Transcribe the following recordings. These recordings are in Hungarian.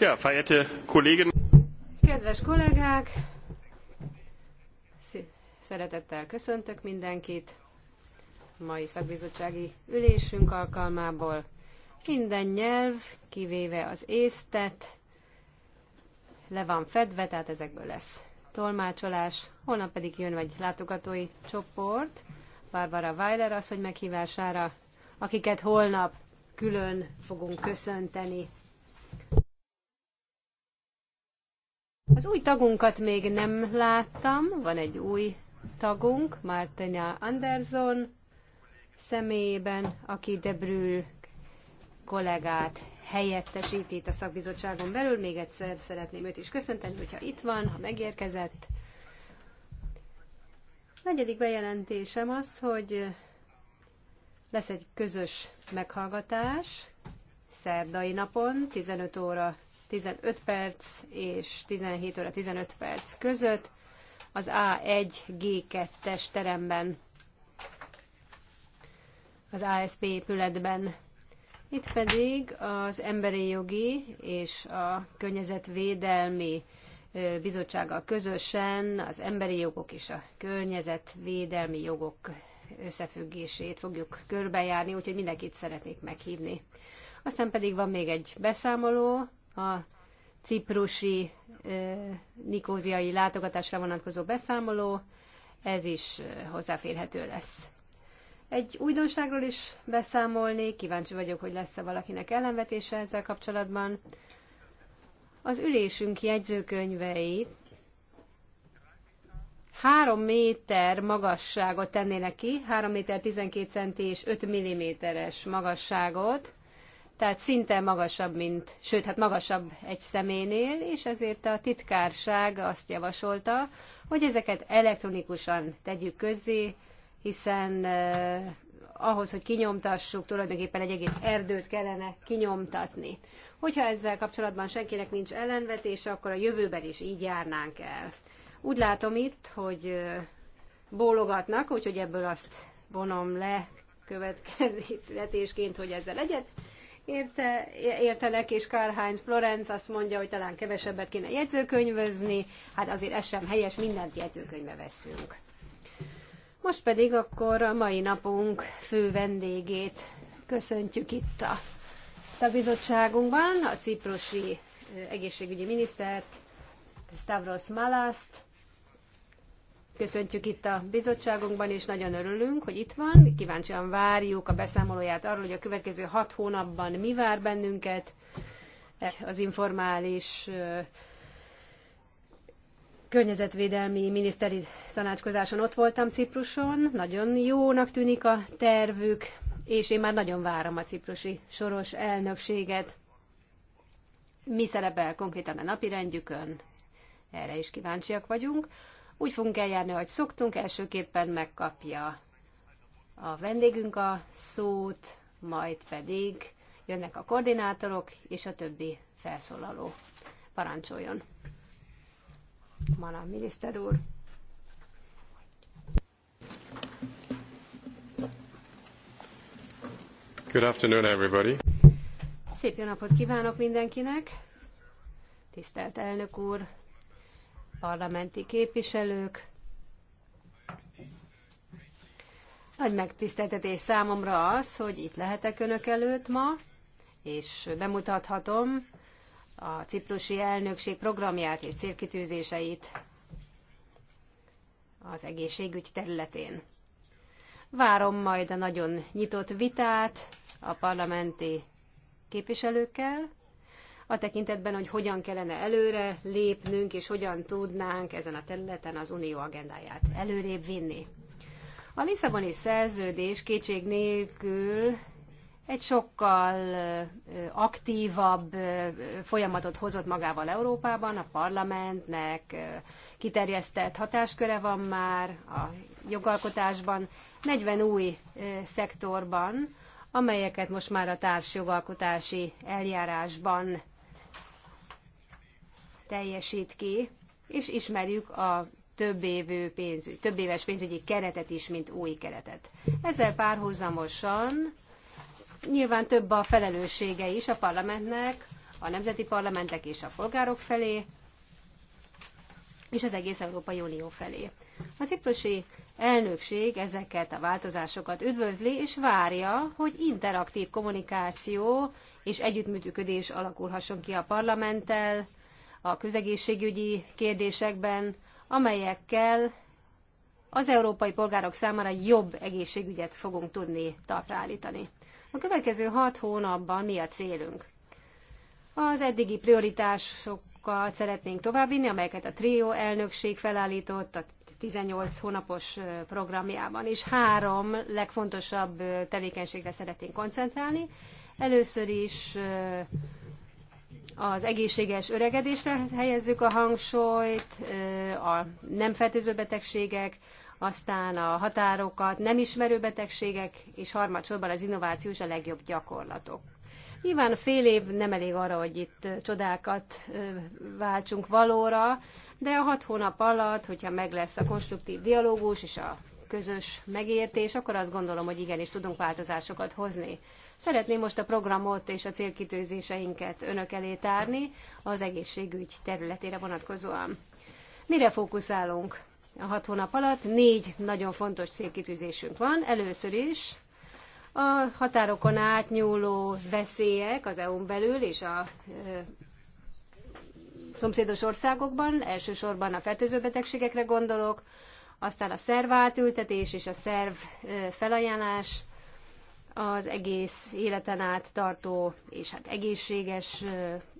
Ja, verehrte Kedves kollégák, szeretettel köszöntök mindenkit mai szakbizottsági ülésünk alkalmából. Minden nyelv, kivéve az észtet, le van fedve, tehát ezekből lesz tolmácsolás. Holnap pedig jön egy látogatói csoport, Barbara Weiler asszony meghívására, akiket holnap külön fogunk köszönteni Az új tagunkat még nem láttam, van egy új tagunk, Martina Anderson személyében, aki De Brühl kollégát helyettesít itt a szakbizottságon belül. Még egyszer szeretném őt is köszönteni, hogyha itt van, ha megérkezett. Negyedik bejelentésem az, hogy lesz egy közös meghallgatás szerdai napon, 15 óra 15 perc és 17 óra 15 perc között az A1G2-es teremben, az ASP épületben. Itt pedig az Emberi Jogi és a Környezetvédelmi Bizottsággal közösen az emberi jogok és a környezetvédelmi jogok összefüggését fogjuk körbejárni, úgyhogy mindenkit szeretnék meghívni. Aztán pedig van még egy beszámoló, a ciprusi nikóziai látogatásra vonatkozó beszámoló, ez is hozzáférhető lesz. Egy újdonságról is beszámolnék, kíváncsi vagyok, hogy lesz-e valakinek ellenvetése ezzel kapcsolatban. Az ülésünk jegyzőkönyvei három méter magasságot tennének ki, 3 méter 12 centi és 5 milliméteres magasságot, tehát szinte magasabb, mint, sőt, hát magasabb egy személynél, és ezért a titkárság azt javasolta, hogy ezeket elektronikusan tegyük közzé, hiszen eh, ahhoz, hogy kinyomtassuk, tulajdonképpen egy egész erdőt kellene kinyomtatni. Hogyha ezzel kapcsolatban senkinek nincs ellenvetése, akkor a jövőben is így járnánk el. Úgy látom itt, hogy eh, bólogatnak, úgyhogy ebből azt vonom le következtetésként, hogy ezzel egyet érte, értenek, és Karl-Heinz Florenz azt mondja, hogy talán kevesebbet kéne jegyzőkönyvözni, hát azért ez sem helyes, mindent jegyzőkönyve veszünk. Most pedig akkor a mai napunk fő vendégét köszöntjük itt a szabizottságunkban, a ciprusi egészségügyi minisztert, Stavros Malaszt, Köszöntjük itt a bizottságunkban, és nagyon örülünk, hogy itt van. Kíváncsian várjuk a beszámolóját arról, hogy a következő hat hónapban mi vár bennünket e, az informális környezetvédelmi miniszteri tanácskozáson ott voltam Cipruson, nagyon jónak tűnik a tervük, és én már nagyon várom a ciprusi soros elnökséget. Mi szerepel konkrétan a napirendjükön? Erre is kíváncsiak vagyunk. Úgy fogunk eljárni, ahogy szoktunk, elsőképpen megkapja a vendégünk a szót, majd pedig jönnek a koordinátorok és a többi felszólaló. Parancsoljon! Mana, miniszter úr! Good afternoon, everybody. Szép jó napot kívánok mindenkinek! Tisztelt elnök úr, parlamenti képviselők! Nagy megtiszteltetés számomra az, hogy itt lehetek Önök előtt ma, és bemutathatom a ciprusi elnökség programját és célkitűzéseit az egészségügy területén. Várom majd a nagyon nyitott vitát a parlamenti képviselőkkel, a tekintetben, hogy hogyan kellene előre lépnünk, és hogyan tudnánk ezen a területen az unió agendáját előrébb vinni. A Lisszaboni szerződés kétség nélkül egy sokkal aktívabb folyamatot hozott magával Európában, a parlamentnek kiterjesztett hatásköre van már a jogalkotásban, 40 új szektorban, amelyeket most már a társjogalkotási eljárásban teljesít ki, és ismerjük a több, évő pénzű, több éves pénzügyi keretet is, mint új keretet. Ezzel párhuzamosan nyilván több a felelőssége is a parlamentnek, a nemzeti parlamentek és a polgárok felé, és az egész Európai Unió felé. A ciprusi elnökség ezeket a változásokat üdvözli, és várja, hogy interaktív kommunikáció és együttműködés alakulhasson ki a parlamenttel, a közegészségügyi kérdésekben, amelyekkel az európai polgárok számára jobb egészségügyet fogunk tudni talpra A következő hat hónapban mi a célunk? Az eddigi prioritásokat szeretnénk továbbvinni, amelyeket a TRIO elnökség felállított a 18 hónapos programjában, és három legfontosabb tevékenységre szeretnénk koncentrálni. Először is az egészséges öregedésre helyezzük a hangsúlyt, a nem fertőző betegségek, aztán a határokat, nem ismerő betegségek, és harmadsorban az innováció és a legjobb gyakorlatok. Nyilván fél év nem elég arra, hogy itt csodákat váltsunk valóra, de a hat hónap alatt, hogyha meg lesz a konstruktív dialógus és a közös megértés, akkor azt gondolom, hogy igenis tudunk változásokat hozni. Szeretném most a programot és a célkitőzéseinket önök elé tárni az egészségügy területére vonatkozóan. Mire fókuszálunk? A hat hónap alatt négy nagyon fontos célkitűzésünk van. Először is a határokon átnyúló veszélyek az EU-n belül és a szomszédos országokban, elsősorban a fertőző betegségekre gondolok, aztán a szerv átültetés és a szerv felajánlás, az egész életen át tartó és hát egészséges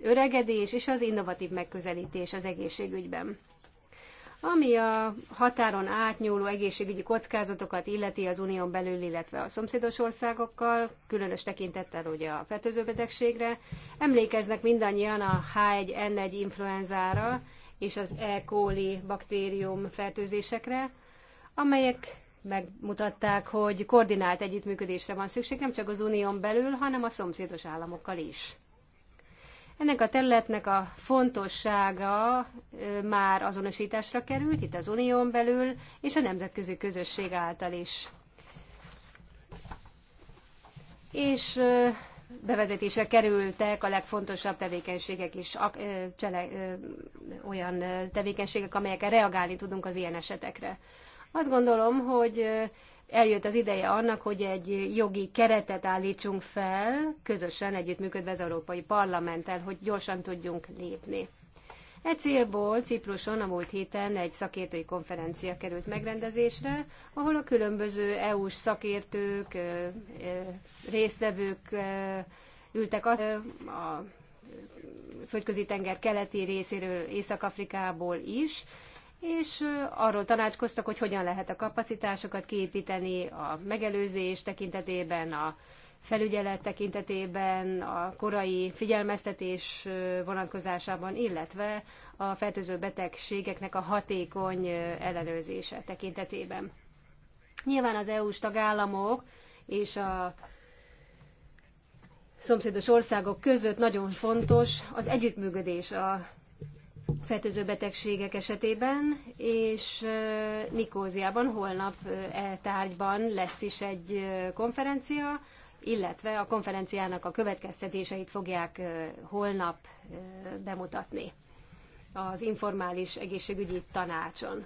öregedés és az innovatív megközelítés az egészségügyben. Ami a határon átnyúló egészségügyi kockázatokat illeti az unión belül, illetve a szomszédos országokkal, különös tekintettel ugye a fertőző emlékeznek mindannyian a H1N1 influenzára, és az E. coli baktérium fertőzésekre, amelyek megmutatták, hogy koordinált együttműködésre van szükség nem csak az unión belül, hanem a szomszédos államokkal is. Ennek a területnek a fontossága már azonosításra került itt az unión belül, és a nemzetközi közösség által is. És bevezetése kerültek a legfontosabb tevékenységek is, ö, csele, olyan tevékenységek, amelyekkel reagálni tudunk az ilyen esetekre. Azt gondolom, hogy eljött az ideje annak, hogy egy jogi keretet állítsunk fel, közösen együttműködve az Európai Parlamenttel, hogy gyorsan tudjunk lépni. E célból Cipruson a múlt héten egy szakértői konferencia került megrendezésre, ahol a különböző EU-s szakértők, résztvevők ültek a, a földközi tenger keleti részéről, Észak-Afrikából is, és arról tanácskoztak, hogy hogyan lehet a kapacitásokat kiépíteni a megelőzés tekintetében, a felügyelet tekintetében, a korai figyelmeztetés vonatkozásában, illetve a fertőző betegségeknek a hatékony ellenőrzése tekintetében. Nyilván az EU-s tagállamok és a szomszédos országok között nagyon fontos az együttműködés a fertőző betegségek esetében, és Nikóziában holnap e tárgyban lesz is egy konferencia, illetve a konferenciának a következtetéseit fogják holnap bemutatni az informális egészségügyi tanácson.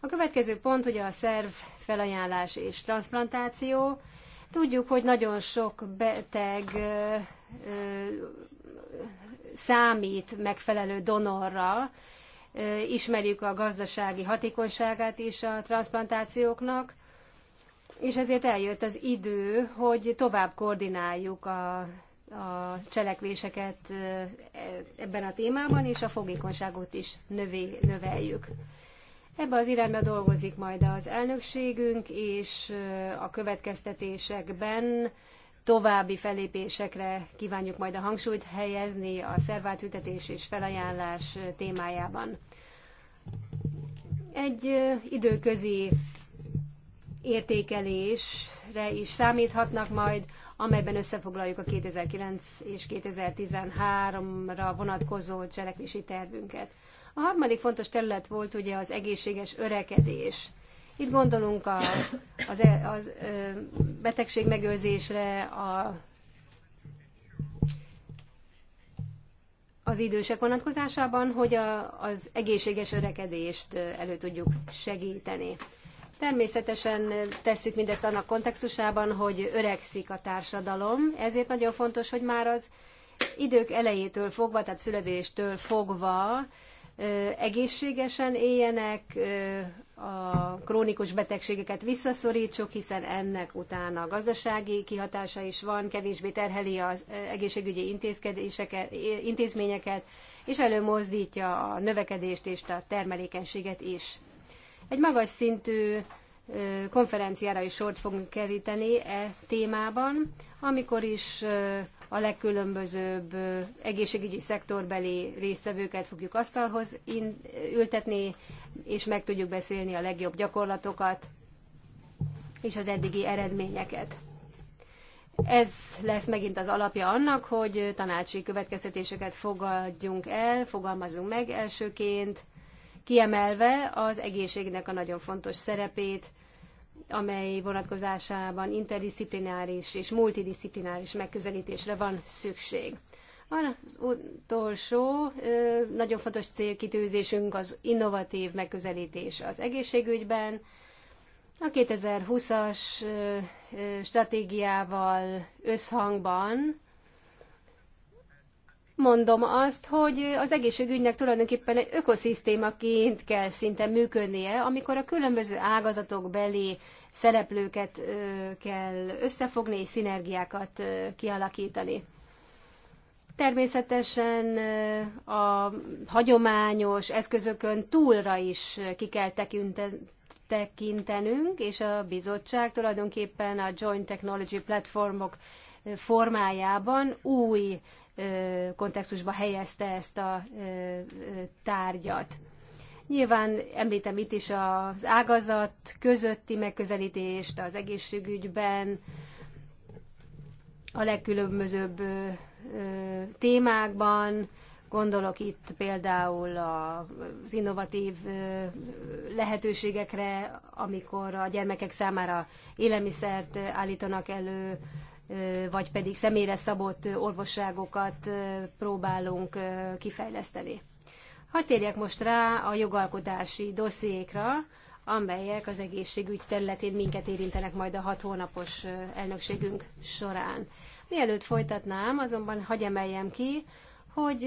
A következő pont, hogy a szerv felajánlás és transplantáció. Tudjuk, hogy nagyon sok beteg ö, ö, számít megfelelő donorra, ismerjük a gazdasági hatékonyságát is a transplantációknak, és ezért eljött az idő, hogy tovább koordináljuk a, a cselekvéseket e, ebben a témában, és a fogékonyságot is növé, növeljük. Ebbe az irányba dolgozik majd az elnökségünk, és a következtetésekben további felépésekre kívánjuk majd a hangsúlyt helyezni a szervátültetés és felajánlás témájában. Egy időközi értékelésre is számíthatnak majd, amelyben összefoglaljuk a 2009 és 2013-ra vonatkozó cselekvési tervünket. A harmadik fontos terület volt ugye az egészséges örekedés. Itt gondolunk a, az, e, az ö, betegség megőrzésre, a, az idősek vonatkozásában, hogy a, az egészséges örekedést elő tudjuk segíteni. Természetesen tesszük mindezt annak kontextusában, hogy öregszik a társadalom, ezért nagyon fontos, hogy már az idők elejétől fogva, tehát születéstől fogva egészségesen éljenek, a krónikus betegségeket visszaszorítsuk, hiszen ennek utána gazdasági kihatása is van, kevésbé terheli az egészségügyi intézkedéseket, intézményeket, és előmozdítja a növekedést és a termelékenységet is. Egy magas szintű konferenciára is sort fogunk keríteni e témában, amikor is a legkülönbözőbb egészségügyi szektorbeli résztvevőket fogjuk asztalhoz ültetni, és meg tudjuk beszélni a legjobb gyakorlatokat és az eddigi eredményeket. Ez lesz megint az alapja annak, hogy tanácsi következtetéseket fogadjunk el, fogalmazunk meg elsőként, kiemelve az egészségnek a nagyon fontos szerepét, amely vonatkozásában interdisziplináris és multidisziplináris megközelítésre van szükség. Az utolsó nagyon fontos célkitűzésünk az innovatív megközelítés az egészségügyben. A 2020-as stratégiával összhangban mondom azt, hogy az egészségügynek tulajdonképpen egy ökoszisztémaként kell szinte működnie, amikor a különböző ágazatok belé szereplőket kell összefogni és szinergiákat kialakítani. Természetesen a hagyományos eszközökön túlra is ki kell tekintenünk, és a bizottság tulajdonképpen a Joint Technology Platformok formájában új kontextusba helyezte ezt a tárgyat. Nyilván említem itt is az ágazat közötti megközelítést az egészségügyben, a legkülönbözőbb témákban, Gondolok itt például az innovatív lehetőségekre, amikor a gyermekek számára élelmiszert állítanak elő, vagy pedig személyre szabott orvosságokat próbálunk kifejleszteni. Hadd térjek most rá a jogalkotási dossziékra, amelyek az egészségügy területén minket érintenek majd a hat hónapos elnökségünk során. Mielőtt folytatnám, azonban hagy emeljem ki, hogy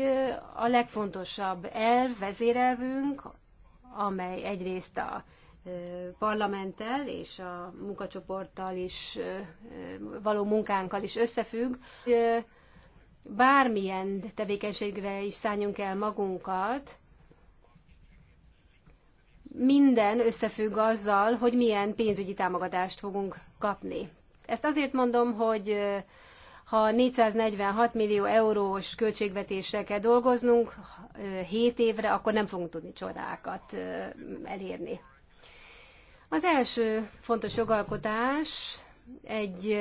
a legfontosabb elv, vezérelvünk, amely egyrészt a parlamenttel és a munkacsoporttal is való munkánkkal is összefügg. Bármilyen tevékenységre is szálljunk el magunkat, minden összefügg azzal, hogy milyen pénzügyi támogatást fogunk kapni. Ezt azért mondom, hogy ha 446 millió eurós költségvetésre kell dolgoznunk 7 évre, akkor nem fogunk tudni csodákat elérni. Az első fontos jogalkotás egy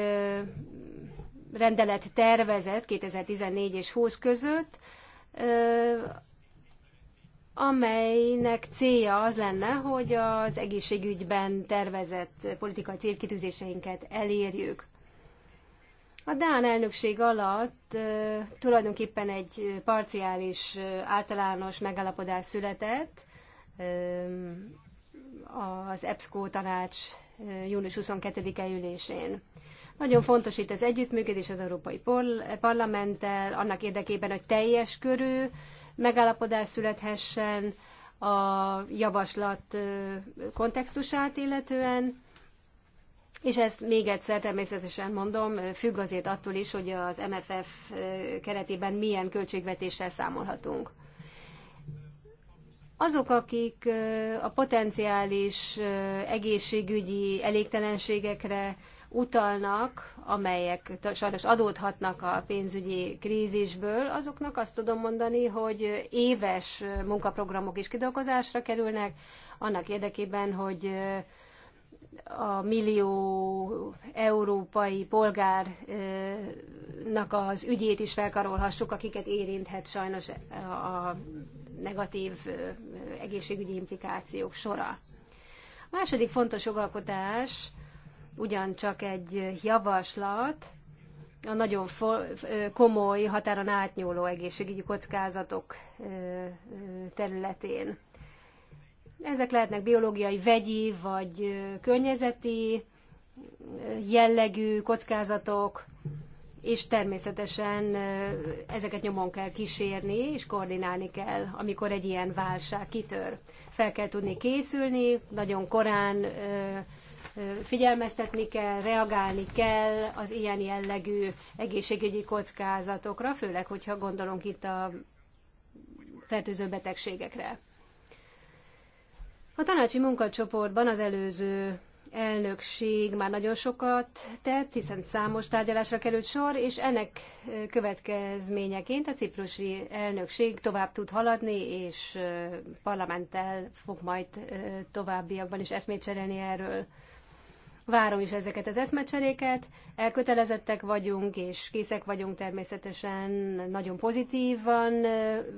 rendelet tervezet 2014 és 20 között, amelynek célja az lenne, hogy az egészségügyben tervezett politikai célkitűzéseinket elérjük. A Dán elnökség alatt tulajdonképpen egy parciális általános megállapodás született, az EBSCO tanács eh, július 22-e ülésén. Nagyon fontos itt az együttműködés az Európai Parlamenttel, annak érdekében, hogy teljes körű megállapodás születhessen a javaslat eh, kontextusát illetően, és ezt még egyszer természetesen mondom, eh, függ azért attól is, hogy az MFF keretében milyen költségvetéssel számolhatunk. Azok, akik a potenciális egészségügyi elégtelenségekre utalnak, amelyek sajnos adódhatnak a pénzügyi krízisből, azoknak azt tudom mondani, hogy éves munkaprogramok is kidolgozásra kerülnek, annak érdekében, hogy a millió európai polgárnak az ügyét is felkarolhassuk, akiket érinthet sajnos a negatív egészségügyi implikációk sora. A második fontos jogalkotás ugyancsak egy javaslat, a nagyon komoly, határon átnyúló egészségügyi kockázatok területén. Ezek lehetnek biológiai, vegyi vagy környezeti jellegű kockázatok, és természetesen ezeket nyomon kell kísérni, és koordinálni kell, amikor egy ilyen válság kitör. Fel kell tudni készülni, nagyon korán figyelmeztetni kell, reagálni kell az ilyen jellegű egészségügyi kockázatokra, főleg, hogyha gondolunk itt a fertőző betegségekre. A tanácsi munkacsoportban az előző elnökség már nagyon sokat tett, hiszen számos tárgyalásra került sor, és ennek következményeként a ciprusi elnökség tovább tud haladni, és parlamenttel fog majd továbbiakban is eszmét cserélni erről. Várom is ezeket az eszmecseréket, elkötelezettek vagyunk, és készek vagyunk természetesen nagyon pozitívan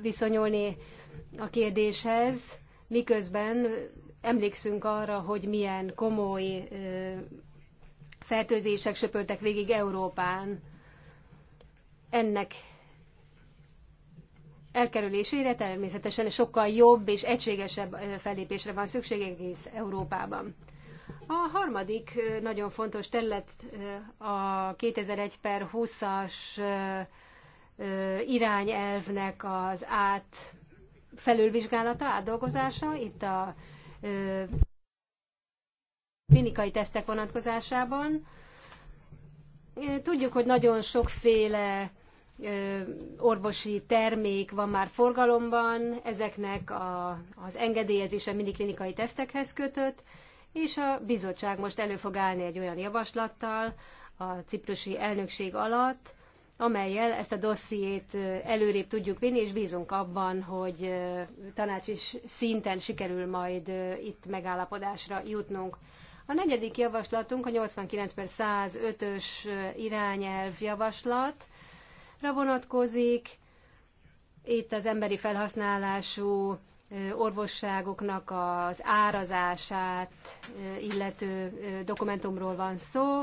viszonyulni a kérdéshez miközben emlékszünk arra, hogy milyen komoly fertőzések söpörtek végig Európán. Ennek elkerülésére természetesen sokkal jobb és egységesebb fellépésre van szükség egész Európában. A harmadik nagyon fontos terület a 2001 per 20-as irányelvnek az át felülvizsgálata, átdolgozása, itt a ö, klinikai tesztek vonatkozásában. Tudjuk, hogy nagyon sokféle orvosi termék van már forgalomban, ezeknek a, az engedélyezése mindig klinikai tesztekhez kötött, és a bizottság most elő fog állni egy olyan javaslattal a ciprusi elnökség alatt, amelyel ezt a dossziét előrébb tudjuk vinni, és bízunk abban, hogy tanács is szinten sikerül majd itt megállapodásra jutnunk. A negyedik javaslatunk a 89 per 105-ös irányelv javaslatra vonatkozik. Itt az emberi felhasználású orvosságoknak az árazását illető dokumentumról van szó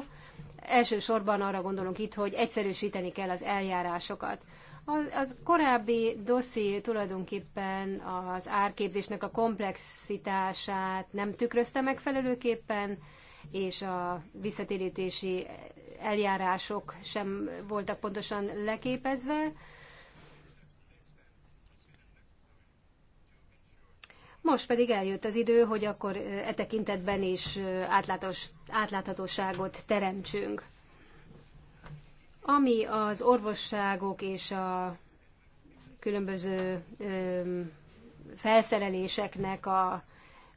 Elsősorban arra gondolunk itt, hogy egyszerűsíteni kell az eljárásokat. Az, az korábbi dosszi tulajdonképpen az árképzésnek a komplexitását nem tükrözte megfelelőképpen, és a visszatérítési eljárások sem voltak pontosan leképezve. Most pedig eljött az idő, hogy akkor e tekintetben is átlátos, átláthatóságot teremtsünk. Ami az orvosságok és a különböző felszereléseknek a,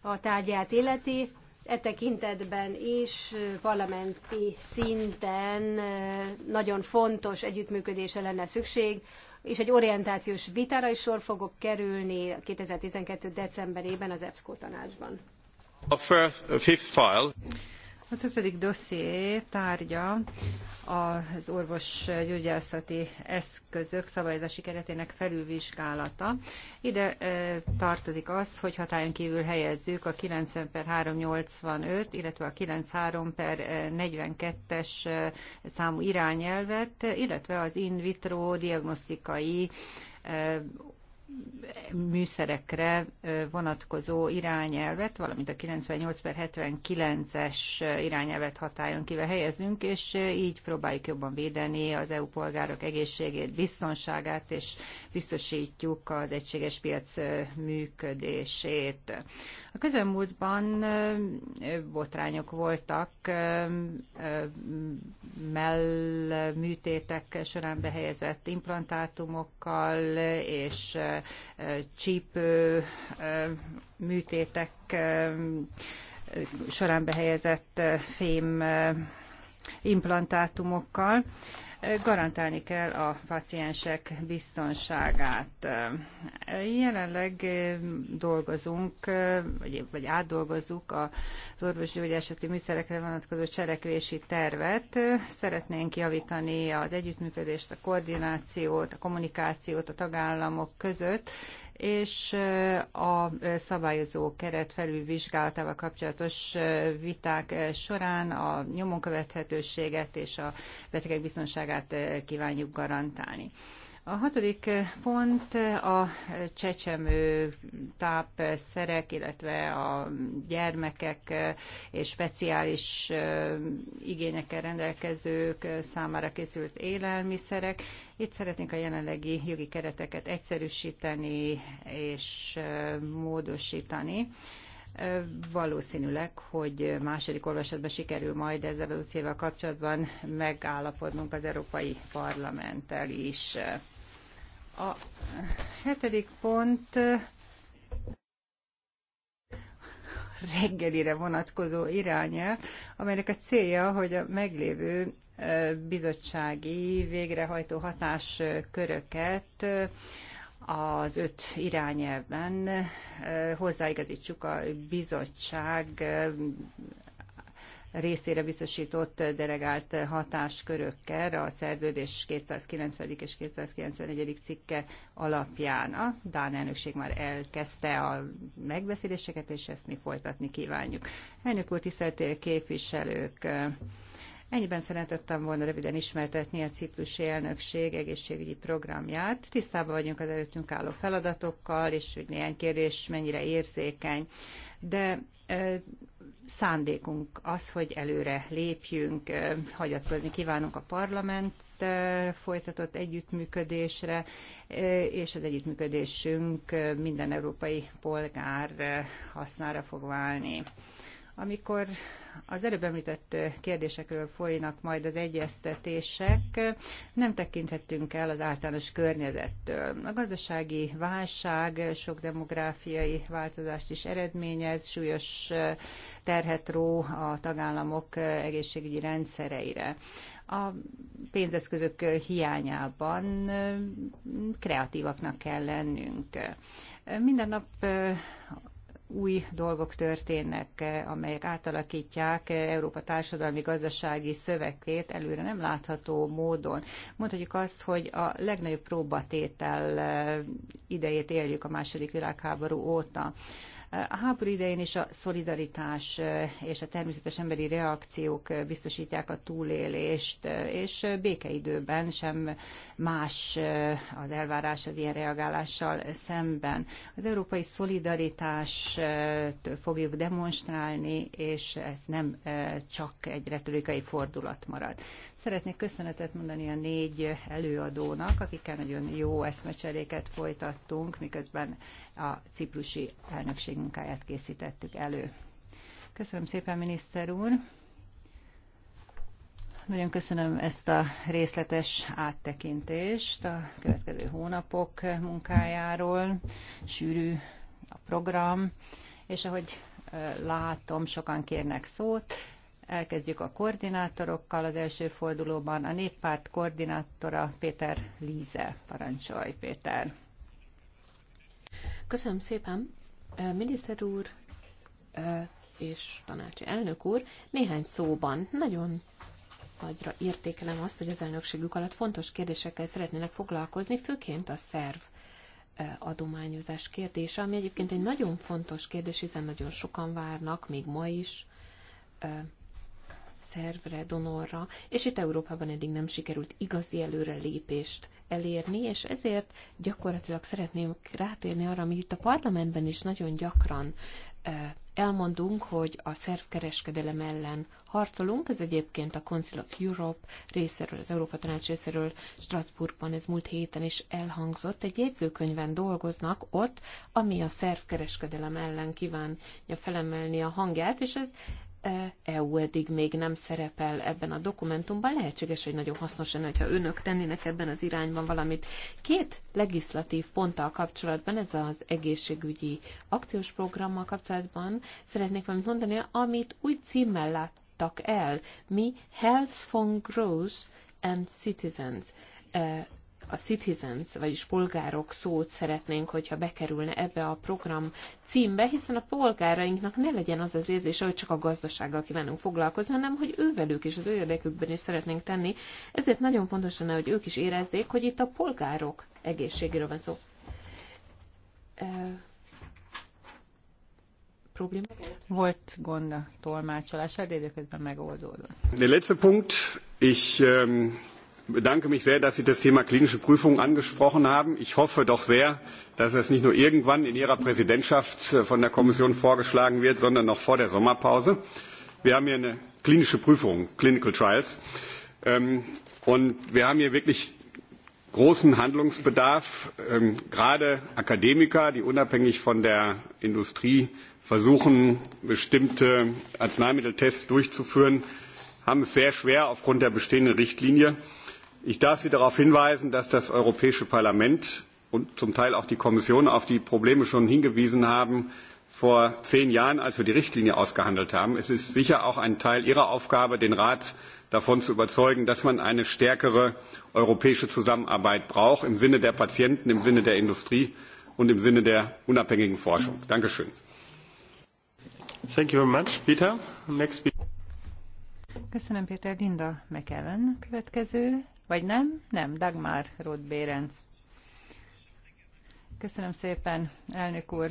a tárgyát illeti, e tekintetben is parlamenti szinten nagyon fontos együttműködésre lenne szükség és egy orientációs vitára is sor fogok kerülni 2012. decemberében az EBSCO tanácsban. A first, a uh, fifth file. A ötödik dosszié tárgya az orvos gyógyászati eszközök szabályozási keretének felülvizsgálata. Ide tartozik az, hogy hatályon kívül helyezzük a 90 per 385, illetve a 93 per 42-es számú irányelvet, illetve az in vitro diagnosztikai műszerekre vonatkozó irányelvet, valamint a 98 per 79-es irányelvet hatályon kívül helyezünk, és így próbáljuk jobban védeni az EU polgárok egészségét, biztonságát, és biztosítjuk az egységes piac működését. A közelmúltban botrányok voltak, mellműtétek során behelyezett implantátumokkal és csípő műtétek során behelyezett fém implantátumokkal garantálni kell a paciensek biztonságát. Jelenleg eh, dolgozunk, eh, vagy, vagy átdolgozzuk az eseti műszerekre vonatkozó cselekvési tervet. Szeretnénk javítani az együttműködést, a koordinációt, a kommunikációt a tagállamok között, és a szabályozó keret felülvizsgálatával kapcsolatos viták során a követhetőséget és a betegek biztonságát kívánjuk garantálni. A hatodik pont a csecsemő tápszerek, illetve a gyermekek és speciális igényekkel rendelkezők számára készült élelmiszerek. Itt szeretnénk a jelenlegi jogi kereteket egyszerűsíteni és módosítani. Valószínűleg, hogy második olvasatban sikerül majd ezzel a kapcsolatban megállapodnunk az Európai Parlamenttel is. A hetedik pont reggelire vonatkozó irányel, amelynek a célja, hogy a meglévő bizottsági végrehajtó hatásköröket az öt irányelven hozzáigazítsuk a bizottság részére biztosított delegált hatáskörökkel a szerződés 290. és 291. cikke alapján. A Dán elnökség már elkezdte a megbeszéléseket, és ezt mi folytatni kívánjuk. Elnök úr, tisztelt képviselők! Ennyiben szeretettem volna röviden ismertetni a ciprusi elnökség egészségügyi programját. Tisztában vagyunk az előttünk álló feladatokkal, és hogy néhány kérdés mennyire érzékeny. De szándékunk az, hogy előre lépjünk, hagyatkozni kívánunk a parlament folytatott együttműködésre, és az együttműködésünk minden európai polgár hasznára fog válni. Amikor az előbb említett kérdésekről folynak majd az egyeztetések, nem tekinthetünk el az általános környezettől. A gazdasági válság sok demográfiai változást is eredményez, súlyos terhet ró a tagállamok egészségügyi rendszereire a pénzeszközök hiányában kreatívaknak kell lennünk. Minden nap új dolgok történnek, amelyek átalakítják Európa társadalmi gazdasági szövekét előre nem látható módon. Mondhatjuk azt, hogy a legnagyobb próbatétel idejét éljük a második világháború óta. A háború idején is a szolidaritás és a természetes emberi reakciók biztosítják a túlélést, és békeidőben sem más az elvárás az ilyen reagálással szemben. Az európai szolidaritást fogjuk demonstrálni, és ez nem csak egy retorikai fordulat marad. Szeretnék köszönetet mondani a négy előadónak, akikkel nagyon jó eszmecseréket folytattunk, miközben a ciprusi elnökség munkáját készítettük elő. Köszönöm szépen, miniszter úr! Nagyon köszönöm ezt a részletes áttekintést a következő hónapok munkájáról. Sűrű a program, és ahogy látom, sokan kérnek szót. Elkezdjük a koordinátorokkal az első fordulóban. A néppárt koordinátora Péter Líze. Parancsolj, Péter! Köszönöm szépen. Miniszter úr és tanácsi elnök úr, néhány szóban nagyon nagyra értékelem azt, hogy az elnökségük alatt fontos kérdésekkel szeretnének foglalkozni, főként a szerv adományozás kérdése, ami egyébként egy nagyon fontos kérdés, hiszen nagyon sokan várnak, még ma is szervre, donorra, és itt Európában eddig nem sikerült igazi előrelépést elérni, és ezért gyakorlatilag szeretném rátérni arra, amit itt a parlamentben is nagyon gyakran elmondunk, hogy a szervkereskedelem ellen harcolunk, ez egyébként a Council of Europe részéről, az Európa Tanács részéről Strasbourgban ez múlt héten is elhangzott, egy jegyzőkönyvben dolgoznak ott, ami a szervkereskedelem ellen kívánja felemelni a hangját, és ez EU e eddig még nem szerepel ebben a dokumentumban. Lehetséges, hogy nagyon hasznos lenne, hogyha önök tennének ebben az irányban valamit. Két legislatív ponttal kapcsolatban, ez az egészségügyi akciós programmal kapcsolatban szeretnék valamit mondani, amit új címmel láttak el. Mi Health for Growth and Citizens e, a citizens, vagyis polgárok szót szeretnénk, hogyha bekerülne ebbe a program címbe, hiszen a polgárainknak ne legyen az az érzés, hogy csak a gazdasággal kívánunk foglalkozni, hanem hogy ővelük is az ő érdekükben is szeretnénk tenni. Ezért nagyon fontos lenne, hogy ők is érezzék, hogy itt a polgárok egészségéről van szó. E, volt? gond a tolmácsolás, de időközben megoldódott. Der letzte Punkt, ich ähm, bedanke mich sehr, dass Sie das Thema klinische Prüfungen angesprochen haben. Ich hoffe doch sehr, dass es nicht nur irgendwann in Ihrer Präsidentschaft äh, von der Kommission vorgeschlagen wird, sondern noch vor der Sommerpause. Wir haben hier eine klinische Prüfung, Clinical Trials. Ähm, und wir haben hier wirklich großen Handlungsbedarf. Ähm, gerade Akademiker, die unabhängig von der Industrie versuchen, bestimmte Arzneimitteltests durchzuführen, haben es sehr schwer aufgrund der bestehenden Richtlinie. Ich darf Sie darauf hinweisen, dass das Europäische Parlament und zum Teil auch die Kommission auf die Probleme schon hingewiesen haben vor zehn Jahren, als wir die Richtlinie ausgehandelt haben. Es ist sicher auch ein Teil Ihrer Aufgabe, den Rat davon zu überzeugen, dass man eine stärkere europäische Zusammenarbeit braucht im Sinne der Patienten, im Sinne der Industrie und im Sinne der unabhängigen Forschung. Dankeschön. Thank you very much, Peter. Next Köszönöm, Peter. Linda McEwen következő. Vagy nem? Nem, Dagmar Roth Bérenc. Köszönöm szépen, elnök úr.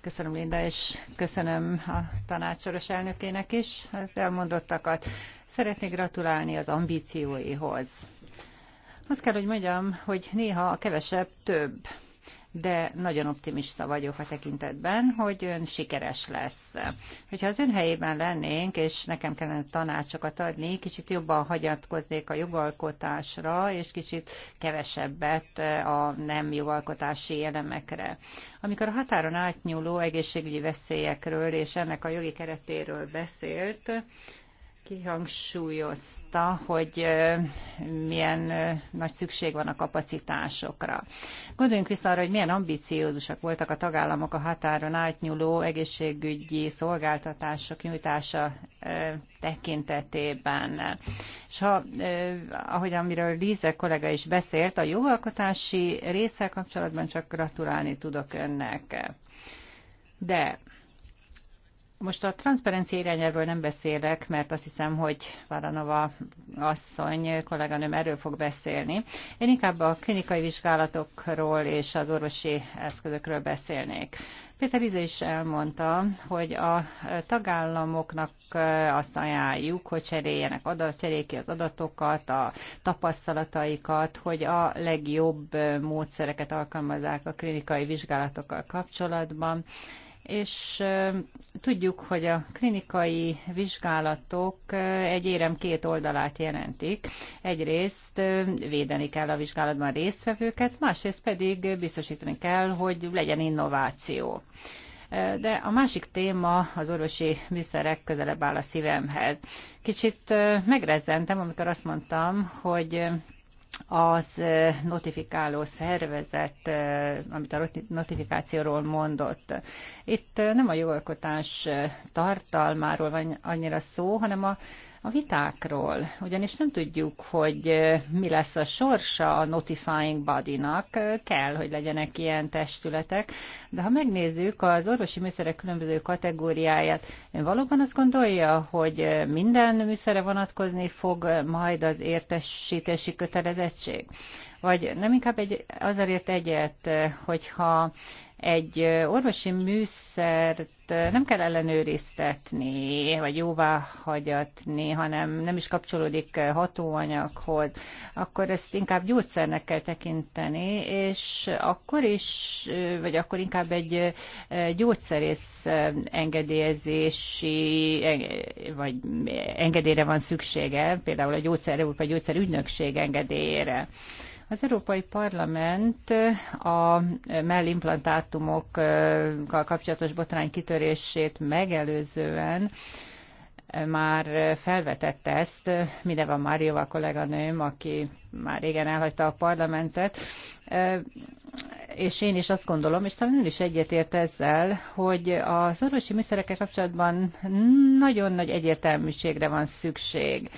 Köszönöm Linda, és köszönöm a tanácsoros elnökének is az elmondottakat. Szeretnék gratulálni az ambícióihoz. Azt kell, hogy mondjam, hogy néha a kevesebb több de nagyon optimista vagyok a tekintetben, hogy ön sikeres lesz. Hogyha az ön helyében lennénk, és nekem kellene tanácsokat adni, kicsit jobban hagyatkoznék a jogalkotásra, és kicsit kevesebbet a nem jogalkotási elemekre. Amikor a határon átnyúló egészségügyi veszélyekről és ennek a jogi keretéről beszélt, kihangsúlyozta, hogy milyen nagy szükség van a kapacitásokra. Gondoljunk vissza arra, hogy milyen ambiciózusak voltak a tagállamok a határon átnyúló egészségügyi szolgáltatások nyújtása tekintetében. És ha, ahogy amiről Líze kollega is beszélt, a jogalkotási résszel kapcsolatban csak gratulálni tudok önnek. De most a transzparencia irányáról nem beszélek, mert azt hiszem, hogy Váranova asszony kolléganőm erről fog beszélni. Én inkább a klinikai vizsgálatokról és az orvosi eszközökről beszélnék. Péter Lize is elmondta, hogy a tagállamoknak eh, azt ajánljuk, hogy cseréljenek adat, cseréljék ki az adatokat, a tapasztalataikat, hogy a legjobb eh, módszereket alkalmazzák a klinikai vizsgálatokkal kapcsolatban és tudjuk, hogy a klinikai vizsgálatok egy érem két oldalát jelentik. Egyrészt védeni kell a vizsgálatban résztvevőket, másrészt pedig biztosítani kell, hogy legyen innováció. De a másik téma az orvosi műszerek közelebb áll a szívemhez. Kicsit megrezzentem, amikor azt mondtam, hogy az notifikáló szervezet, amit a notifikációról mondott. Itt nem a jogalkotás tartalmáról van annyira szó, hanem a a vitákról, ugyanis nem tudjuk, hogy mi lesz a sorsa a notifying bodynak, kell, hogy legyenek ilyen testületek, de ha megnézzük az orvosi műszerek különböző kategóriáját, ön valóban azt gondolja, hogy minden műszere vonatkozni fog majd az értesítési kötelezettség? Vagy nem inkább egy, azért egyet, hogyha egy orvosi műszert nem kell ellenőriztetni, vagy jóvá hagyatni, hanem nem is kapcsolódik hatóanyaghoz, akkor ezt inkább gyógyszernek kell tekinteni, és akkor is, vagy akkor inkább egy gyógyszerész engedélyezési, vagy engedélyre van szüksége, például a gyógyszer, vagy gyógyszerügynökség engedélyére. Az Európai Parlament a mellimplantátumokkal kapcsolatos botrány kitörését megelőzően már felvetette ezt, mire van Márióval kolléganőm, aki már régen elhagyta a parlamentet, és én is azt gondolom, és talán ön is egyetért ezzel, hogy az orvosi műszerekkel kapcsolatban nagyon nagy egyértelműségre van szükség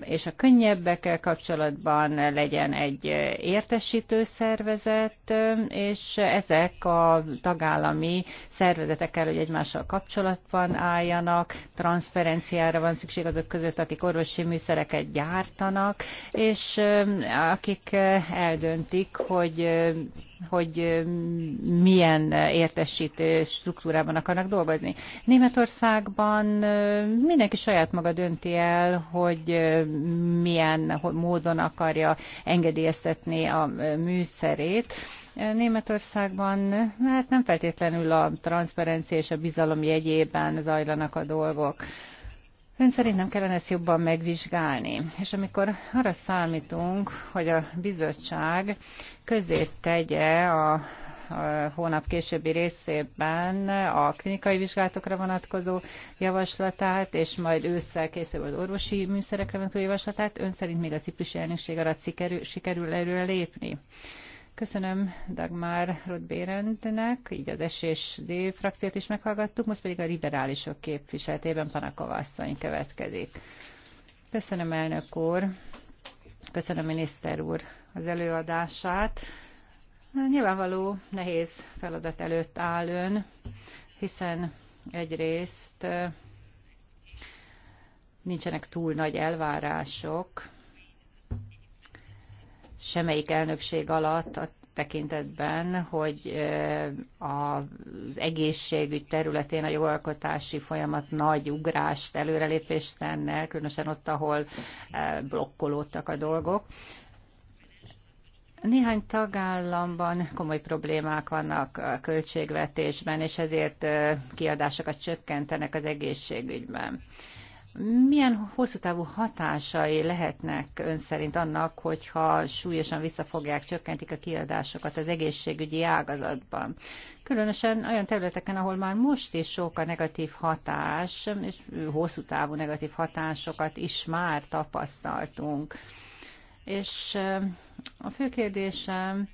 és a könnyebbekkel kapcsolatban legyen egy értesítő szervezet, és ezek a tagállami szervezetek kell, hogy egymással kapcsolatban álljanak, transzferenciára van szükség azok között, akik orvosi műszereket gyártanak, és akik eldöntik, hogy hogy milyen értesítő struktúrában akarnak dolgozni. Németországban mindenki saját maga dönti el, hogy milyen módon akarja engedélyeztetni a műszerét. Németországban hát nem feltétlenül a transzparencia és a bizalom jegyében zajlanak a dolgok. Ön szerint nem kellene ezt jobban megvizsgálni. És amikor arra számítunk, hogy a bizottság közé tegye a hónap későbbi részében a klinikai vizsgálatokra vonatkozó javaslatát, és majd ősszel készül az orvosi műszerekre vonatkozó javaslatát. Ön szerint még a ciprusi elnökség alatt sikerül, sikerül lépni? Köszönöm Dagmar Rodbérendnek, így az SSD frakciót is meghallgattuk, most pedig a liberálisok képviseletében Panakova asszony következik. Köszönöm elnök úr, köszönöm miniszter úr az előadását. Nyilvánvaló nehéz feladat előtt áll ön, hiszen egyrészt nincsenek túl nagy elvárások, semmelyik elnökség alatt a tekintetben, hogy az egészségügy területén a jogalkotási folyamat nagy ugrást, előrelépést tenne, különösen ott, ahol blokkolódtak a dolgok. Néhány tagállamban komoly problémák vannak a költségvetésben, és ezért kiadásokat csökkentenek az egészségügyben. Milyen hosszú távú hatásai lehetnek ön szerint annak, hogyha súlyosan visszafogják, csökkentik a kiadásokat az egészségügyi ágazatban? Különösen olyan területeken, ahol már most is sok a negatív hatás, és hosszú távú negatív hatásokat is már tapasztaltunk. És a fő kérdésem,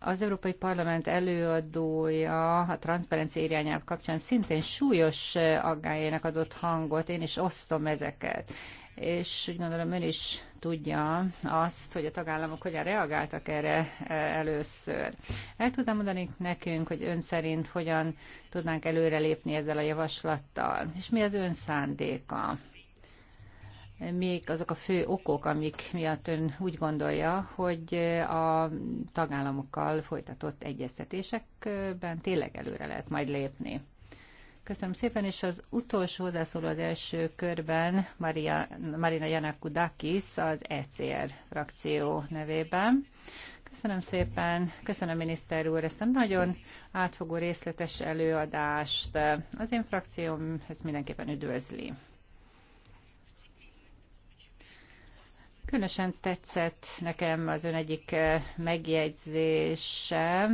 az Európai Parlament előadója a transzparencia irányelv kapcsán szintén súlyos aggájának adott hangot, én is osztom ezeket. És úgy gondolom, ön is tudja azt, hogy a tagállamok hogyan reagáltak erre először. El tudná mondani nekünk, hogy ön szerint hogyan tudnánk előrelépni ezzel a javaslattal, és mi az ön szándéka? még azok a fő okok, amik miatt ön úgy gondolja, hogy a tagállamokkal folytatott egyeztetésekben tényleg előre lehet majd lépni. Köszönöm szépen, és az utolsó hozzászóló az első körben Maria, Marina Janakudakis az ECR frakció nevében. Köszönöm szépen, köszönöm miniszter úr ezt a nagyon átfogó részletes előadást. Az én frakcióm ezt mindenképpen üdvözli. Különösen tetszett nekem az ön egyik eh, megjegyzése,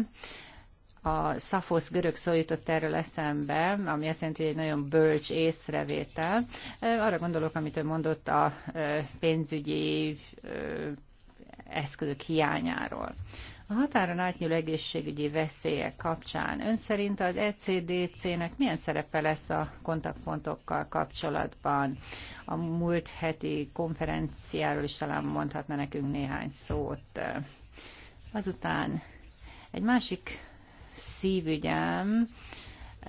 a Szafosz görög szó jutott erről eszembe, ami azt jelenti, hogy egy nagyon bölcs észrevétel. Eh, arra gondolok, amit ő mondott a eh, pénzügyi eszközök hiányáról. A határon átnyúló egészségügyi veszélyek kapcsán ön szerint az ECDC-nek milyen szerepe lesz a kontaktpontokkal kapcsolatban? A múlt heti konferenciáról is talán mondhatna nekünk néhány szót. Azután egy másik szívügyem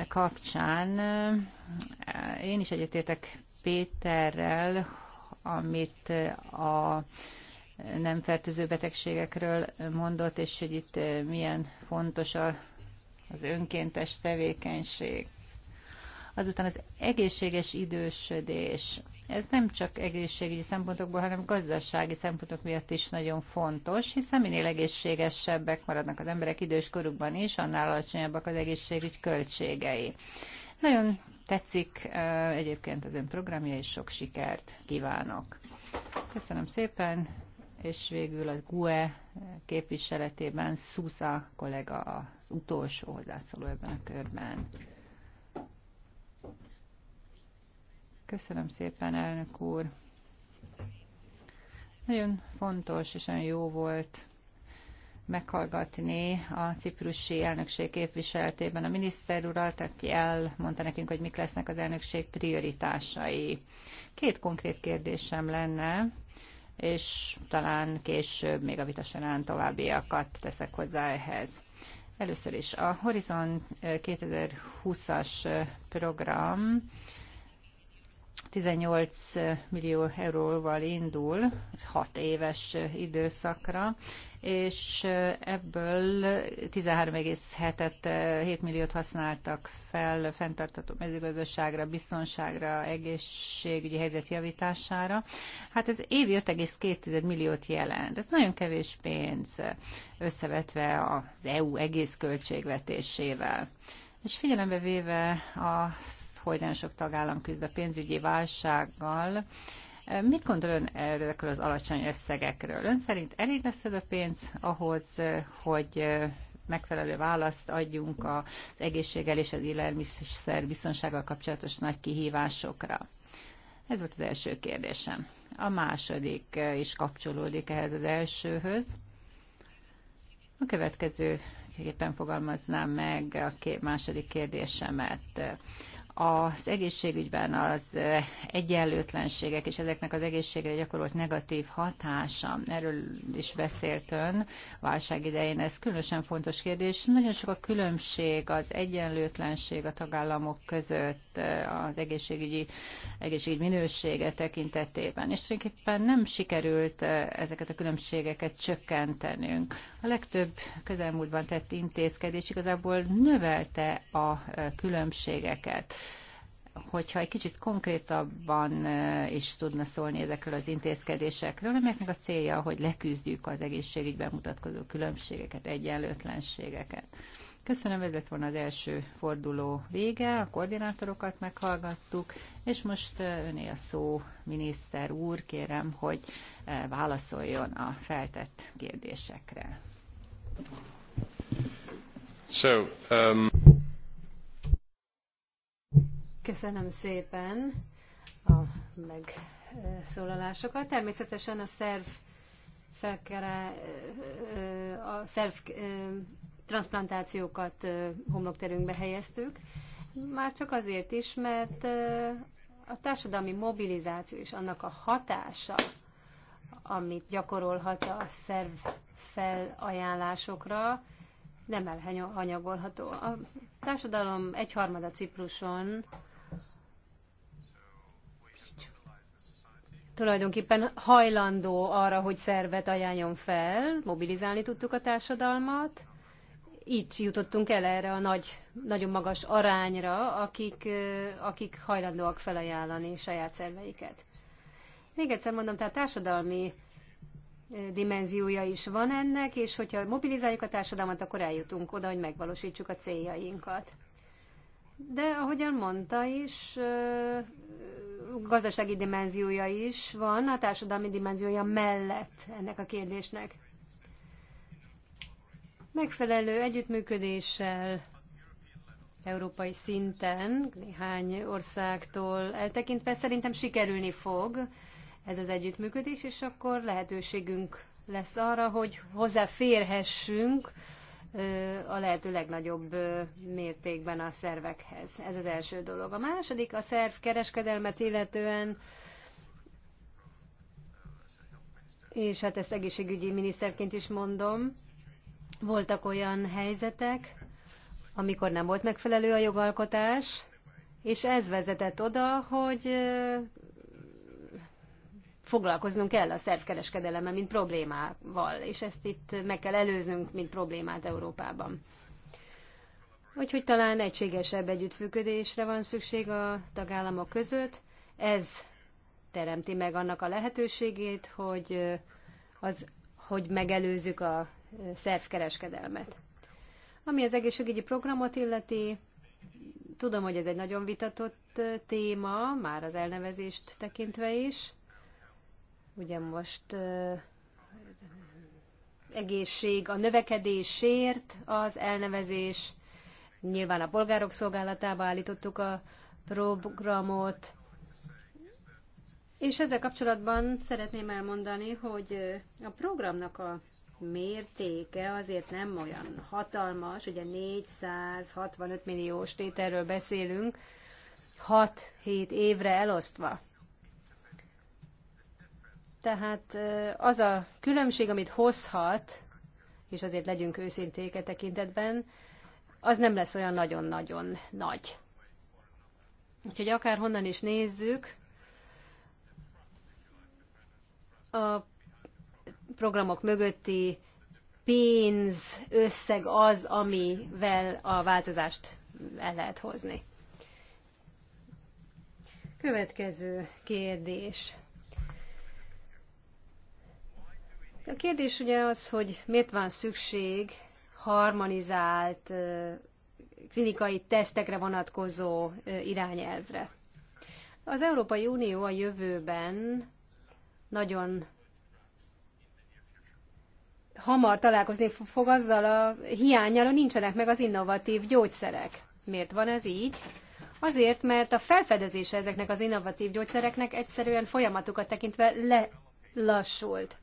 kapcsán eh, én is egyetértek Péterrel, amit a nem fertőző betegségekről mondott, és hogy itt milyen fontos a, az önkéntes tevékenység. Azután az egészséges idősödés. Ez nem csak egészségügyi szempontokból, hanem gazdasági szempontok miatt is nagyon fontos, hiszen minél egészségesebbek maradnak az emberek időskorukban is, annál alacsonyabbak az egészségügy költségei. Nagyon tetszik egyébként az ön programja, és sok sikert kívánok. Köszönöm szépen, és végül a GUE képviseletében Szusza kollega az utolsó hozzászóló ebben a körben. Köszönöm szépen, elnök úr! Nagyon fontos és nagyon jó volt meghallgatni a ciprusi elnökség képviseletében a miniszter urat, aki elmondta nekünk, hogy mik lesznek az elnökség prioritásai. Két konkrét kérdésem lenne és talán később még a vita során továbbiakat teszek hozzá ehhez. Először is a Horizon 2020-as program 18 millió euróval indul 6 éves időszakra, és ebből 13,7 milliót használtak fel fenntartató mezőgazdaságra, biztonságra, egészségügyi helyzet javítására. Hát ez évi 5,2 milliót jelent. Ez nagyon kevés pénz összevetve az EU egész költségvetésével. És figyelembe véve a hogy nagyon sok tagállam küzd a pénzügyi válsággal, Mit gondol ön erről az alacsony összegekről? Ön szerint elég lesz ez a pénz ahhoz, hogy megfelelő választ adjunk az egészséggel és az élelmiszer biztonsággal kapcsolatos nagy kihívásokra? Ez volt az első kérdésem. A második is kapcsolódik ehhez az elsőhöz. A következő éppen fogalmaznám meg a második kérdésemet az egészségügyben az egyenlőtlenségek és ezeknek az egészségre gyakorolt negatív hatása, erről is beszélt ön válság idején, ez különösen fontos kérdés. Nagyon sok a különbség, az egyenlőtlenség a tagállamok között az egészségügyi egészségügy minősége tekintetében, és tulajdonképpen nem sikerült ezeket a különbségeket csökkentenünk. A legtöbb közelmúltban tett intézkedés igazából növelte a e, különbségeket hogyha egy kicsit konkrétabban e, is tudna szólni ezekről az intézkedésekről, amelyeknek a célja, hogy leküzdjük az egészségügyben mutatkozó különbségeket, egyenlőtlenségeket. Köszönöm, ez lett volna az első forduló vége, a koordinátorokat meghallgattuk, és most e, öné a szó, miniszter úr, kérem, hogy válaszoljon a feltett kérdésekre. So, um... Köszönöm szépen a megszólalásokat. Természetesen a szerv felkere, a szerv transplantációkat homlokterünkbe helyeztük, már csak azért is, mert a társadalmi mobilizáció és annak a hatása amit gyakorolhat a szerv felajánlásokra, nem elhanyagolható. A társadalom egyharmada Cipruson tulajdonképpen hajlandó arra, hogy szervet ajánljon fel, mobilizálni tudtuk a társadalmat, így jutottunk el erre a nagy, nagyon magas arányra, akik, akik hajlandóak felajánlani saját szerveiket. Még egyszer mondom, tehát társadalmi dimenziója is van ennek, és hogyha mobilizáljuk a társadalmat, akkor eljutunk oda, hogy megvalósítsuk a céljainkat. De ahogyan mondta is, gazdasági dimenziója is van, a társadalmi dimenziója mellett ennek a kérdésnek. Megfelelő együttműködéssel európai szinten, néhány országtól eltekintve szerintem sikerülni fog ez az együttműködés, és akkor lehetőségünk lesz arra, hogy hozzáférhessünk a lehető legnagyobb mértékben a szervekhez. Ez az első dolog. A második a szerv kereskedelmet illetően, és hát ezt egészségügyi miniszterként is mondom, voltak olyan helyzetek, amikor nem volt megfelelő a jogalkotás, és ez vezetett oda, hogy foglalkoznunk kell a szervkereskedelemmel, mint problémával, és ezt itt meg kell előznünk, mint problémát Európában. Úgyhogy talán egységesebb együttműködésre van szükség a tagállamok között. Ez teremti meg annak a lehetőségét, hogy, az, hogy megelőzzük a szervkereskedelmet. Ami az egészségügyi programot illeti, tudom, hogy ez egy nagyon vitatott téma, már az elnevezést tekintve is. Ugye most egészség a növekedésért az elnevezés. Nyilván a polgárok szolgálatába állítottuk a programot. És ezzel kapcsolatban szeretném elmondani, hogy a programnak a mértéke azért nem olyan hatalmas, ugye 465 milliós tételről beszélünk, 6-7 évre elosztva. Tehát az a különbség, amit hozhat, és azért legyünk őszinték e tekintetben, az nem lesz olyan nagyon-nagyon nagy. Úgyhogy akár honnan is nézzük, a programok mögötti pénz összeg az, amivel a változást el lehet hozni. Következő kérdés. A kérdés ugye az, hogy miért van szükség harmonizált klinikai tesztekre vonatkozó irányelvre. Az Európai Unió a jövőben nagyon hamar találkozni fog azzal a hiányjal, hogy nincsenek meg az innovatív gyógyszerek. Miért van ez így? Azért, mert a felfedezése ezeknek az innovatív gyógyszereknek egyszerűen folyamatukat tekintve lelassult.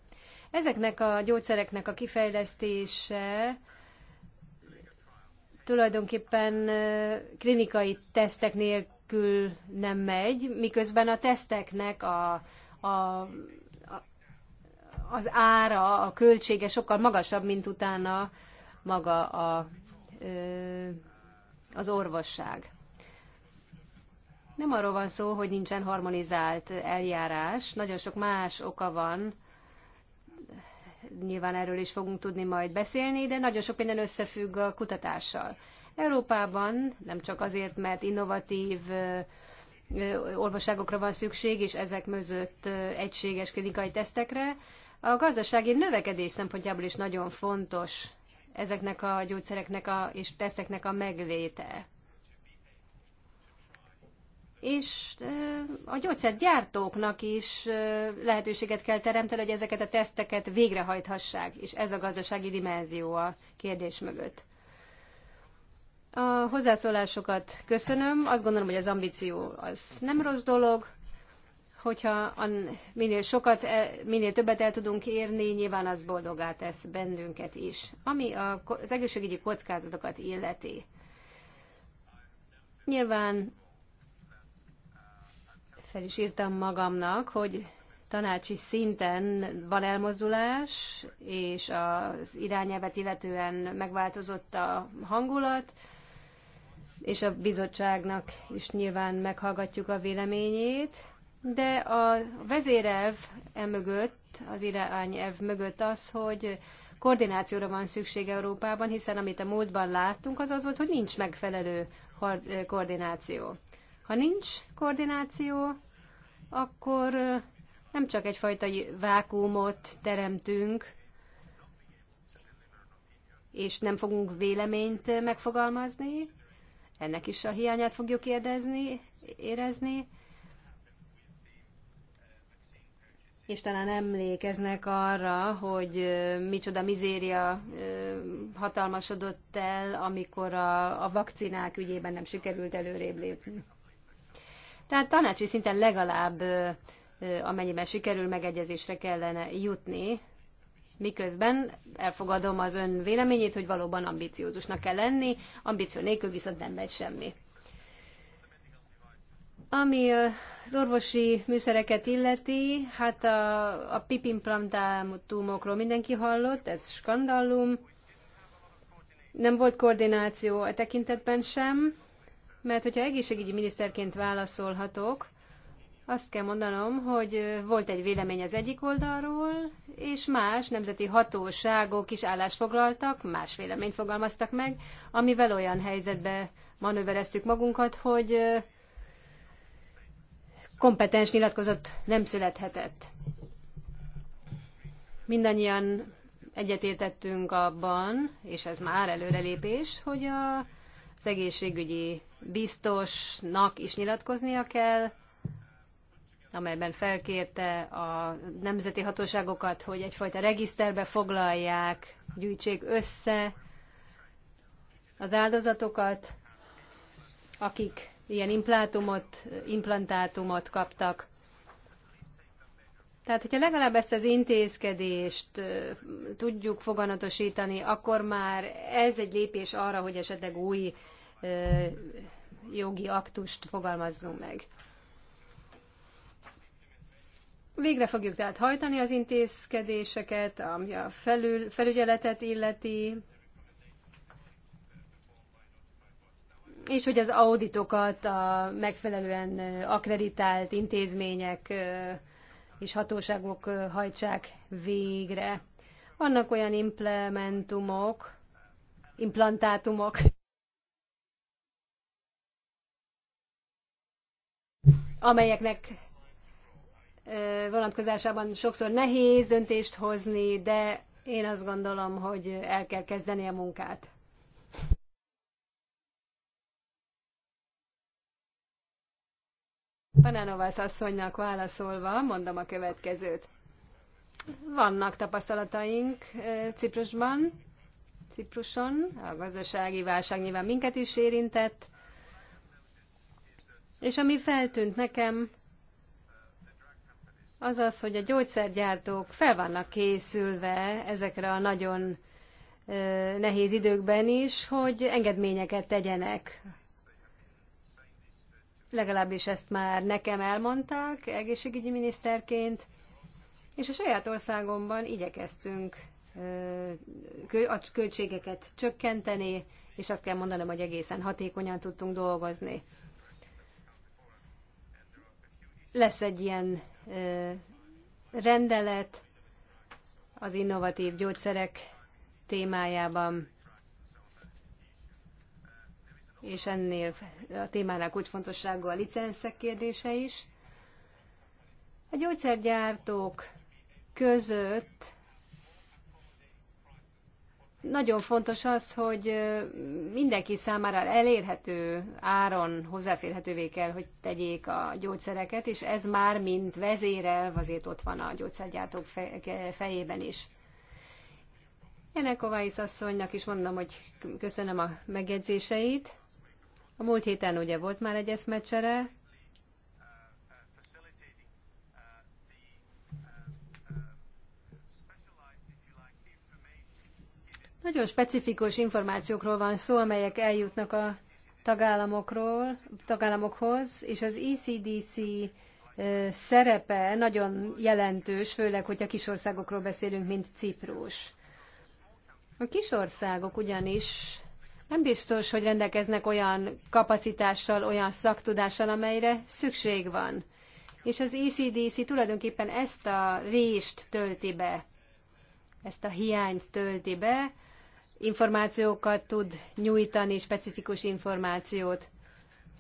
Ezeknek a gyógyszereknek a kifejlesztése tulajdonképpen klinikai tesztek nélkül nem megy, miközben a teszteknek a, a az ára, a költsége sokkal magasabb, mint utána maga a, az orvosság. Nem arról van szó, hogy nincsen harmonizált eljárás, nagyon sok más oka van nyilván erről is fogunk tudni majd beszélni, de nagyon sok minden összefügg a kutatással. Európában nem csak azért, mert innovatív orvosságokra van szükség, és ezek mögött egységes klinikai tesztekre, a gazdasági növekedés szempontjából is nagyon fontos ezeknek a gyógyszereknek a, és teszteknek a megléte és a gyógyszergyártóknak is lehetőséget kell teremteni, hogy ezeket a teszteket végrehajthassák, és ez a gazdasági dimenzió a kérdés mögött. A hozzászólásokat köszönöm. Azt gondolom, hogy az ambíció az nem rossz dolog, hogyha minél sokat, e, minél többet el tudunk érni, nyilván az boldogá tesz bennünket is. Ami az egészségügyi kockázatokat illeti. Nyilván fel is írtam magamnak, hogy tanácsi szinten van elmozdulás, és az irányelvet illetően megváltozott a hangulat, és a bizottságnak is nyilván meghallgatjuk a véleményét, de a vezérelv emögött, az irányelv mögött az, hogy koordinációra van szükség Európában, hiszen amit a múltban láttunk, az az volt, hogy nincs megfelelő koordináció. Ha nincs koordináció, akkor nem csak egyfajta vákuumot teremtünk, és nem fogunk véleményt megfogalmazni, ennek is a hiányát fogjuk érdezni, érezni, és talán emlékeznek arra, hogy micsoda mizéria hatalmasodott el, amikor a, a vakcinák ügyében nem sikerült előrébb lépni. Tehát tanácsi szinten legalább amennyiben sikerül megegyezésre kellene jutni, miközben elfogadom az ön véleményét, hogy valóban ambiciózusnak kell lenni, ambíció nélkül viszont nem megy semmi. Ami az orvosi műszereket illeti, hát a, a pipimplantátumokról mindenki hallott, ez skandallum. Nem volt koordináció a e tekintetben sem, mert hogyha egészségügyi miniszterként válaszolhatok, azt kell mondanom, hogy volt egy vélemény az egyik oldalról, és más nemzeti hatóságok is állásfoglaltak, más véleményt fogalmaztak meg, amivel olyan helyzetbe manővereztük magunkat, hogy kompetens nyilatkozat nem születhetett. Mindannyian egyetértettünk abban, és ez már előrelépés, hogy a, az egészségügyi biztosnak is nyilatkoznia kell, amelyben felkérte a nemzeti hatóságokat, hogy egyfajta regiszterbe foglalják, gyűjtsék össze az áldozatokat, akik ilyen implantumot, implantátumot kaptak. Tehát, hogyha legalább ezt az intézkedést tudjuk foganatosítani, akkor már ez egy lépés arra, hogy esetleg új jogi aktust fogalmazzunk meg. Végre fogjuk tehát hajtani az intézkedéseket, ami a felül, felügyeletet illeti, és hogy az auditokat a megfelelően akreditált intézmények és hatóságok hajtsák végre. Vannak olyan implementumok, implantátumok, amelyeknek vonatkozásában sokszor nehéz döntést hozni, de én azt gondolom, hogy el kell kezdeni a munkát. Panánovász asszonynak válaszolva mondom a következőt. Vannak tapasztalataink Ciprusban, Cipruson, a gazdasági válság nyilván minket is érintett, és ami feltűnt nekem, az az, hogy a gyógyszergyártók fel vannak készülve ezekre a nagyon nehéz időkben is, hogy engedményeket tegyenek. Legalábbis ezt már nekem elmondták egészségügyi miniszterként, és a saját országomban igyekeztünk a költségeket csökkenteni, és azt kell mondanom, hogy egészen hatékonyan tudtunk dolgozni. Lesz egy ilyen rendelet az innovatív gyógyszerek témájában, és ennél a úgy kulcsfontosságú a licenszek kérdése is. A gyógyszergyártók között nagyon fontos az, hogy mindenki számára elérhető áron hozzáférhetővé kell, hogy tegyék a gyógyszereket, és ez már mint vezérel, azért ott van a gyógyszergyártók fejében is. Kovács asszonynak is mondom, hogy köszönöm a megjegyzéseit. A múlt héten ugye volt már egy eszmecsere, Nagyon specifikus információkról van szó, amelyek eljutnak a tagállamokról, tagállamokhoz, és az ECDC szerepe nagyon jelentős, főleg, hogyha kisországokról beszélünk, mint Ciprus. A kisországok ugyanis nem biztos, hogy rendelkeznek olyan kapacitással, olyan szaktudással, amelyre szükség van. És az ECDC tulajdonképpen ezt a rést tölti be, ezt a hiányt tölti be, információkat tud nyújtani, specifikus információt.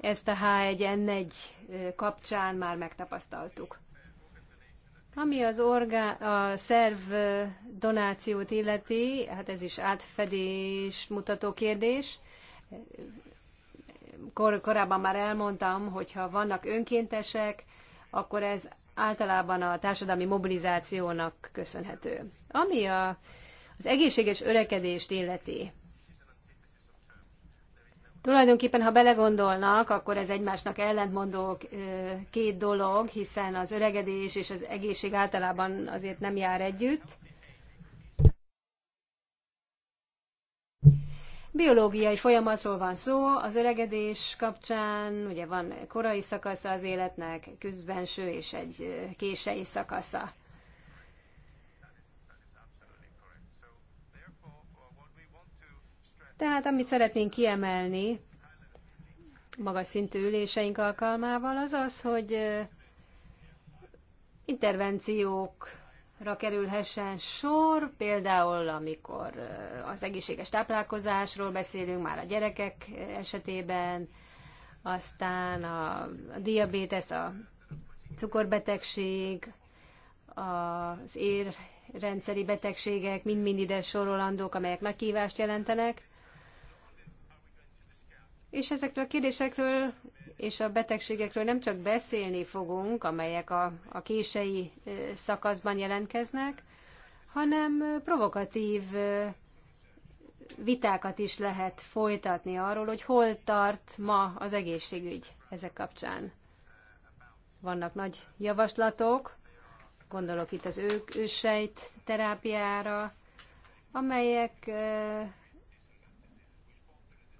Ezt a H1N1 kapcsán már megtapasztaltuk. Ami az orgá, a szerv donációt illeti, hát ez is átfedés mutató kérdés. Kor, korábban már elmondtam, hogy ha vannak önkéntesek, akkor ez általában a társadalmi mobilizációnak köszönhető. Ami a az egészséges örekedést illeti. Tulajdonképpen, ha belegondolnak, akkor ez egymásnak ellentmondó két dolog, hiszen az öregedés és az egészség általában azért nem jár együtt. Biológiai folyamatról van szó, az öregedés kapcsán ugye van korai szakasza az életnek, küzdbenső és egy kései szakasza. Tehát amit szeretnénk kiemelni magas szintű üléseink alkalmával, az az, hogy intervenciókra kerülhessen sor, például amikor az egészséges táplálkozásról beszélünk már a gyerekek esetében, aztán a, diabetes, diabétesz, a cukorbetegség, az érrendszeri betegségek mind-mind ide sorolandók, amelyek nagy kívást jelentenek. És ezekről a kérdésekről és a betegségekről nem csak beszélni fogunk, amelyek a, a kései szakaszban jelentkeznek, hanem provokatív vitákat is lehet folytatni arról, hogy hol tart ma az egészségügy ezek kapcsán. Vannak nagy javaslatok, gondolok itt az ők terápiára, amelyek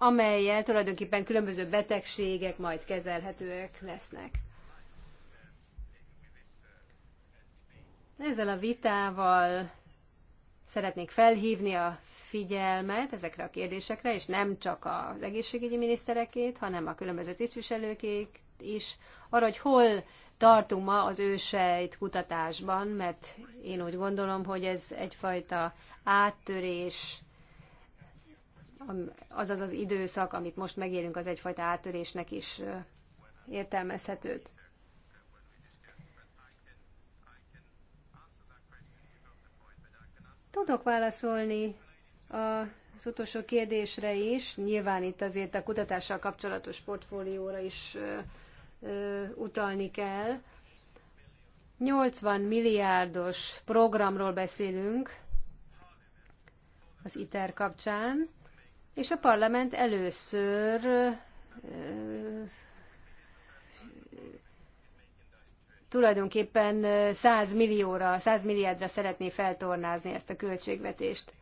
amelyel tulajdonképpen különböző betegségek majd kezelhetőek lesznek. Ezzel a vitával szeretnék felhívni a figyelmet ezekre a kérdésekre, és nem csak az egészségügyi miniszterekét, hanem a különböző tisztviselőkét is, arra, hogy hol tartunk ma az ősejt kutatásban, mert én úgy gondolom, hogy ez egyfajta áttörés az az az időszak, amit most megélünk, az egyfajta áttörésnek is értelmezhetőt. Tudok válaszolni az utolsó kérdésre is. Nyilván itt azért a kutatással kapcsolatos portfólióra is utalni kell. 80 milliárdos programról beszélünk az ITER kapcsán, és a parlament először tulajdonképpen 100 millióra, 100 milliárdra szeretné feltornázni ezt a költségvetést.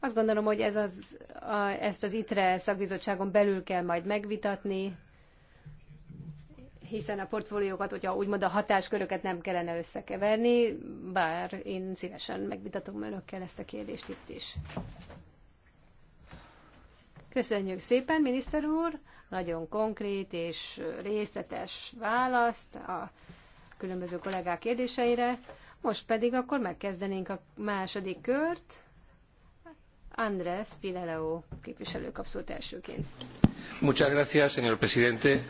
Azt gondolom, hogy ez az, a, ezt az ITRE szakbizottságon belül kell majd megvitatni, hiszen a portfóliókat, hogyha úgymond a hatásköröket nem kellene összekeverni, bár én szívesen megvitatom önökkel ezt a kérdést itt is. Köszönjük szépen, miniszter úr, nagyon konkrét és részletes választ a különböző kollégák kérdéseire. Most pedig akkor megkezdenénk a második kört. Andrés Pileleo képviselő kapszót elsőként. Muchas gracias, señor presidente.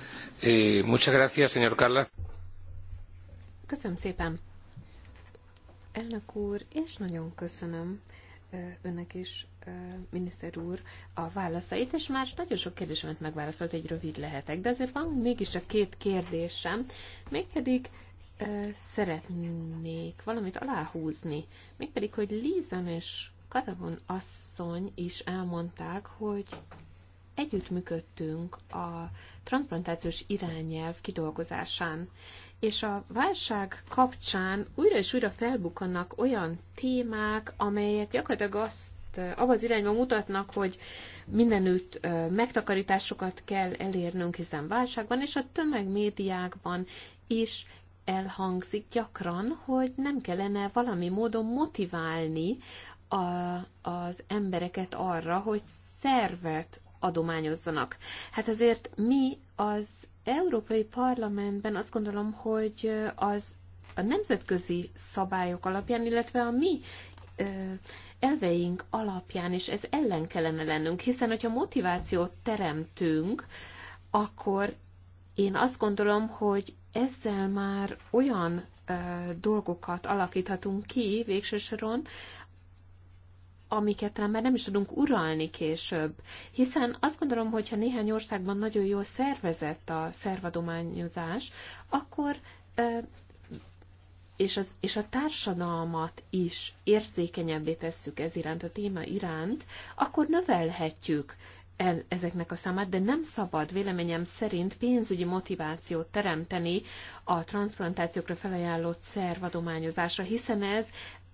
Eh, muchas gracias, señor Carla. Köszönöm szépen. Elnök úr, és nagyon köszönöm önnek is, miniszter úr, a válaszait, és már nagyon sok kérdésemet megválaszolt, egy rövid lehetek, de azért van mégiscsak két kérdésem, mégpedig szeretnék valamit aláhúzni, mégpedig, hogy Lízan és Karavon asszony is elmondták, hogy együttműködtünk a transplantációs irányelv kidolgozásán, és a válság kapcsán újra és újra felbukannak olyan témák, amelyek gyakorlatilag azt, abban az irányban mutatnak, hogy mindenütt megtakarításokat kell elérnünk, hiszen válságban, és a tömegmédiákban is elhangzik gyakran, hogy nem kellene valami módon motiválni a, az embereket arra, hogy szervet adományozzanak. Hát azért mi az Európai Parlamentben azt gondolom, hogy az a nemzetközi szabályok alapján, illetve a mi elveink alapján, és ez ellen kellene lennünk, hiszen hogyha motivációt teremtünk, akkor én azt gondolom, hogy ezzel már olyan ö, dolgokat alakíthatunk ki végső soron, amiket talán már nem is tudunk uralni később. Hiszen azt gondolom, hogy ha néhány országban nagyon jól szervezett a szervadományozás, akkor és, az, és a társadalmat is érzékenyebbé tesszük ez iránt, a téma iránt, akkor növelhetjük el ezeknek a számát, de nem szabad véleményem szerint pénzügyi motivációt teremteni a transplantációkra felajánlott szervadományozásra, hiszen ez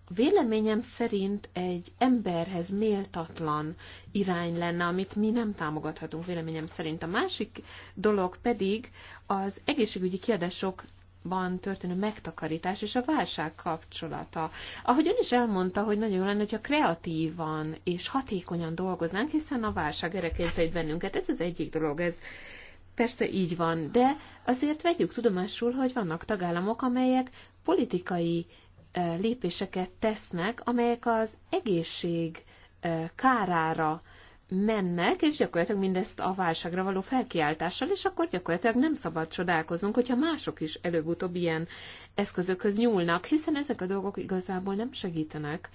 véleményem szerint egy emberhez méltatlan irány lenne, amit mi nem támogathatunk véleményem szerint. A másik dolog pedig az egészségügyi kiadások van történő megtakarítás és a válság kapcsolata. Ahogy ön is elmondta, hogy nagyon jó lenne, hogyha kreatívan és hatékonyan dolgoznánk, hiszen a válság erre kényszerít bennünket. Ez az egyik dolog, ez persze így van, de azért vegyük tudomásul, hogy vannak tagállamok, amelyek politikai lépéseket tesznek, amelyek az egészség kárára mennek, és gyakorlatilag mindezt a válságra való felkiáltással, és akkor gyakorlatilag nem szabad csodálkoznunk, hogyha mások is előbb-utóbb ilyen eszközökhöz nyúlnak, hiszen ezek a dolgok igazából nem segítenek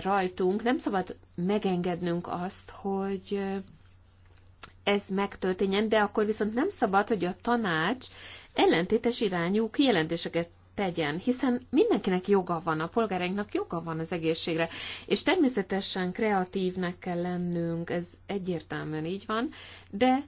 rajtunk, nem szabad megengednünk azt, hogy ez megtörténjen, de akkor viszont nem szabad, hogy a tanács ellentétes irányú kijelentéseket tegyen, hiszen mindenkinek joga van, a polgárainknak joga van az egészségre, és természetesen kreatívnek kell lennünk, ez egyértelműen így van, de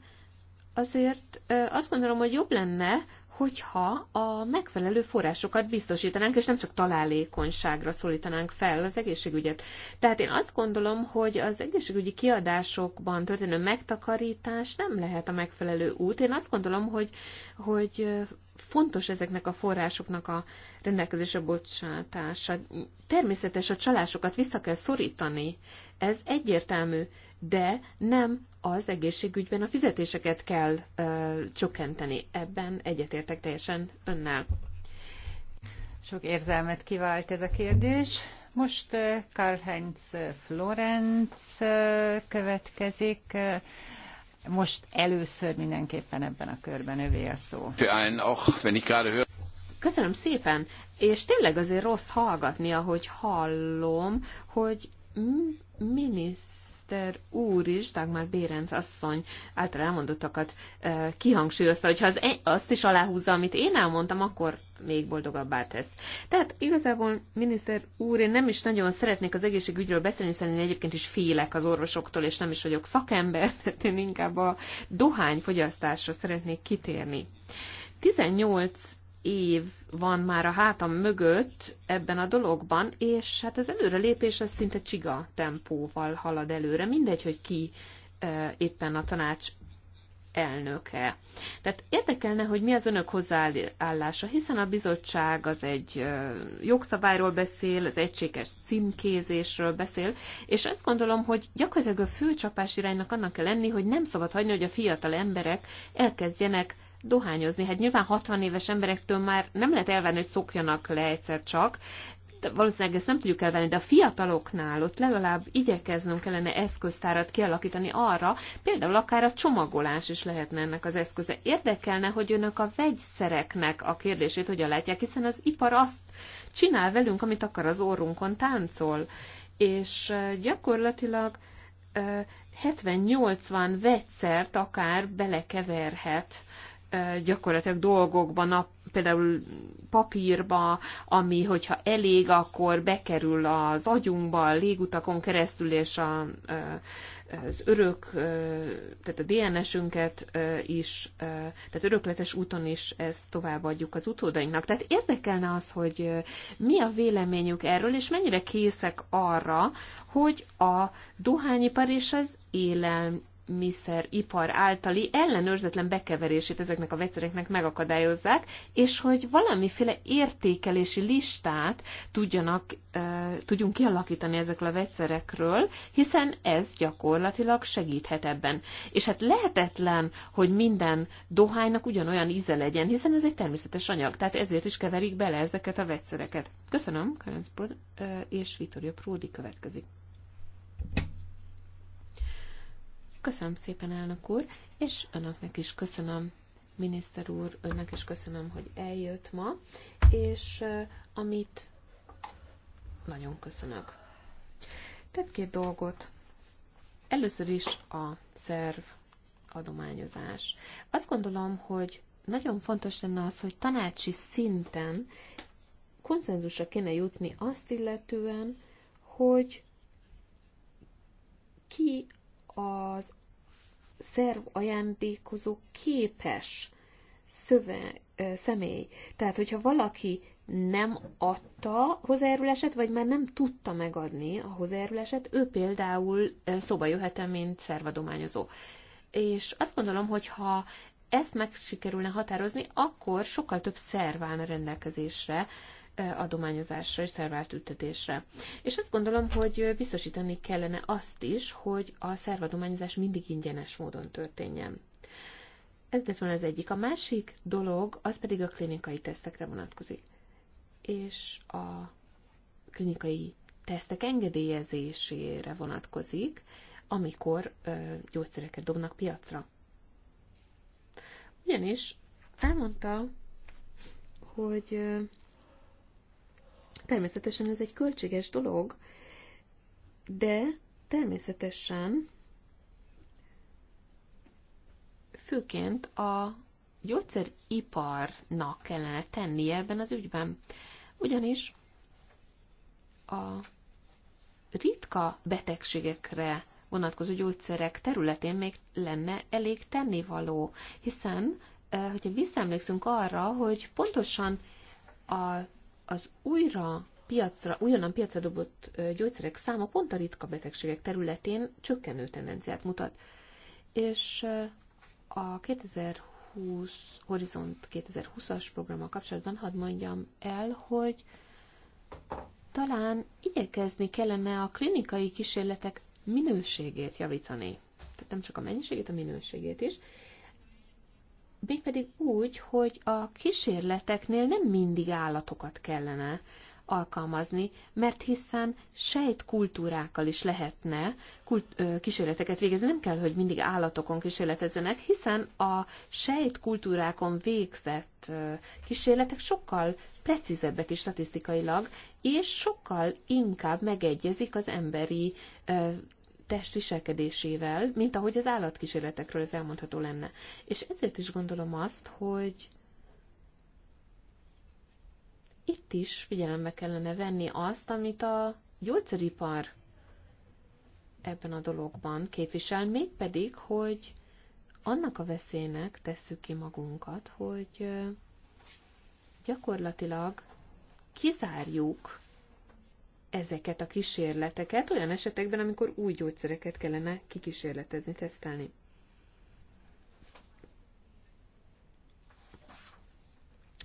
azért azt gondolom, hogy jobb lenne, hogyha a megfelelő forrásokat biztosítanánk, és nem csak találékonyságra szólítanánk fel az egészségügyet. Tehát én azt gondolom, hogy az egészségügyi kiadásokban történő megtakarítás nem lehet a megfelelő út. Én azt gondolom, hogy, hogy fontos ezeknek a forrásoknak a rendelkezésre bocsátása. Természetes a csalásokat vissza kell szorítani, ez egyértelmű, de nem az egészségügyben a fizetéseket kell ö, csökkenteni. Ebben egyetértek teljesen önnel. Sok érzelmet kivált ez a kérdés. Most Karl-Heinz Florenz következik most először mindenképpen ebben a körben övé a szó. Köszönöm szépen, és tényleg azért rossz hallgatni, ahogy hallom, hogy minisz miniszter úr is, Dagmar Bérenc asszony által elmondottakat kihangsúlyozta, hogyha az, azt is aláhúzza, amit én elmondtam, akkor még boldogabbá tesz. Tehát igazából, miniszter úr, én nem is nagyon szeretnék az egészségügyről beszélni, hiszen én egyébként is félek az orvosoktól, és nem is vagyok szakember, tehát én inkább a dohányfogyasztásra szeretnék kitérni. 18 év van már a hátam mögött ebben a dologban, és hát az előrelépés az szinte csiga tempóval halad előre, mindegy, hogy ki éppen a tanács elnöke. Tehát érdekelne, hogy mi az önök hozzáállása, hiszen a bizottság az egy jogszabályról beszél, az egységes címkézésről beszél, és azt gondolom, hogy gyakorlatilag a főcsapás iránynak annak kell lenni, hogy nem szabad hagyni, hogy a fiatal emberek elkezdjenek dohányozni. Hát nyilván 60 éves emberektől már nem lehet elvenni, hogy szokjanak le egyszer csak, valószínűleg ezt nem tudjuk elvenni, de a fiataloknál ott legalább igyekeznünk kellene eszköztárat kialakítani arra, például akár a csomagolás is lehetne ennek az eszköze. Érdekelne, hogy önök a vegyszereknek a kérdését hogyan látják, hiszen az ipar azt csinál velünk, amit akar az orrunkon táncol. És gyakorlatilag 70-80 vegyszert akár belekeverhet gyakorlatilag dolgokban, például papírba, ami, hogyha elég, akkor bekerül az agyunkba, a légutakon keresztül, és a, az örök, tehát a DNS-ünket is, tehát örökletes úton is ezt továbbadjuk az utódainknak. Tehát érdekelne az, hogy mi a véleményük erről, és mennyire készek arra, hogy a dohányipar és az élelmiszer ipar általi ellenőrzetlen bekeverését ezeknek a vegyszereknek megakadályozzák, és hogy valamiféle értékelési listát tudjanak, e, tudjunk kialakítani ezekről a vegyszerekről, hiszen ez gyakorlatilag segíthet ebben. És hát lehetetlen, hogy minden dohánynak ugyanolyan íze legyen, hiszen ez egy természetes anyag, tehát ezért is keverik bele ezeket a vegyszereket. Köszönöm, Karenc és Vittorio Pródi következik. Köszönöm szépen, elnök úr, és önöknek is köszönöm, miniszter úr, önnek is köszönöm, hogy eljött ma, és amit nagyon köszönök. Tett két dolgot. Először is a szerv adományozás. Azt gondolom, hogy nagyon fontos lenne az, hogy tanácsi szinten konszenzusra kéne jutni azt illetően, hogy ki az szerv ajándékozó képes szöve, személy. Tehát, hogyha valaki nem adta hozzájárulását, vagy már nem tudta megadni a hozzájárulását, ő például szóba jöhet mint szervadományozó. És azt gondolom, hogy ha ezt meg sikerülne határozni, akkor sokkal több szerv állna rendelkezésre adományozásra és szerváltültetésre. És azt gondolom, hogy biztosítani kellene azt is, hogy a szervadományozás mindig ingyenes módon történjen. Ez lett volna az egyik. A másik dolog, az pedig a klinikai tesztekre vonatkozik. És a klinikai tesztek engedélyezésére vonatkozik, amikor ö, gyógyszereket dobnak piacra. Ugyanis elmondta, hogy Természetesen ez egy költséges dolog, de természetesen főként a gyógyszeriparnak kellene tennie ebben az ügyben. Ugyanis a ritka betegségekre vonatkozó gyógyszerek területén még lenne elég tennivaló, hiszen eh, hogyha visszaemlékszünk arra, hogy pontosan a az újra piacra, újonnan piacra dobott gyógyszerek száma pont a ritka betegségek területén csökkenő tendenciát mutat. És a 2020, Horizont 2020-as programmal kapcsolatban hadd mondjam el, hogy talán igyekezni kellene a klinikai kísérletek minőségét javítani. Tehát nem csak a mennyiségét, a minőségét is mégpedig úgy, hogy a kísérleteknél nem mindig állatokat kellene alkalmazni, mert hiszen sejtkultúrákkal is lehetne kult, ö, kísérleteket végezni. Nem kell, hogy mindig állatokon kísérletezzenek, hiszen a sejtkultúrákon végzett ö, kísérletek sokkal precízebbek is statisztikailag, és sokkal inkább megegyezik az emberi ö, test viselkedésével, mint ahogy az állatkísérletekről ez elmondható lenne. És ezért is gondolom azt, hogy itt is figyelembe kellene venni azt, amit a gyógyszeripar ebben a dologban képvisel, mégpedig, hogy annak a veszélynek tesszük ki magunkat, hogy gyakorlatilag kizárjuk ezeket a kísérleteket olyan esetekben, amikor új gyógyszereket kellene kikísérletezni, tesztelni.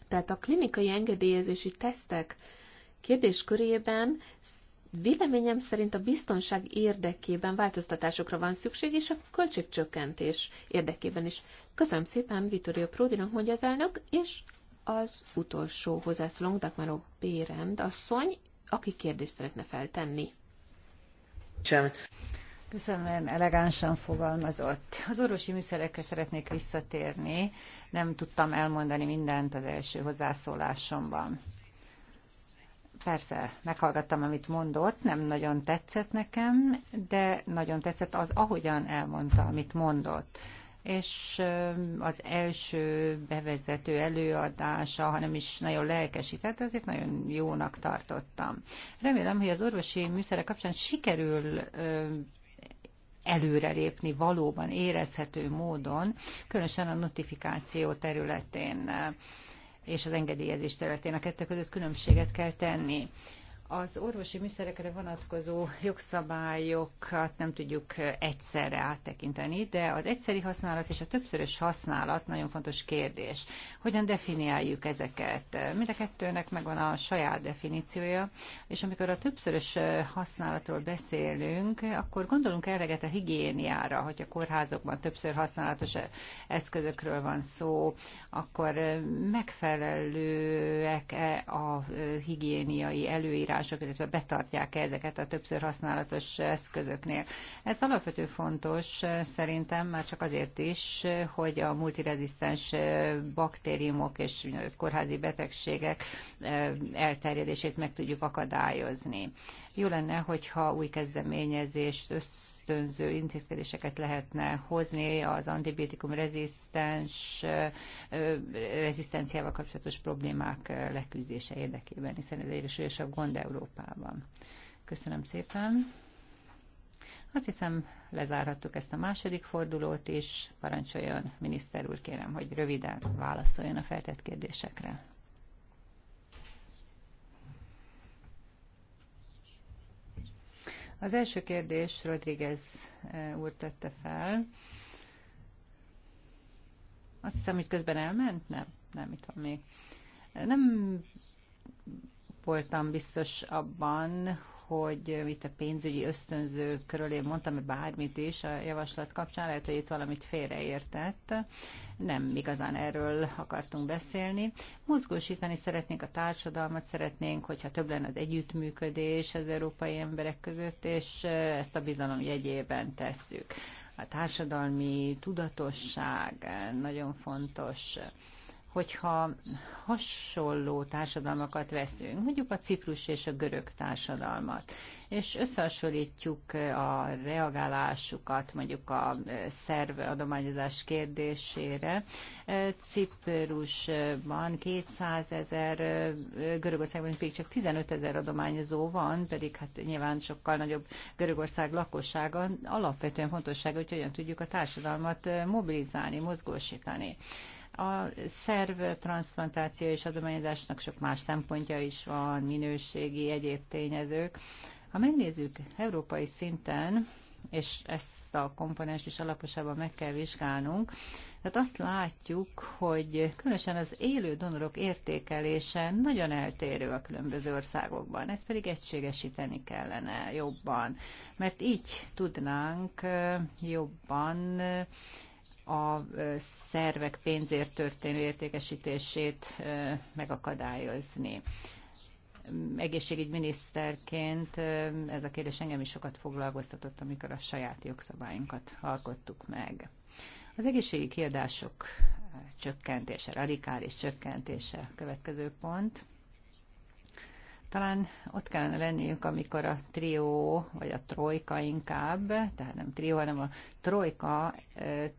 Tehát a klinikai engedélyezési tesztek kérdéskörében véleményem szerint a biztonság érdekében változtatásokra van szükség, és a költségcsökkentés érdekében is. Köszönöm szépen Vittorio Pródinak, mondja az elnök, és az utolsó hozzászólónk, Dagmaró Bérend asszony, aki kérdést szeretne feltenni. Sem. Köszönöm, elegánsan fogalmazott. Az orvosi műszerekkel szeretnék visszatérni. Nem tudtam elmondani mindent az első hozzászólásomban. Persze, meghallgattam, amit mondott, nem nagyon tetszett nekem, de nagyon tetszett az, ahogyan elmondta, amit mondott és az első bevezető előadása, hanem is nagyon lelkesített, ezért nagyon jónak tartottam. Remélem, hogy az orvosi műszerek kapcsán sikerül előrelépni valóban érezhető módon, különösen a notifikáció területén és az engedélyezés területén. A kettő között különbséget kell tenni az orvosi műszerekre vonatkozó jogszabályokat nem tudjuk egyszerre áttekinteni, de az egyszeri használat és a többszörös használat nagyon fontos kérdés. Hogyan definiáljuk ezeket? Mind a kettőnek megvan a saját definíciója, és amikor a többszörös használatról beszélünk, akkor gondolunk eleget a higiéniára, hogy a kórházokban többször használatos eszközökről van szó, akkor megfelelőek-e a higiéniai előírások, szokások, illetve betartják -e ezeket a többször használatos eszközöknél. Ez alapvető fontos szerintem már csak azért is, hogy a multirezisztens baktériumok és kórházi betegségek elterjedését meg tudjuk akadályozni. Jó lenne, hogyha új kezdeményezést össze ösztönző intézkedéseket lehetne hozni az antibiotikum rezisztens, rezisztenciával kapcsolatos problémák leküzdése érdekében, hiszen ez egyre súlyosabb gond Európában. Köszönöm szépen. Azt hiszem, lezárhattuk ezt a második fordulót is. Parancsoljon, miniszter úr, kérem, hogy röviden válaszoljon a feltett kérdésekre. Az első kérdés Rodriguez eh, úr tette fel. Azt hiszem, hogy közben elment? Nem, nem, itt van még. Nem voltam biztos abban, hogy itt a pénzügyi ösztönzőkről én mondtam hogy bármit is a javaslat kapcsán, lehet, hogy itt valamit félreértett. Nem igazán erről akartunk beszélni. Mozgósítani szeretnénk a társadalmat, szeretnénk, hogyha több lenne az együttműködés az európai emberek között, és ezt a bizalom jegyében tesszük. A társadalmi tudatosság nagyon fontos hogyha hasonló társadalmakat veszünk, mondjuk a ciprus és a görög társadalmat, és összehasonlítjuk a reagálásukat mondjuk a szerv adományozás kérdésére. Ciprusban 200 ezer, Görögországban pedig csak 15 ezer adományozó van, pedig hát nyilván sokkal nagyobb Görögország lakossága alapvetően fontossága, hogy hogyan tudjuk a társadalmat mobilizálni, mozgósítani. A szerv transplantáció és adományozásnak sok más szempontja is van, minőségi, egyéb tényezők. Ha megnézzük európai szinten, és ezt a komponens is alaposabban meg kell vizsgálnunk. Tehát azt látjuk, hogy különösen az élő donorok értékelése nagyon eltérő a különböző országokban. Ezt pedig egységesíteni kellene jobban, mert így tudnánk jobban a szervek pénzért történő értékesítését megakadályozni. Egészségügyi miniszterként ez a kérdés engem is sokat foglalkoztatott, amikor a saját jogszabályunkat alkottuk meg. Az egészségi kiadások csökkentése, radikális csökkentése a következő pont. Talán ott kellene lenniük, amikor a trió, vagy a trojka inkább, tehát nem trió, hanem a trojka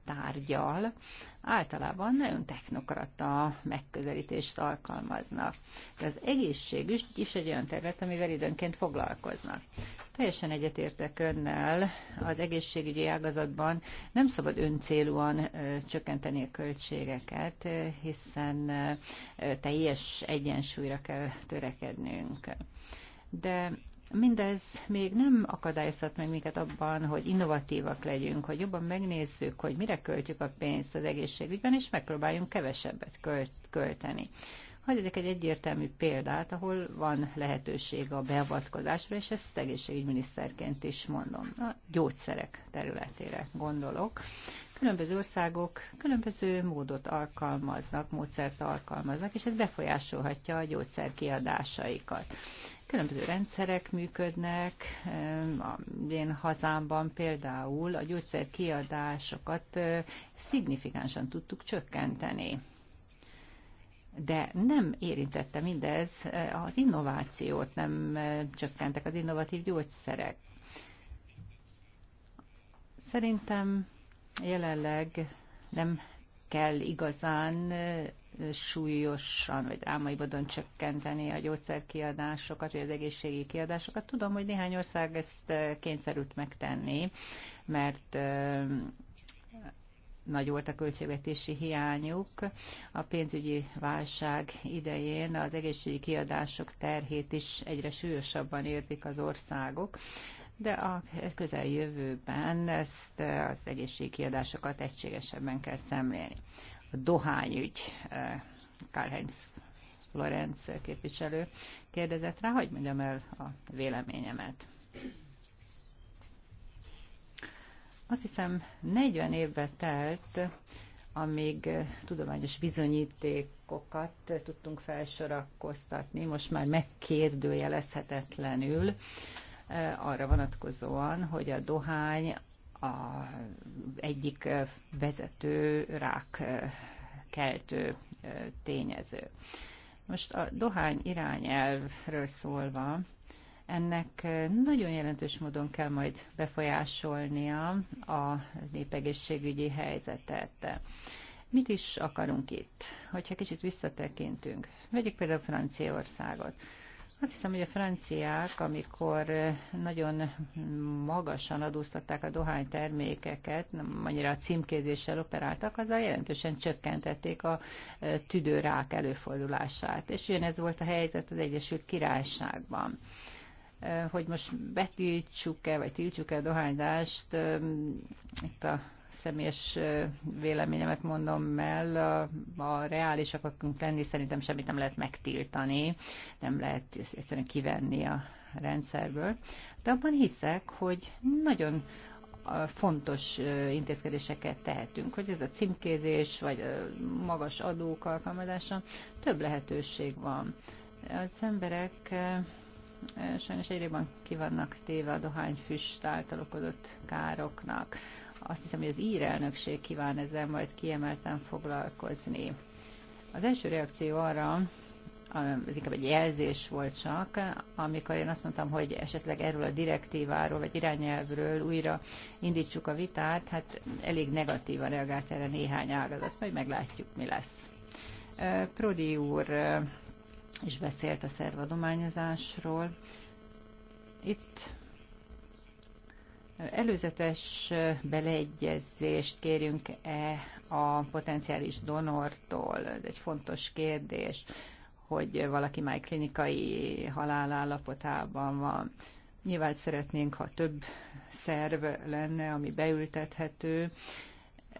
tárgyal, általában nagyon technokrata megközelítést alkalmaznak. De az egészségügy is egy olyan terület, amivel időnként foglalkoznak. Teljesen egyetértek önnel, az egészségügyi ágazatban nem szabad öncélúan csökkenteni a költségeket, hiszen teljes egyensúlyra kell törekednünk. De Mindez még nem akadályozhat meg minket abban, hogy innovatívak legyünk, hogy jobban megnézzük, hogy mire költjük a pénzt az egészségügyben, és megpróbáljunk kevesebbet költ, költeni. Hadd egy egyértelmű példát, ahol van lehetőség a beavatkozásra, és ezt egészségügyminiszterként is mondom. A gyógyszerek területére gondolok. Különböző országok különböző módot alkalmaznak, módszert alkalmaznak, és ez befolyásolhatja a gyógyszer kiadásaikat különböző rendszerek működnek. Én hazámban például a gyógyszer kiadásokat szignifikánsan tudtuk csökkenteni de nem érintette mindez eh, az innovációt, nem eh, csökkentek az innovatív gyógyszerek. Szerintem jelenleg nem kell igazán eh, súlyosan vagy drámai csökkenteni a gyógyszerkiadásokat, vagy az egészségi kiadásokat. Tudom, hogy néhány ország ezt kényszerült megtenni, mert nagy volt a költségvetési hiányuk. A pénzügyi válság idején az egészségügyi kiadások terhét is egyre súlyosabban érzik az országok de a közeljövőben ezt az kiadásokat egységesebben kell szemlélni. A dohányügy, eh, Karl-Heinz Lorenz képviselő kérdezett rá, hogy mondjam el a véleményemet. Azt hiszem 40 évbe telt, amíg tudományos bizonyítékokat tudtunk felsorakoztatni, most már megkérdőjelezhetetlenül eh, arra vonatkozóan, hogy a dohány a egyik eh, vezető rák eh, keltő tényező. Most a dohány irányelvről szólva, ennek nagyon jelentős módon kell majd befolyásolnia a népegészségügyi helyzetet. Mit is akarunk itt? Hogyha kicsit visszatekintünk, vegyük például Franciaországot. Azt hiszem, hogy a franciák, amikor nagyon magasan adóztatták a dohánytermékeket, nem annyira a címkézéssel operáltak, azzal jelentősen csökkentették a tüdőrák előfordulását. És ugyanez volt a helyzet az Egyesült Királyságban. Eh, hogy most betiltsuk-e, vagy tiltsuk-e a dohányzást, eh, itt a személyes eh, véleményemet mondom el, a, a reálisak akarunk lenni, szerintem semmit nem lehet megtiltani, nem lehet egyszerűen kivenni a rendszerből. De abban hiszek, hogy nagyon fontos intézkedéseket tehetünk, hogy ez a címkézés, vagy a magas adók alkalmazása, több lehetőség van. Az emberek Eh, sajnos egyrében kivannak téve a füst által okozott károknak. Azt hiszem, hogy az ír elnökség kíván ezzel majd kiemelten foglalkozni. Az első reakció arra, ez inkább egy jelzés volt csak, amikor én azt mondtam, hogy esetleg erről a direktíváról vagy irányelvről újra indítsuk a vitát, hát elég negatívan reagált erre néhány ágazat, majd meglátjuk, mi lesz. Eh, Prodi úr eh, és beszélt a szervadományozásról. Itt előzetes beleegyezést kérjünk-e a potenciális donortól? Ez egy fontos kérdés, hogy valaki már klinikai halálállapotában van. Nyilván szeretnénk, ha több szerv lenne, ami beültethető,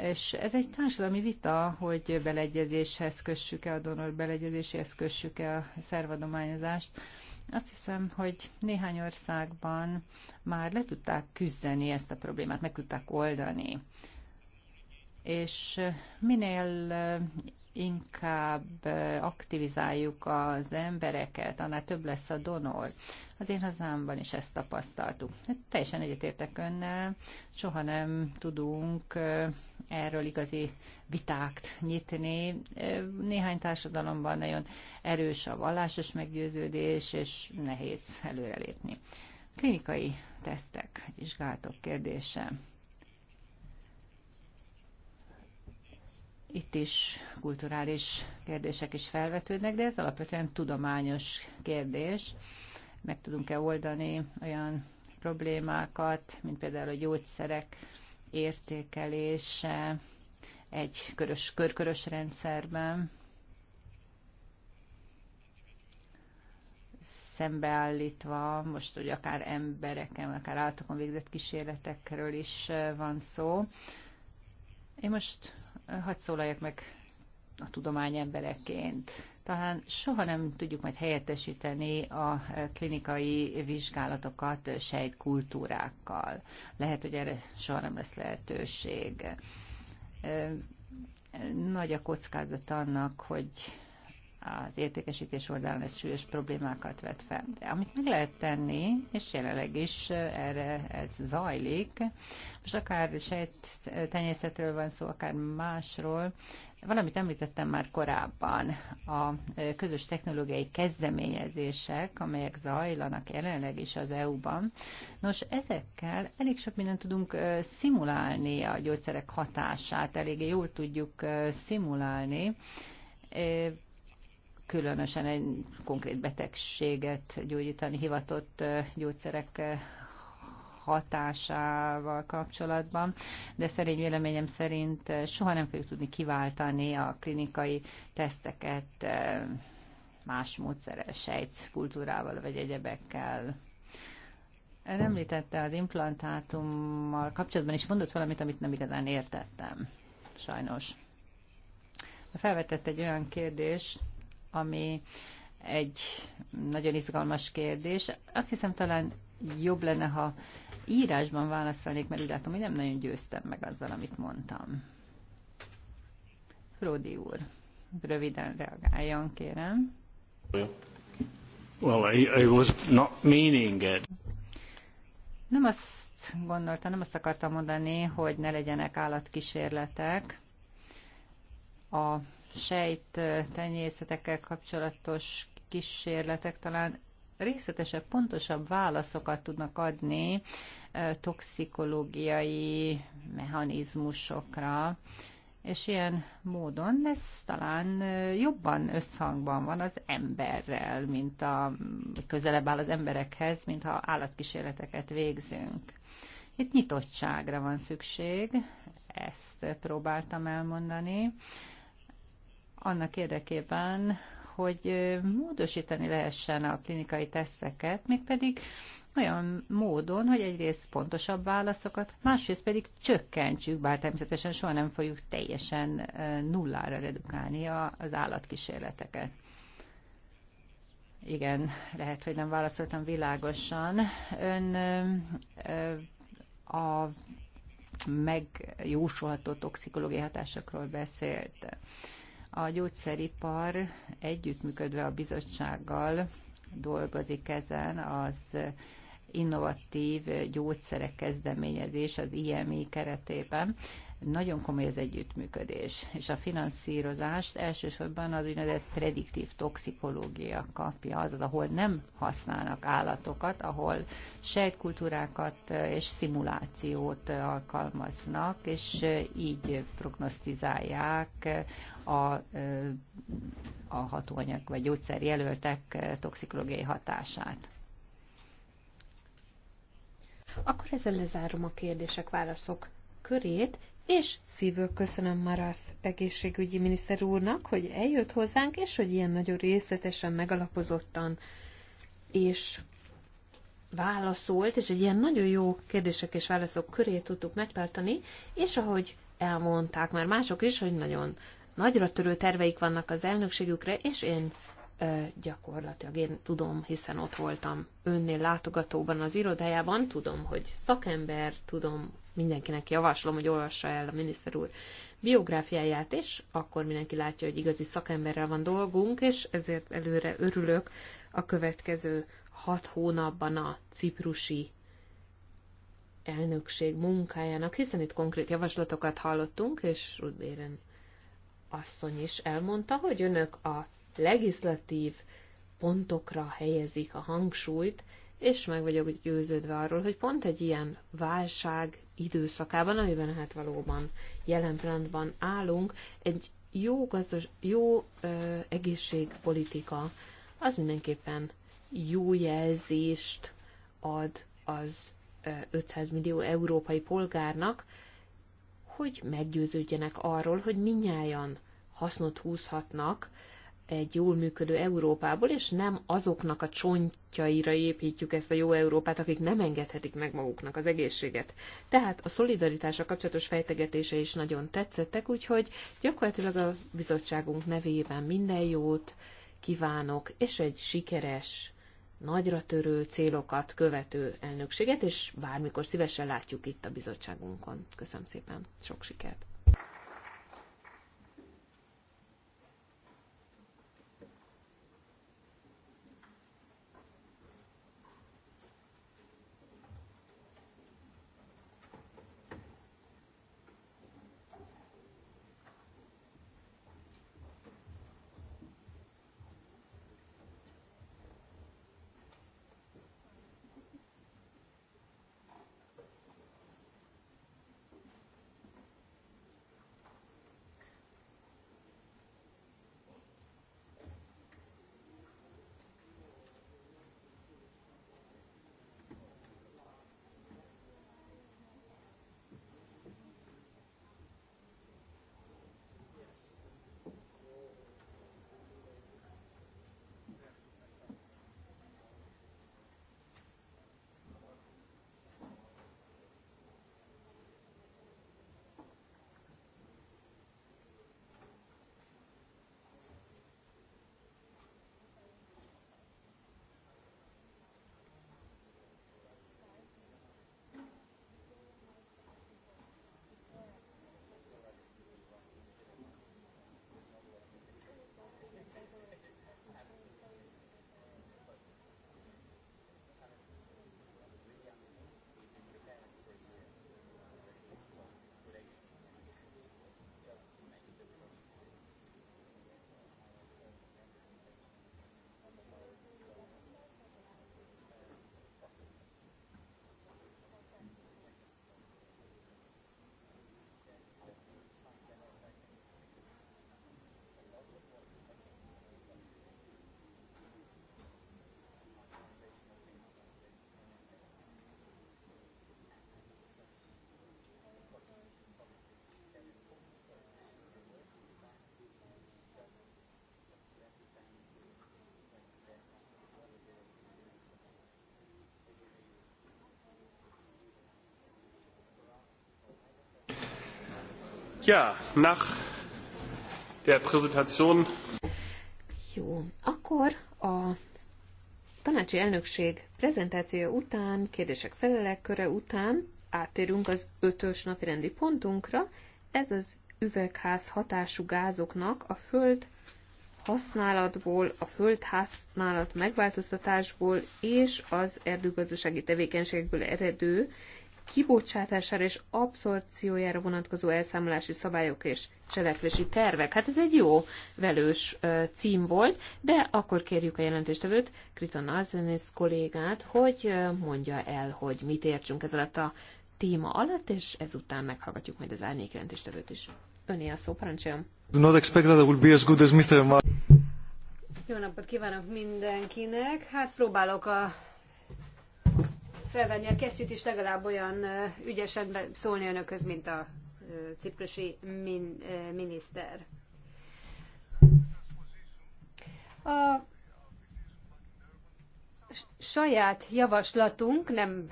és ez egy társadalmi vita, hogy beleegyezéshez kössük-e a donor beleegyezéséhez kössük-e a szervadományozást. Azt hiszem, hogy néhány országban már le tudták küzdeni ezt a problémát, meg tudták oldani. És minél eh, inkább eh, aktivizáljuk az embereket, annál több lesz a donor. Az én hazámban is ezt tapasztaltuk. Hát teljesen egyetértek önnel, soha nem tudunk eh, erről igazi vitákt nyitni. Néhány társadalomban nagyon erős a vallásos meggyőződés, és nehéz előrelépni. Klinikai tesztek, vizsgálatok kérdése. Itt is kulturális kérdések is felvetődnek, de ez alapvetően tudományos kérdés. Meg tudunk-e oldani olyan problémákat, mint például a gyógyszerek értékelése egy körös, körkörös rendszerben szembeállítva, most hogy akár embereken, akár állatokon végzett kísérletekről is van szó. Én most hadd szólaljak meg a tudomány embereként talán soha nem tudjuk majd helyettesíteni a klinikai vizsgálatokat sejtkultúrákkal. Lehet, hogy erre soha nem lesz lehetőség. Nagy a kockázat annak, hogy az értékesítés oldalán ez súlyos problémákat vet fel. De amit meg lehet tenni, és jelenleg is erre ez zajlik, most akár sejttenyészetről van szó, akár másról, Valamit említettem már korábban, a közös technológiai kezdeményezések, amelyek zajlanak jelenleg is az EU-ban. Nos, ezekkel elég sok mindent tudunk szimulálni a gyógyszerek hatását, eléggé jól tudjuk szimulálni, különösen egy konkrét betegséget gyógyítani hivatott gyógyszerek hatásával kapcsolatban, de szerény véleményem szerint soha nem fogjuk tudni kiváltani a klinikai teszteket más módszerrel, kultúrával vagy egyebekkel. Ön említette az implantátummal kapcsolatban is mondott valamit, amit nem igazán értettem, sajnos. Felvetett egy olyan kérdést, ami egy nagyon izgalmas kérdés. Azt hiszem talán jobb lenne, ha írásban válaszolnék, mert úgy látom, hogy nem nagyon győztem meg azzal, amit mondtam. Frodi úr, röviden reagáljon, kérem. Well, I, I was not meaning it. Nem azt gondoltam, nem azt akartam mondani, hogy ne legyenek állatkísérletek, a sejt tenyészetekkel kapcsolatos kísérletek talán részletesebb, pontosabb válaszokat tudnak adni toxikológiai mechanizmusokra, és ilyen módon ez talán jobban összhangban van az emberrel, mint a közelebb áll az emberekhez, mint ha állatkísérleteket végzünk. Itt nyitottságra van szükség, ezt próbáltam elmondani annak érdekében, hogy módosítani lehessen a klinikai teszteket, mégpedig olyan módon, hogy egyrészt pontosabb válaszokat, másrészt pedig csökkentsük, bár természetesen soha nem fogjuk teljesen nullára redukálni az állatkísérleteket. Igen, lehet, hogy nem válaszoltam világosan. Ön a megjósolható toxikológiai hatásokról beszélt. A gyógyszeripar együttműködve a bizottsággal dolgozik ezen az innovatív gyógyszerek kezdeményezés az IME keretében. Nagyon komoly az együttműködés, és a finanszírozást elsősorban az úgynevezett prediktív toxikológia kapja, azaz, ahol nem használnak állatokat, ahol sejtkultúrákat és szimulációt alkalmaznak, és így prognosztizálják a, a hatóanyag vagy gyógyszerjelöltek toxikológiai hatását. Akkor ezzel lezárom a kérdések, válaszok körét, és szívből köszönöm Marasz egészségügyi miniszter úrnak, hogy eljött hozzánk, és hogy ilyen nagyon részletesen, megalapozottan és válaszolt, és egy ilyen nagyon jó kérdések és válaszok köré tudtuk megtartani, és ahogy elmondták már mások is, hogy nagyon nagyra törő terveik vannak az elnökségükre, és én gyakorlatilag én tudom, hiszen ott voltam önnél látogatóban az irodájában, tudom, hogy szakember, tudom, mindenkinek javaslom, hogy olvassa el a miniszter úr biográfiáját és akkor mindenki látja, hogy igazi szakemberrel van dolgunk, és ezért előre örülök a következő hat hónapban a ciprusi elnökség munkájának, hiszen itt konkrét javaslatokat hallottunk, és Rudbéren asszony is elmondta, hogy önök a legislatív pontokra helyezik a hangsúlyt, és meg vagyok győződve arról, hogy pont egy ilyen válság időszakában, amiben hát valóban jelen pillanatban állunk, egy jó, gazdas, jó ö, egészségpolitika az mindenképpen jó jelzést ad az 500 millió európai polgárnak, hogy meggyőződjenek arról, hogy minnyáján hasznot húzhatnak egy jól működő Európából, és nem azoknak a csontjaira építjük ezt a jó Európát, akik nem engedhetik meg maguknak az egészséget. Tehát a a kapcsolatos fejtegetése is nagyon tetszettek, úgyhogy gyakorlatilag a bizottságunk nevében minden jót kívánok, és egy sikeres, nagyra törő célokat követő elnökséget, és bármikor szívesen látjuk itt a bizottságunkon. Köszönöm szépen, sok sikert! Ja, nach der Präsentation. Jó, akkor a tanácsi elnökség prezentációja után, kérdések felelek köre után áttérünk az ötös napi rendi pontunkra. Ez az üvegház hatású gázoknak a föld használatból, a földhasználat megváltoztatásból és az erdőgazdasági tevékenységből eredő kibocsátására és abszorpciójára vonatkozó elszámolási szabályok és cselekvési tervek. Hát ez egy jó velős cím volt, de akkor kérjük a jelentéstevőt, Kriton Azenész kollégát, hogy mondja el, hogy mit értsünk ez alatt a téma alatt, és ezután meghallgatjuk majd az árnyék jelentéstevőt is. Öné a szó, parancsoljon. Do not expect that I will be as good as Mr. jó napot kívánok mindenkinek! Hát próbálok a felvenni a kesztyűt, és legalább olyan ügyesen szólni önökhöz, mint a ciprusi min, miniszter. A saját javaslatunk nem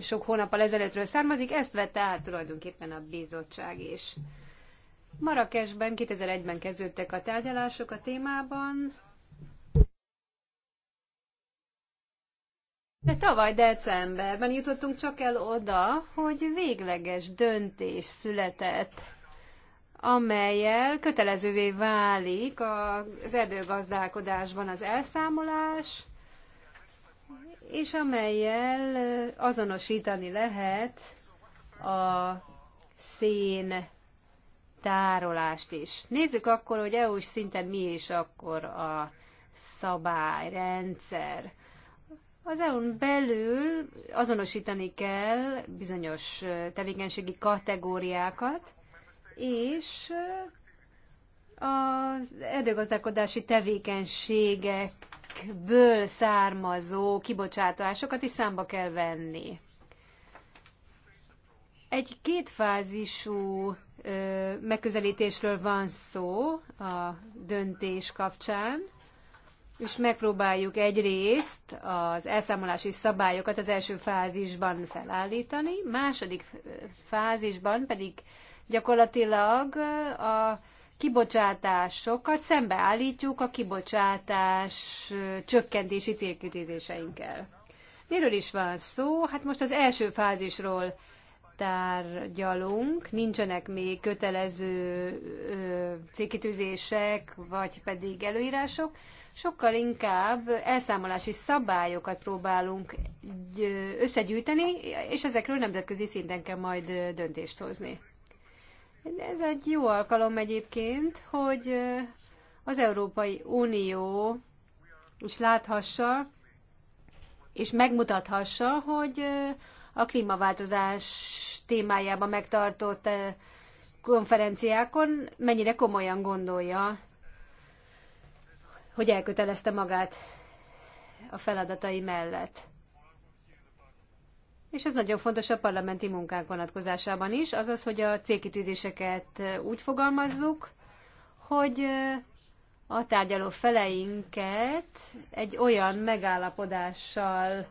sok hónappal ezelőttről származik, ezt vette át tulajdonképpen a bizottság is. Marrakesben 2001-ben kezdődtek a tárgyalások a témában, De tavaly decemberben jutottunk csak el oda, hogy végleges döntés született, amelyel kötelezővé válik az erdőgazdálkodásban az elszámolás, és amelyel azonosítani lehet a szén tárolást is. Nézzük akkor, hogy EU-s szinten mi is akkor a szabályrendszer. Az EU-n belül azonosítani kell bizonyos tevékenységi kategóriákat, és az erdőgazdálkodási tevékenységekből származó kibocsátásokat is számba kell venni. Egy kétfázisú megközelítésről van szó a döntés kapcsán és megpróbáljuk egyrészt az elszámolási szabályokat az első fázisban felállítani, második fázisban pedig gyakorlatilag a kibocsátásokat szembeállítjuk a kibocsátás csökkentési célkütézéseinkkel. Miről is van szó? Hát most az első fázisról tárgyalunk, nincsenek még kötelező célkitűzések, vagy pedig előírások, sokkal inkább elszámolási szabályokat próbálunk összegyűjteni, és ezekről nemzetközi szinten kell majd döntést hozni. Ez egy jó alkalom egyébként, hogy az Európai Unió is láthassa, és megmutathassa, hogy a klímaváltozás témájában megtartott konferenciákon mennyire komolyan gondolja hogy elkötelezte magát a feladatai mellett. És ez nagyon fontos a parlamenti munkánk vonatkozásában is, azaz, hogy a célkitűzéseket úgy fogalmazzuk, hogy a tárgyaló feleinket egy olyan megállapodással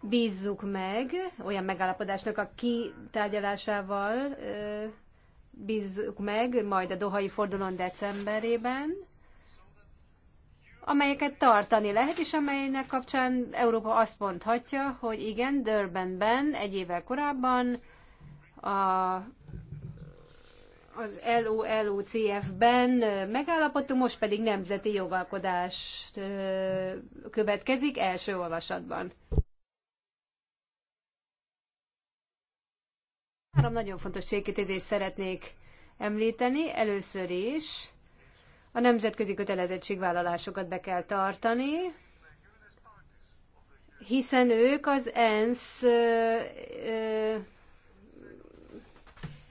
bízzuk meg, olyan megállapodásnak a kitárgyalásával bízzuk meg majd a Dohai fordulón decemberében, amelyeket tartani lehet, és amelynek kapcsán Európa azt mondhatja, hogy igen, Durbanben egy évvel korábban a, az LOLOCF-ben megállapodtunk, most pedig nemzeti jogalkodás következik első olvasatban. Három nagyon fontos célkitűzést szeretnék említeni. Először is a nemzetközi kötelezettségvállalásokat be kell tartani, hiszen ők az ENSZ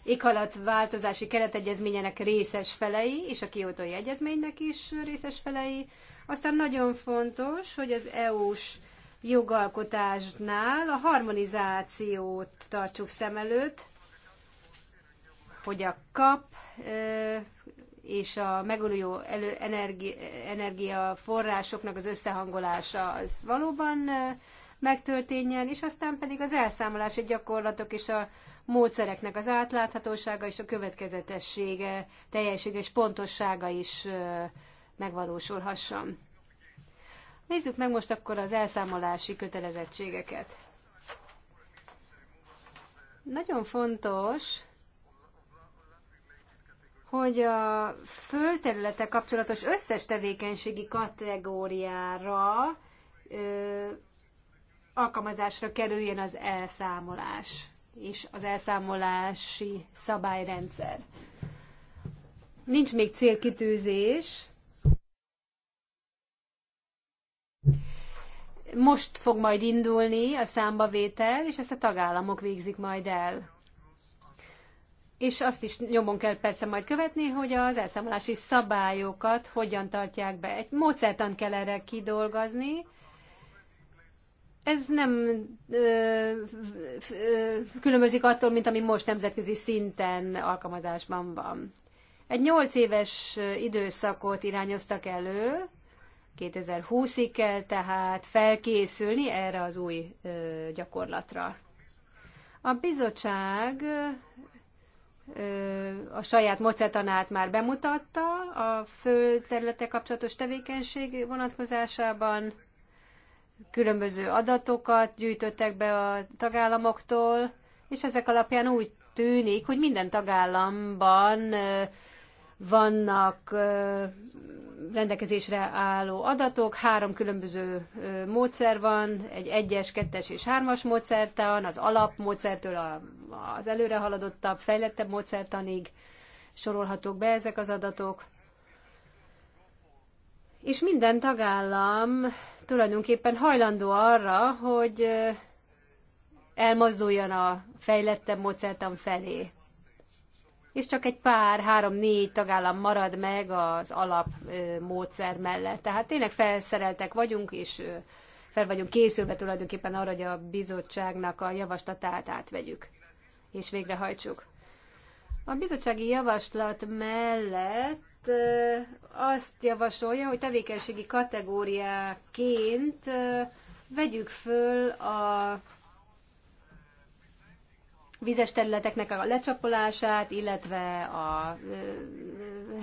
éghalat változási keretegyezményenek részes felei, és a kiótói egyezménynek is részes felei. Aztán nagyon fontos, hogy az EU-s jogalkotásnál a harmonizációt tartsuk szem előtt, hogy a kap és a megújuló elő, energi, energiaforrásoknak az összehangolása az valóban megtörténjen, és aztán pedig az elszámolási gyakorlatok és a módszereknek az átláthatósága és a következetessége, teljessége és pontossága is megvalósulhasson. Nézzük meg most akkor az elszámolási kötelezettségeket. Nagyon fontos, hogy a földterülete kapcsolatos összes tevékenységi kategóriára ö, alkalmazásra kerüljön az elszámolás és az elszámolási szabályrendszer. Nincs még célkitűzés. Most fog majd indulni a számbavétel, és ezt a tagállamok végzik majd el és azt is nyomon kell persze majd követni, hogy az elszámolási szabályokat hogyan tartják be. Egy módszertan kell erre kidolgozni. Ez nem ö, ö, különbözik attól, mint ami most nemzetközi szinten alkalmazásban van. Egy nyolc éves időszakot irányoztak elő, 2020-ig kell tehát felkészülni erre az új ö, gyakorlatra. A bizottság a saját mocetanát már bemutatta a fő területe kapcsolatos tevékenység vonatkozásában. Különböző adatokat gyűjtöttek be a tagállamoktól, és ezek alapján úgy tűnik, hogy minden tagállamban vannak rendelkezésre álló adatok, három különböző módszer van, egy egyes, kettes és hármas módszertan, az alapmódszertől az előre haladottabb, fejlettebb módszertanig sorolhatók be ezek az adatok. És minden tagállam tulajdonképpen hajlandó arra, hogy elmozduljon a fejlettebb módszertan felé és csak egy pár, három-négy tagállam marad meg az alapmódszer mellett. Tehát tényleg felszereltek vagyunk, és fel vagyunk készülve tulajdonképpen arra, hogy a bizottságnak a javaslatát átvegyük, és végrehajtsuk. A bizottsági javaslat mellett azt javasolja, hogy tevékenységi kategóriáként vegyük föl a vizes területeknek a lecsapolását, illetve a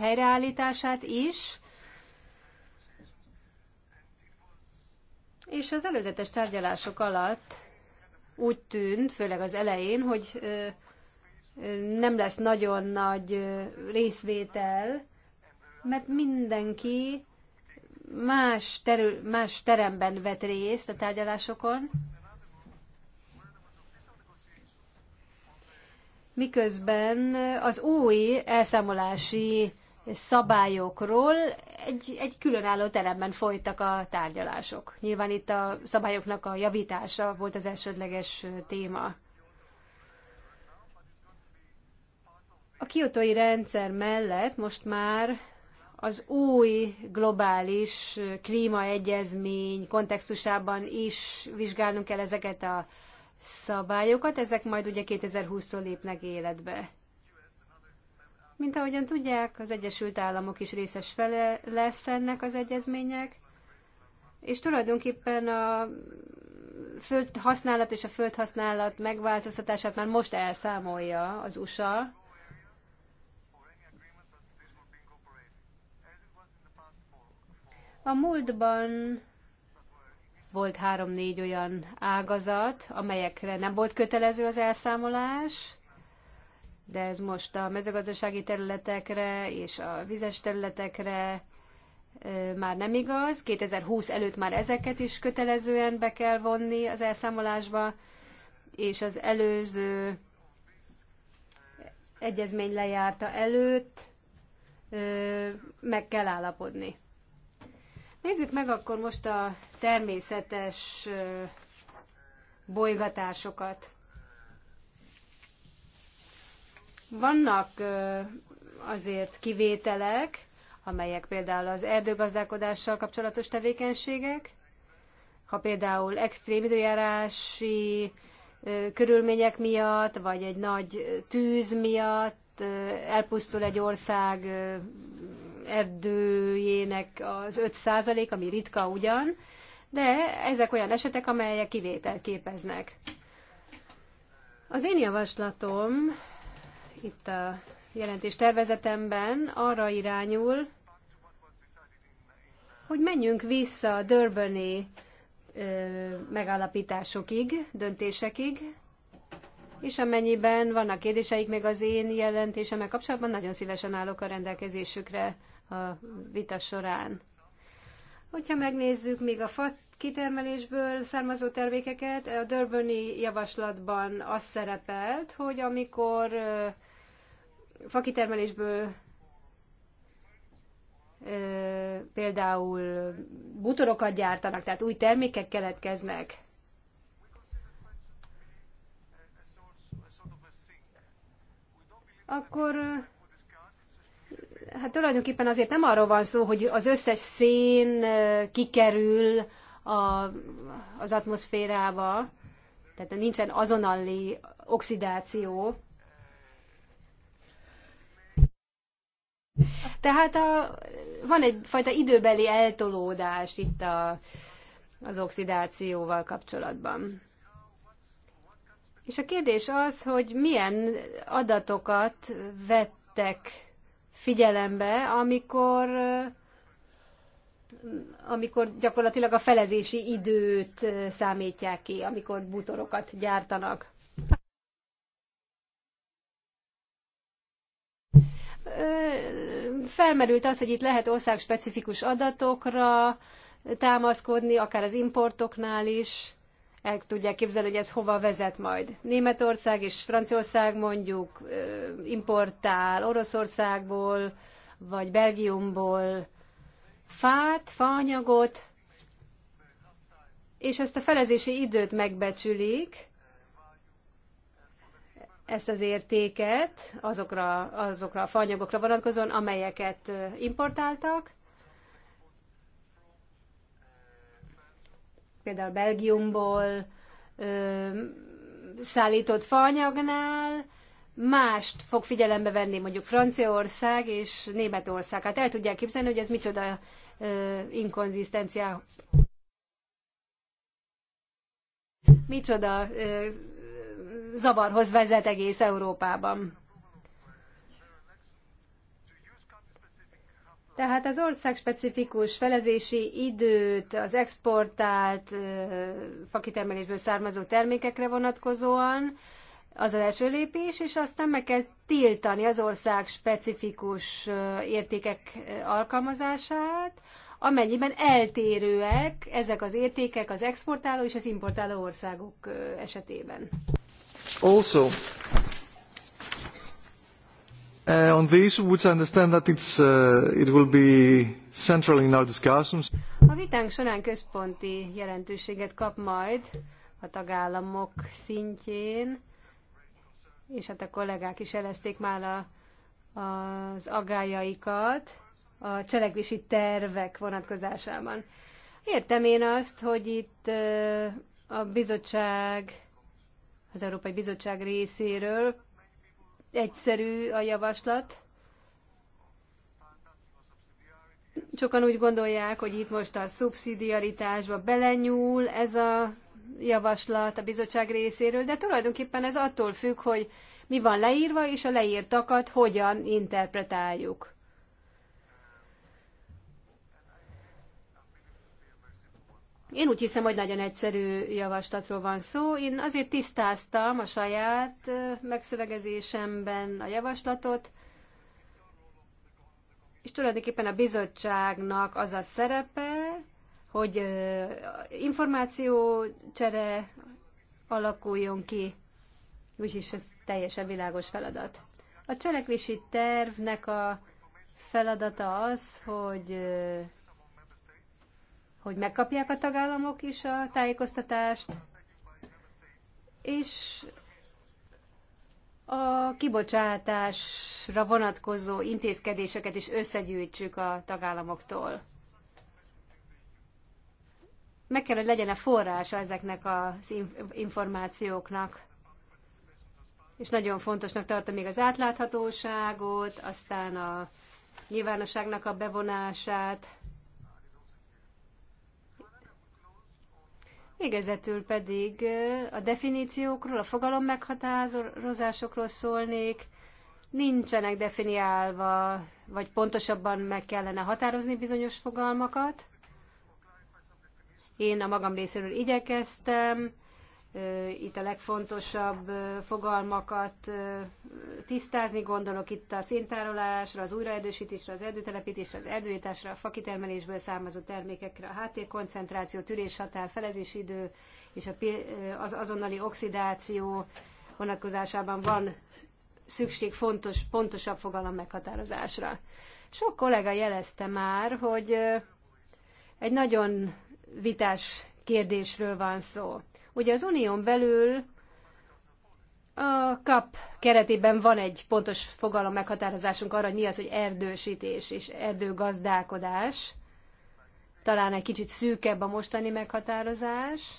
helyreállítását is. És az előzetes tárgyalások alatt úgy tűnt, főleg az elején, hogy nem lesz nagyon nagy részvétel, mert mindenki más, terül, más teremben vett részt a tárgyalásokon, miközben az új elszámolási szabályokról egy, egy különálló teremben folytak a tárgyalások. Nyilván itt a szabályoknak a javítása volt az elsődleges téma. A kiotói rendszer mellett most már az új globális klímaegyezmény kontextusában is vizsgálnunk kell ezeket a szabályokat, ezek majd ugye 2020-tól lépnek életbe. Mint ahogyan tudják, az Egyesült Államok is részes fele lesz ennek az egyezmények, és tulajdonképpen a földhasználat és a földhasználat megváltoztatását már most elszámolja az USA, A múltban volt három-négy olyan ágazat, amelyekre nem volt kötelező az elszámolás, de ez most a mezőgazdasági területekre és a vizes területekre már nem igaz. 2020 előtt már ezeket is kötelezően be kell vonni az elszámolásba, és az előző egyezmény lejárta előtt meg kell állapodni. Nézzük meg akkor most a természetes bolygatásokat. Vannak azért kivételek, amelyek például az erdőgazdálkodással kapcsolatos tevékenységek, ha például extrém időjárási körülmények miatt, vagy egy nagy tűz miatt elpusztul egy ország erdőjének az 5 százalék, ami ritka ugyan, de ezek olyan esetek, amelyek kivételt képeznek. Az én javaslatom itt a jelentés tervezetemben arra irányul, hogy menjünk vissza a Durbani megállapításokig, döntésekig, és amennyiben vannak kérdéseik még az én jelentésemmel kapcsolatban, nagyon szívesen állok a rendelkezésükre a vita során. Hogyha megnézzük még a fat kitermelésből származó termékeket, a Durbani javaslatban az szerepelt, hogy amikor fakitermelésből például butorokat gyártanak, tehát új termékek keletkeznek, akkor hát tulajdonképpen azért nem arról van szó, hogy az összes szén kikerül a, az atmoszférába, tehát nincsen azonnali oxidáció. Tehát a, van egyfajta időbeli eltolódás itt a, az oxidációval kapcsolatban. És a kérdés az, hogy milyen adatokat vettek figyelembe, amikor amikor gyakorlatilag a felezési időt számítják ki, amikor bútorokat gyártanak. Felmerült az, hogy itt lehet országspecifikus adatokra támaszkodni, akár az importoknál is el tudják képzelni, hogy ez hova vezet majd. Németország és Franciaország mondjuk importál Oroszországból, vagy Belgiumból fát, faanyagot, és ezt a felezési időt megbecsülik, ezt az értéket azokra, azokra a faanyagokra vonatkozóan, amelyeket importáltak, például Belgiumból ö, szállított faanyagnál mást fog figyelembe venni mondjuk Franciaország és Németország. Hát el tudják képzelni, hogy ez micsoda ö, inkonzisztencia. Micsoda ö, zavarhoz vezet egész Európában. Tehát az ország specifikus felezési időt az exportált fakitermelésből származó termékekre vonatkozóan az az első lépés, és aztán meg kell tiltani az ország specifikus értékek alkalmazását, amennyiben eltérőek ezek az értékek az exportáló és az importáló országok esetében. Also, Uh, on the issue, which I understand that it's, uh, it will be central in our discussions. A vitánk során központi jelentőséget kap majd a tagállamok szintjén, és hát a kollégák is jelezték már a, az agályaikat a cselekvési tervek vonatkozásában. Értem én azt, hogy itt uh, a bizottság, az Európai Bizottság részéről egyszerű a javaslat. Sokan úgy gondolják, hogy itt most a szubszidiaritásba belenyúl ez a javaslat a bizottság részéről, de tulajdonképpen ez attól függ, hogy mi van leírva, és a leírtakat hogyan interpretáljuk. Én úgy hiszem, hogy nagyon egyszerű javaslatról van szó. Én azért tisztáztam a saját megszövegezésemben a javaslatot, és tulajdonképpen a bizottságnak az a szerepe, hogy információcsere alakuljon ki, úgyis ez teljesen világos feladat. A cselekvési tervnek a feladata az, hogy hogy megkapják a tagállamok is a tájékoztatást, és a kibocsátásra vonatkozó intézkedéseket is összegyűjtsük a tagállamoktól. Meg kell, hogy legyen a forrása ezeknek az információknak. És nagyon fontosnak tartom még az átláthatóságot, aztán a nyilvánosságnak a bevonását, Végezetül pedig a definíciókról, a fogalom meghatározásokról szólnék. Nincsenek definiálva, vagy pontosabban meg kellene határozni bizonyos fogalmakat. Én a magam részéről igyekeztem itt a legfontosabb fogalmakat tisztázni, gondolok itt a szintárolásra, az újraerősítésre, az erdőtelepítésre, az erdőításra, a fakitermelésből származó termékekre, a háttérkoncentráció, határ, felezési idő és az azonnali oxidáció vonatkozásában van szükség fontos, pontosabb fogalom meghatározásra. Sok kollega jelezte már, hogy egy nagyon vitás kérdésről van szó. Ugye az unión belül a kap keretében van egy pontos fogalom meghatározásunk arra, hogy mi az, hogy erdősítés és erdőgazdálkodás. Talán egy kicsit szűkebb a mostani meghatározás.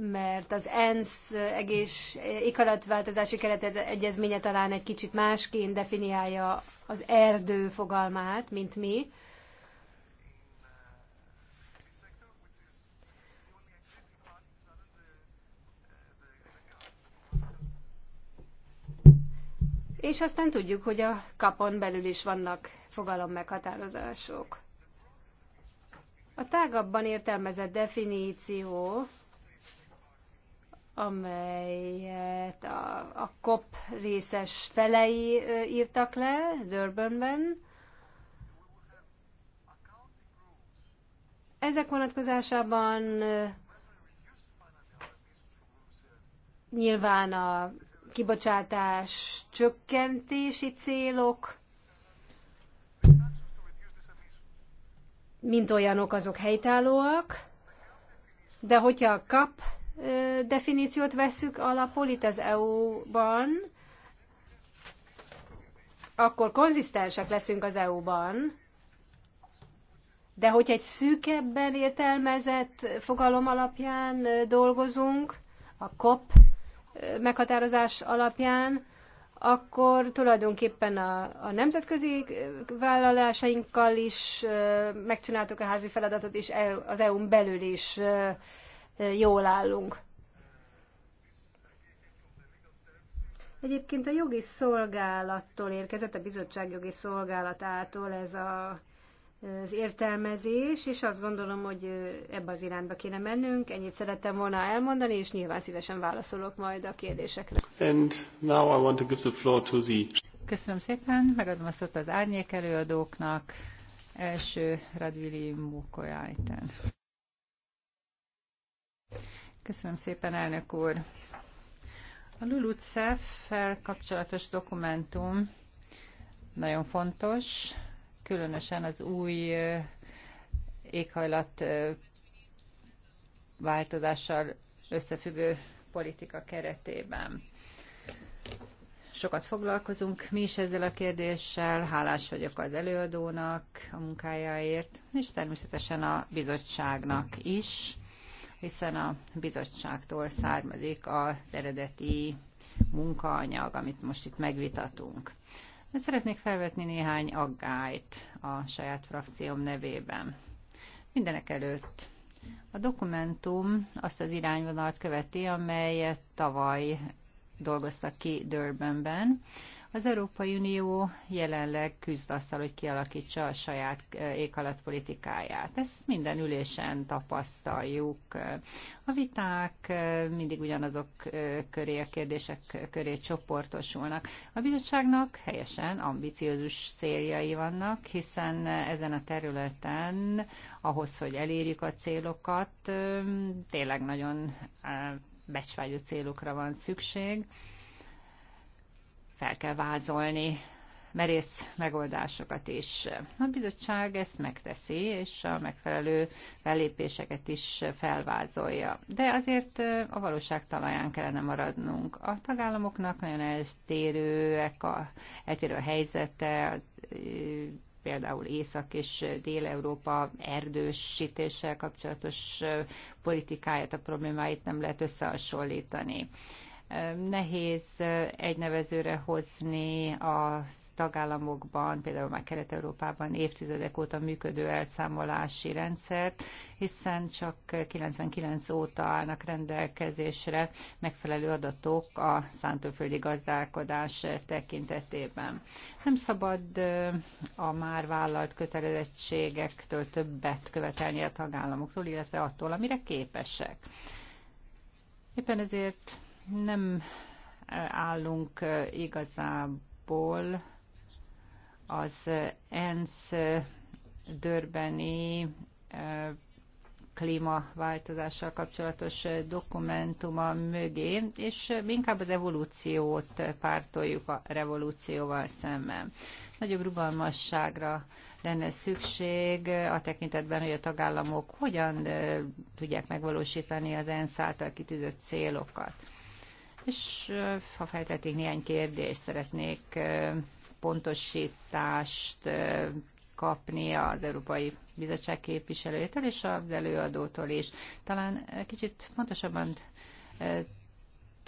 mert az ENSZ egész éghajlatváltozási keretet egyezménye talán egy kicsit másként definiálja az erdő fogalmát, mint mi. És aztán tudjuk, hogy a kapon belül is vannak fogalommeghatározások. A tágabban értelmezett definíció, amelyet a, a COP részes felei írtak le Durbanben, Ezek vonatkozásában nyilván a kibocsátás csökkentési célok, mint olyanok, azok helytállóak, de hogyha a kap definíciót vesszük alapul itt az EU-ban, akkor konzisztensek leszünk az EU-ban, de hogyha egy szűkebben értelmezett fogalom alapján dolgozunk, a COP meghatározás alapján, akkor tulajdonképpen a, a nemzetközi vállalásainkkal is megcsináltuk a házi feladatot, és e, az EU-n belül is jól állunk. Egyébként a jogi szolgálattól érkezett, a bizottság jogi szolgálatától ez a az értelmezés, és azt gondolom, hogy ebbe az irányba kéne mennünk. Ennyit szerettem volna elmondani, és nyilván szívesen válaszolok majd a kérdésekre. And now I want to give the floor to the... Köszönöm szépen, megadom a szót az árnyék előadóknak. Első Radvili Mukojájten. Köszönöm szépen, elnök úr. A lulucef felkapcsolatos dokumentum nagyon fontos, különösen az új éghajlat változással összefüggő politika keretében. Sokat foglalkozunk mi is ezzel a kérdéssel, hálás vagyok az előadónak a munkájáért, és természetesen a bizottságnak is, hiszen a bizottságtól származik az eredeti munkaanyag, amit most itt megvitatunk. Szeretnék felvetni néhány aggályt a saját frakcióm nevében. Mindenek előtt a dokumentum azt az irányvonalat követi, amelyet tavaly dolgoztak ki Durbanben. Az Európai Unió jelenleg küzd azzal, hogy kialakítsa a saját eh, éghajlatpolitikáját. Ezt minden ülésen tapasztaljuk. A viták eh, mindig ugyanazok eh, köré, a kérdések köré csoportosulnak. A bizottságnak helyesen ambiciózus céljai vannak, hiszen ezen a területen ahhoz, hogy elérjük a célokat, tényleg nagyon becsvágyó célokra van szükség fel kell vázolni merész megoldásokat is. A bizottság ezt megteszi, és a megfelelő fellépéseket is felvázolja. De azért a valóság talaján kellene maradnunk. A tagállamoknak nagyon eltérőek a, eltérő a helyzete, például Észak- és Dél-Európa erdősítéssel kapcsolatos politikáját, a problémáit nem lehet összehasonlítani. Nehéz egy nevezőre hozni a tagállamokban, például már Kelet-Európában évtizedek óta működő elszámolási rendszert, hiszen csak 99 óta állnak rendelkezésre megfelelő adatok a szántóföldi gazdálkodás tekintetében. Nem szabad a már vállalt kötelezettségektől többet követelni a tagállamoktól, illetve attól, amire képesek. Éppen ezért nem eh, állunk eh, igazából az ENSZ eh, dörbeni klímaváltozással kapcsolatos dokumentuma mögé, és inkább az evolúciót pártoljuk a revolúcióval szemben. Nagyobb rugalmasságra lenne szükség a tekintetben, hogy a tagállamok hogyan tudják megvalósítani az ENSZ által kitűzött célokat és ha feltették néhány kérdést, szeretnék pontosítást kapni az Európai Bizottság képviselőjétől és az előadótól is. Talán kicsit pontosabban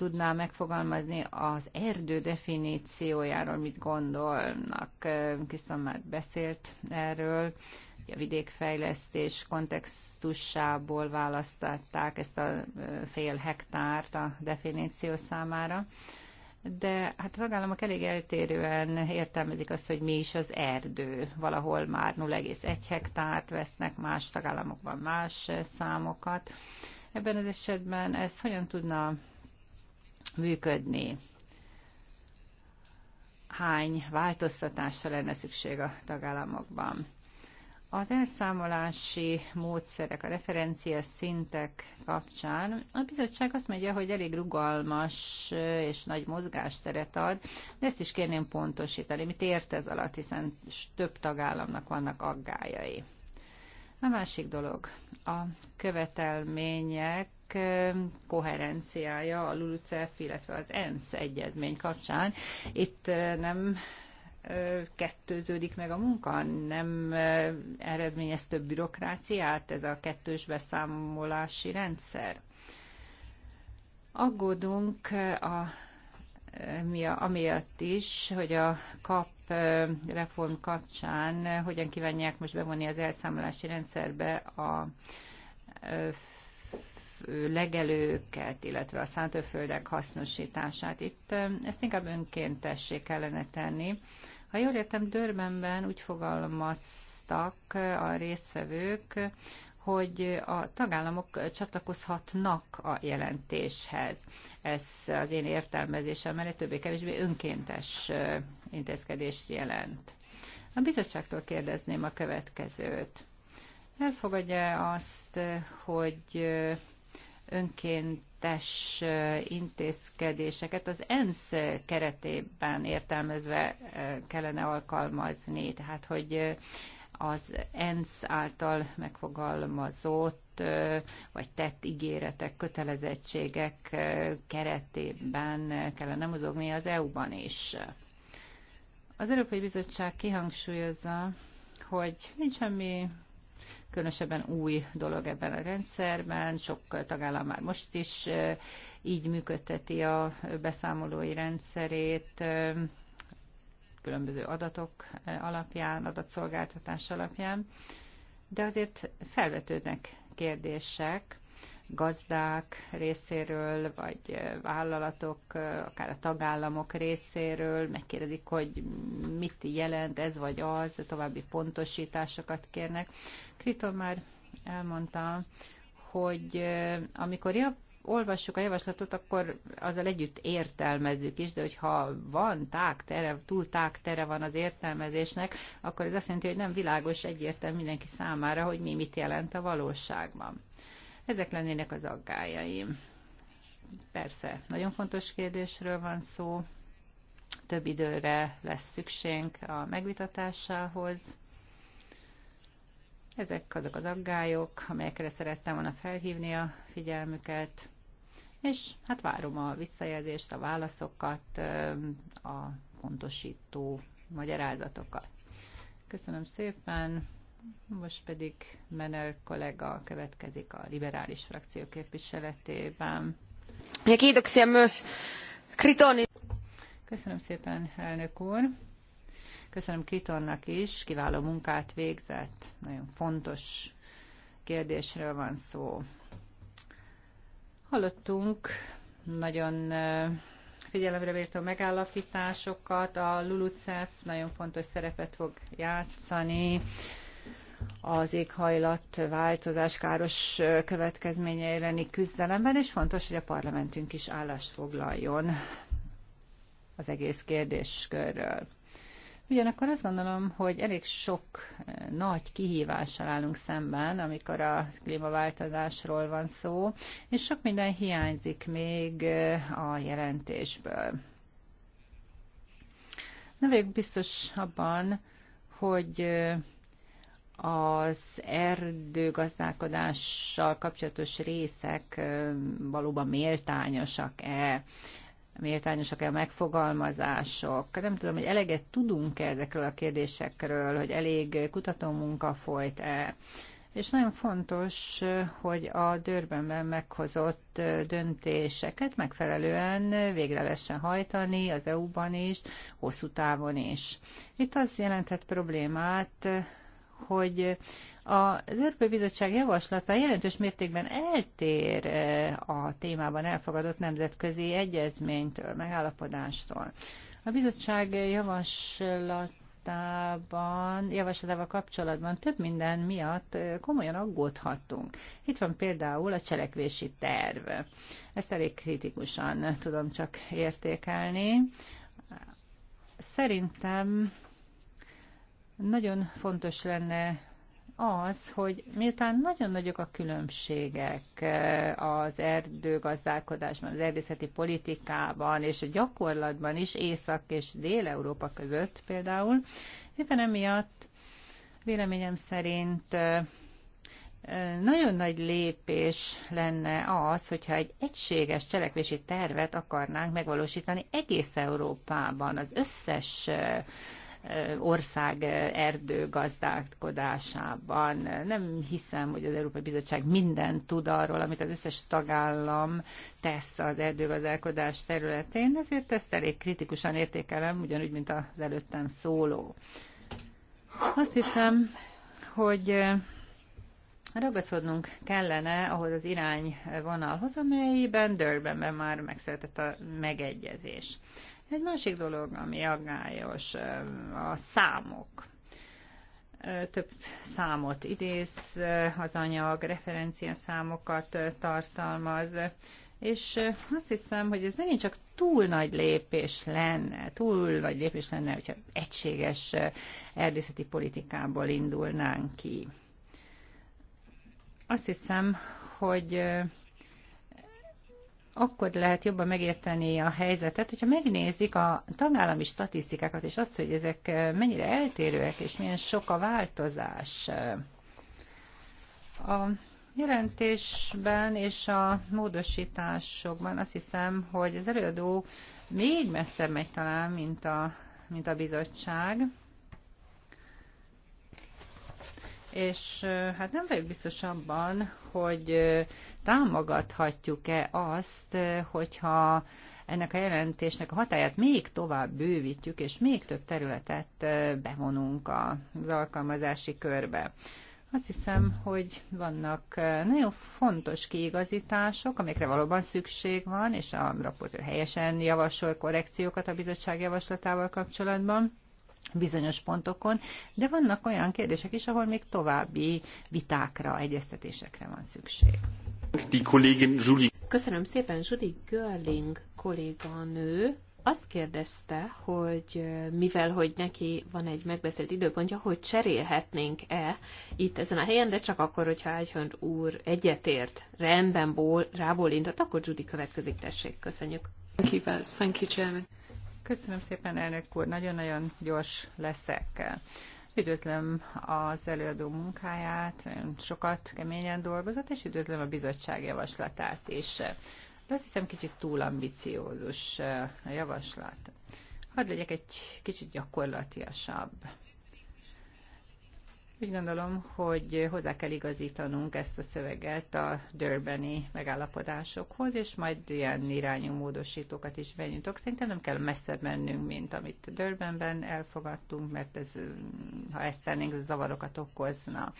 tudná megfogalmazni az erdő definíciójáról, mit gondolnak, hiszen már beszélt erről, a vidékfejlesztés kontextusából választották ezt a fél hektárt a definíció számára. De hát a tagállamok elég eltérően értelmezik azt, hogy mi is az erdő. Valahol már 0,1 hektárt vesznek, más tagállamokban más számokat. Ebben az esetben ez hogyan tudna működni. Hány változtatásra lenne szükség a tagállamokban? Az elszámolási módszerek, a referencia szintek kapcsán a bizottság azt mondja, hogy elég rugalmas eh, és nagy mozgásteret ad, de ezt is kérném pontosítani, mit ért ez alatt, hiszen több tagállamnak vannak aggájai. A másik dolog, a követelmények koherenciája a LULUCEF, illetve az ENSZ egyezmény kapcsán. Itt nem kettőződik meg a munka, nem eredményez több bürokráciát ez a kettős beszámolási rendszer. Aggódunk a, ami, amiatt is, hogy a kap reform kapcsán hogyan kívánják most bevonni az elszámolási rendszerbe a legelőket, illetve a szántóföldek hasznosítását. Itt ezt inkább önkéntessé kellene tenni. Ha jól értem, Dörbenben úgy fogalmaztak a résztvevők, hogy a tagállamok csatlakozhatnak a jelentéshez. Ez az én értelmezésem, mert többé-kevésbé önkéntes intézkedést jelent. A bizottságtól kérdezném a következőt. Elfogadja azt, hogy önkéntes intézkedéseket az ENSZ keretében értelmezve kellene alkalmazni, tehát hogy az ENSZ által megfogalmazott vagy tett ígéretek, kötelezettségek keretében kellene mozogni az EU-ban is. Az Európai Bizottság kihangsúlyozza, hogy nincs semmi különösebben új dolog ebben a rendszerben, sok tagállam már most is így működteti a beszámolói rendszerét, különböző adatok eh, alapján, adatszolgáltatás alapján, de azért felvetődnek kérdések gazdák részéről, vagy eh, vállalatok, eh, akár a tagállamok részéről, megkérdezik, hogy mit jelent ez vagy az, további pontosításokat kérnek. Kriton már elmondta, hogy amikor olvassuk a javaslatot, akkor azzal együtt értelmezzük is, de hogyha van tágtere, túl tágtere van az értelmezésnek, akkor ez azt jelenti, hogy nem világos egyértelmű mindenki számára, hogy mi mit jelent a valóságban. Ezek lennének az aggájaim. Persze, nagyon fontos kérdésről van szó, több időre lesz szükség a megvitatásához, ezek azok az aggályok, amelyekre szerettem volna felhívni a figyelmüket, és hát várom a visszajelzést, a válaszokat, a pontosító magyarázatokat. Köszönöm szépen, most pedig Menel kollega következik a liberális frakció képviseletében. Köszönöm szépen, elnök úr. Köszönöm Kritonnak is, kiváló munkát végzett, nagyon fontos kérdésről van szó. Hallottunk nagyon figyelemre méltó megállapításokat. A LULUCEF nagyon fontos szerepet fog játszani az éghajlat változás káros következménye elleni küzdelemben, és fontos, hogy a parlamentünk is állást foglaljon az egész kérdéskörről. Ugyanakkor azt gondolom, hogy elég sok eh, nagy kihívással állunk szemben, amikor a klímaváltozásról van szó, és sok minden hiányzik még eh, a jelentésből. Nem vagyok biztos abban, hogy eh, az erdőgazdálkodással kapcsolatos részek valóban méltányosak-e méltányosak-e a megfogalmazások. Nem tudom, hogy eleget tudunk-e ezekről a kérdésekről, hogy elég kutatómunka folyt-e. És nagyon fontos, hogy a Dörbenben meghozott döntéseket megfelelően végre lehessen hajtani az EU-ban is, hosszú távon is. Itt az jelentett problémát, hogy az Európai Bizottság javaslata jelentős mértékben eltér eh, a témában elfogadott nemzetközi egyezménytől, megállapodástól. A bizottság javaslat javaslatában, javaslatával kapcsolatban több minden miatt eh, komolyan aggódhatunk. Itt van például a cselekvési terv. Ezt elég kritikusan tudom csak értékelni. Szerintem nagyon fontos lenne az, hogy miután nagyon nagyok a különbségek eh, az erdőgazdálkodásban, az erdészeti politikában és a gyakorlatban is Észak és Dél-Európa között például, éppen emiatt véleményem szerint eh, eh, nagyon nagy lépés lenne az, hogyha egy egységes cselekvési tervet akarnánk megvalósítani egész Európában, az összes ország erdő gazdálkodásában. Nem hiszem, hogy az Európai Bizottság mindent tud arról, amit az összes tagállam tesz az erdőgazdálkodás területén, ezért ezt elég kritikusan értékelem, ugyanúgy, mint az előttem szóló. Azt hiszem, hogy ragaszkodnunk kellene ahhoz az irányvonalhoz, amelyben Durbanben már megszületett a megegyezés. Egy másik dolog, ami aggályos, a számok. Több számot idéz az anyag, referenciaszámokat tartalmaz, és azt hiszem, hogy ez megint csak túl nagy lépés lenne, túl nagy lépés lenne, hogyha egységes erdészeti politikából indulnánk ki. Azt hiszem, hogy akkor lehet jobban megérteni a helyzetet, hogyha megnézik a tagállami statisztikákat, és azt, hogy ezek mennyire eltérőek, és milyen sok a változás. A jelentésben és a módosításokban azt hiszem, hogy az előadó még messzebb megy talán, mint a, mint a bizottság. és hát nem vagyok biztos abban, hogy támogathatjuk-e azt, hogyha ennek a jelentésnek a hatáját még tovább bővítjük, és még több területet bevonunk az alkalmazási körbe. Azt hiszem, hogy vannak nagyon fontos kiigazítások, amikre valóban szükség van, és a raportőr helyesen javasol korrekciókat a bizottság javaslatával kapcsolatban bizonyos pontokon, de vannak olyan kérdések is, ahol még további vitákra, egyeztetésekre van szükség. Köszönöm szépen, Judy Görling kolléganő azt kérdezte, hogy mivel, hogy neki van egy megbeszélt időpontja, hogy cserélhetnénk-e itt ezen a helyen, de csak akkor, hogyha Ágyhönd úr egyetért, rendben ból, rából intott, akkor Judy következik, tessék, köszönjük. Thank you, Buzz. Thank you, Chairman. Köszönöm szépen, elnök úr, nagyon-nagyon gyors leszek. Üdvözlöm az előadó munkáját, sokat keményen dolgozott, és üdvözlöm a bizottság javaslatát is. De azt hiszem kicsit túl ambiciózus eh, a javaslat. Hadd legyek egy kicsit gyakorlatiasabb. Úgy gondolom, hogy hozzá kell igazítanunk ezt a szöveget a Durbani megállapodásokhoz, és majd ilyen irányú módosítókat is benyújtok. Szerintem nem kell messzebb mennünk, mint amit Durbanben elfogadtunk, mert ez, ha ezt tennénk, ez zavarokat okozna.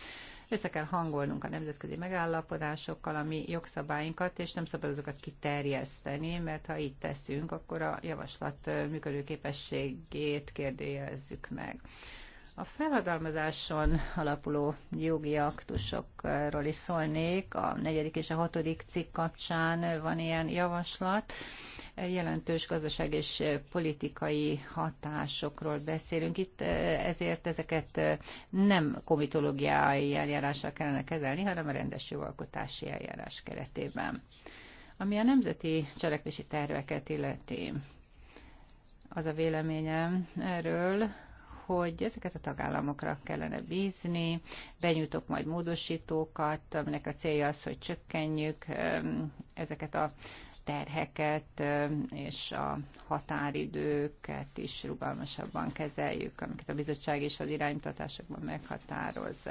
Össze kell hangolnunk a nemzetközi megállapodásokkal, a mi jogszabályinkat, és nem szabad azokat kiterjeszteni, mert ha így teszünk, akkor a javaslat működőképességét kérdőjelezzük meg. A feladalmazáson alapuló jogi aktusokról is szólnék. A negyedik és a hatodik cikk kapcsán van ilyen javaslat. Jelentős gazdaság és politikai hatásokról beszélünk itt, ezért ezeket nem komitológiai eljárásra kellene kezelni, hanem a rendes jogalkotási eljárás keretében. Ami a nemzeti cselekvési terveket illeti, az a véleményem erről, hogy ezeket a tagállamokra kellene bízni, benyújtok majd módosítókat, aminek a célja az, hogy csökkenjük ezeket a terheket és a határidőket is rugalmasabban kezeljük, amiket a bizottság és az iránymutatásokban meghatároz.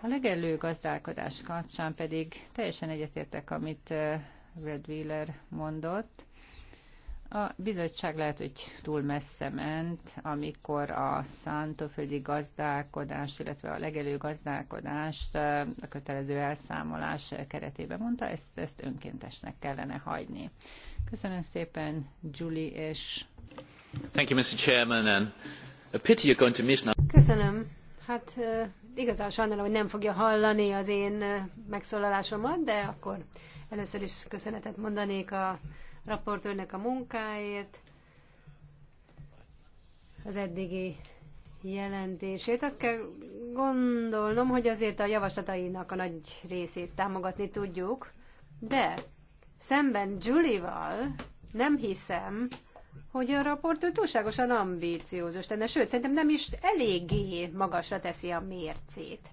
A legelő gazdálkodás kapcsán pedig teljesen egyetértek, amit Red eh, Wheeler mondott. A bizottság lehet, hogy túl messze ment, amikor a szántóföldi gazdálkodás illetve a legelő gazdálkodást a kötelező elszámolás keretében mondta, ezt, ezt önkéntesnek kellene hagyni. Köszönöm szépen, Julie, és... Thank you, Mr. Chairman, and a pity you're going to miss now. Köszönöm. Hát igazán sajnálom, hogy nem fogja hallani az én megszólalásomat, de akkor először is köszönetet mondanék a raportőrnek a munkáért, az eddigi jelentését. Azt kell gondolnom, hogy azért a javaslatainak a nagy részét támogatni tudjuk, de szemben Julie-val nem hiszem, hogy a raportőr túlságosan ambíciózus lenne, sőt, szerintem nem is eléggé magasra teszi a mércét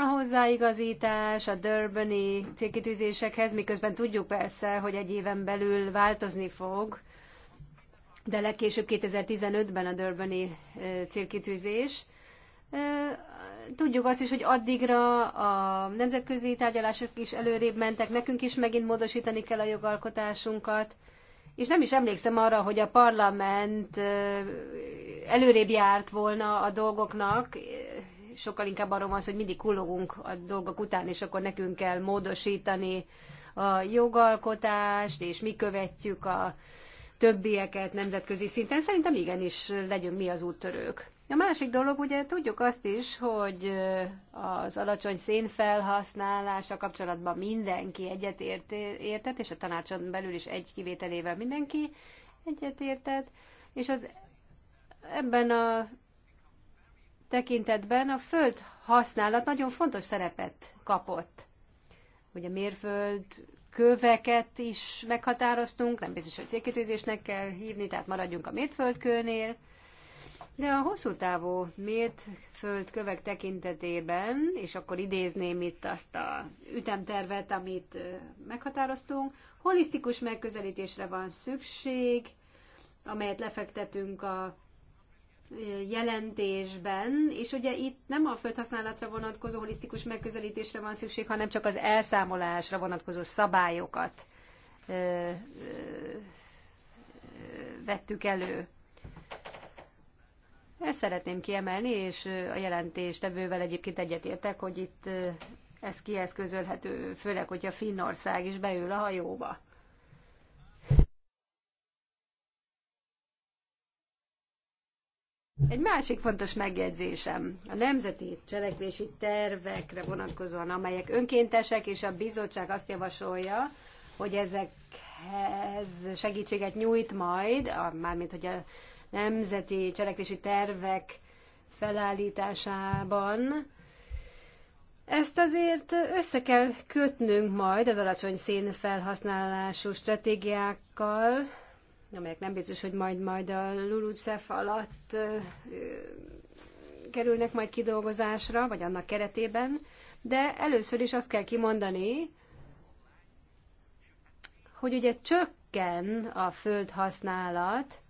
a hozzáigazítás a Durbani célkitűzésekhez, miközben tudjuk persze, hogy egy éven belül változni fog, de legkésőbb 2015-ben a Durbani célkitűzés. Tudjuk azt is, hogy addigra a nemzetközi tárgyalások is előrébb mentek, nekünk is megint módosítani kell a jogalkotásunkat, és nem is emlékszem arra, hogy a parlament előrébb járt volna a dolgoknak, sokkal inkább arról van hogy mindig kullogunk a dolgok után, és akkor nekünk kell módosítani a jogalkotást, és mi követjük a többieket nemzetközi szinten. Szerintem igenis legyünk mi az úttörők. A másik dolog, ugye tudjuk azt is, hogy az alacsony szénfelhasználása kapcsolatban mindenki egyetértett, és a tanácson belül is egy kivételével mindenki egyetértett, és az ebben a tekintetben a föld használat nagyon fontos szerepet kapott. Hogy a mérföld köveket is meghatároztunk, nem biztos, hogy célkitűzésnek kell hívni, tehát maradjunk a mérföldkőnél. De a hosszú távú mérföldkövek tekintetében, és akkor idézném itt azt az ütemtervet, amit meghatároztunk, holisztikus megközelítésre van szükség, amelyet lefektetünk a jelentésben, és ugye itt nem a földhasználatra vonatkozó holisztikus megközelítésre van szükség, hanem csak az elszámolásra vonatkozó szabályokat ö, ö, vettük elő. Ezt szeretném kiemelni, és a jelentéstevővel egyébként egyetértek, hogy itt ez kieszközölhető, főleg, hogyha Finnország is beül a hajóba. Egy másik fontos megjegyzésem a nemzeti cselekvési tervekre vonatkozóan, amelyek önkéntesek, és a bizottság azt javasolja, hogy ezekhez segítséget nyújt majd, mármint hogy a nemzeti cselekvési tervek felállításában. Ezt azért össze kell kötnünk majd az alacsony szénfelhasználású stratégiákkal, amelyek nem biztos, hogy majd majd a LULUCEF alatt ö, ö, kerülnek majd kidolgozásra, vagy annak keretében, de először is azt kell kimondani, hogy ugye csökken a földhasználat,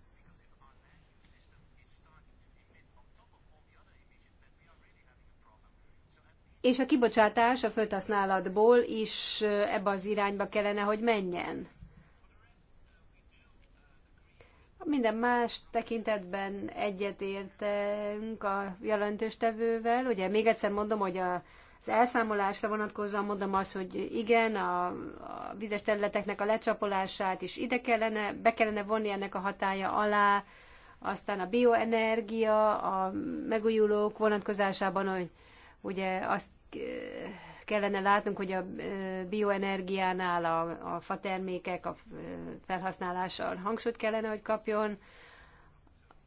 és a kibocsátás a földhasználatból is ebbe az irányba kellene, hogy menjen. Minden más tekintetben egyetértünk a jelentőstevővel. Ugye még egyszer mondom, hogy a, az elszámolásra vonatkozóan mondom azt, hogy igen, a, a vizes területeknek a lecsapolását is ide kellene, be kellene vonni ennek a hatája alá, aztán a bioenergia, a megújulók vonatkozásában, hogy ugye azt kellene látnunk, hogy a bioenergiánál a, a fatermékek, a felhasználással hangsúlyt kellene, hogy kapjon.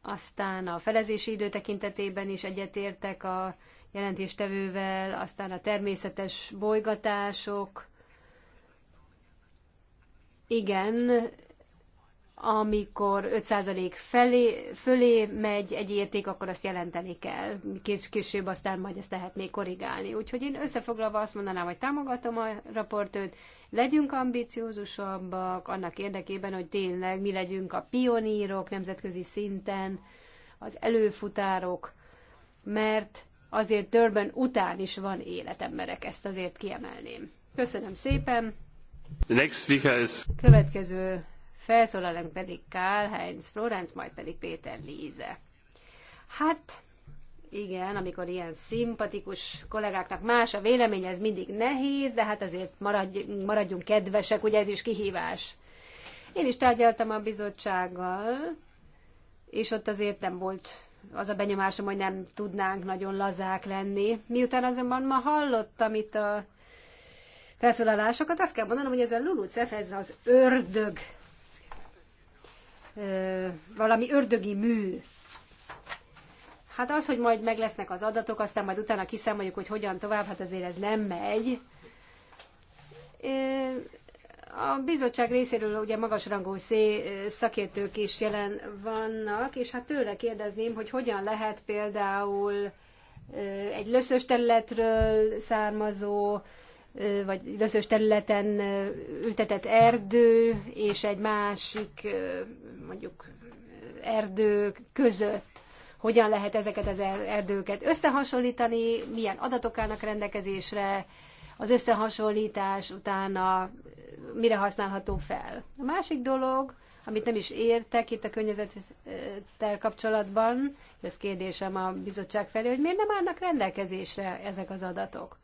Aztán a felezési idő tekintetében is egyetértek a jelentéstevővel, aztán a természetes bolygatások. Igen, amikor 5% felé, fölé megy egy érték, akkor azt jelenteni kell. Kés, később aztán majd ezt lehetné korrigálni. Úgyhogy én összefoglalva azt mondanám, hogy támogatom a raportőt, legyünk ambiciózusabbak, annak érdekében, hogy tényleg mi legyünk a pionírok nemzetközi szinten, az előfutárok, mert azért törben után is van életemberek, ezt azért kiemelném. Köszönöm szépen! The next speaker is... Következő felszólalunk pedig Karl Heinz Florenz, majd pedig Péter Líze. Hát, igen, amikor ilyen szimpatikus kollégáknak más a véleménye, ez mindig nehéz, de hát azért maradj, maradjunk kedvesek, ugye ez is kihívás. Én is tárgyaltam a bizottsággal, és ott azért nem volt az a benyomásom, hogy nem tudnánk nagyon lazák lenni. Miután azonban ma hallottam itt a felszólalásokat, azt kell mondanom, hogy ez a LULUCF, ez az ördög valami ördögi mű. Hát az, hogy majd meg lesznek az adatok, aztán majd utána kiszámoljuk, hogy hogyan tovább, hát azért ez nem megy. A bizottság részéről ugye magasrangú szakértők is jelen vannak, és hát tőle kérdezném, hogy hogyan lehet például egy löszös területről származó vagy löszös területen ültetett erdő és egy másik mondjuk erdő között hogyan lehet ezeket az er-, erdőket összehasonlítani, milyen adatok állnak rendelkezésre, az összehasonlítás utána mire használható fel. A másik dolog, amit nem is értek itt a környezettel kapcsolatban, ez kérdésem a bizottság felé, hogy miért nem állnak rendelkezésre ezek az adatok.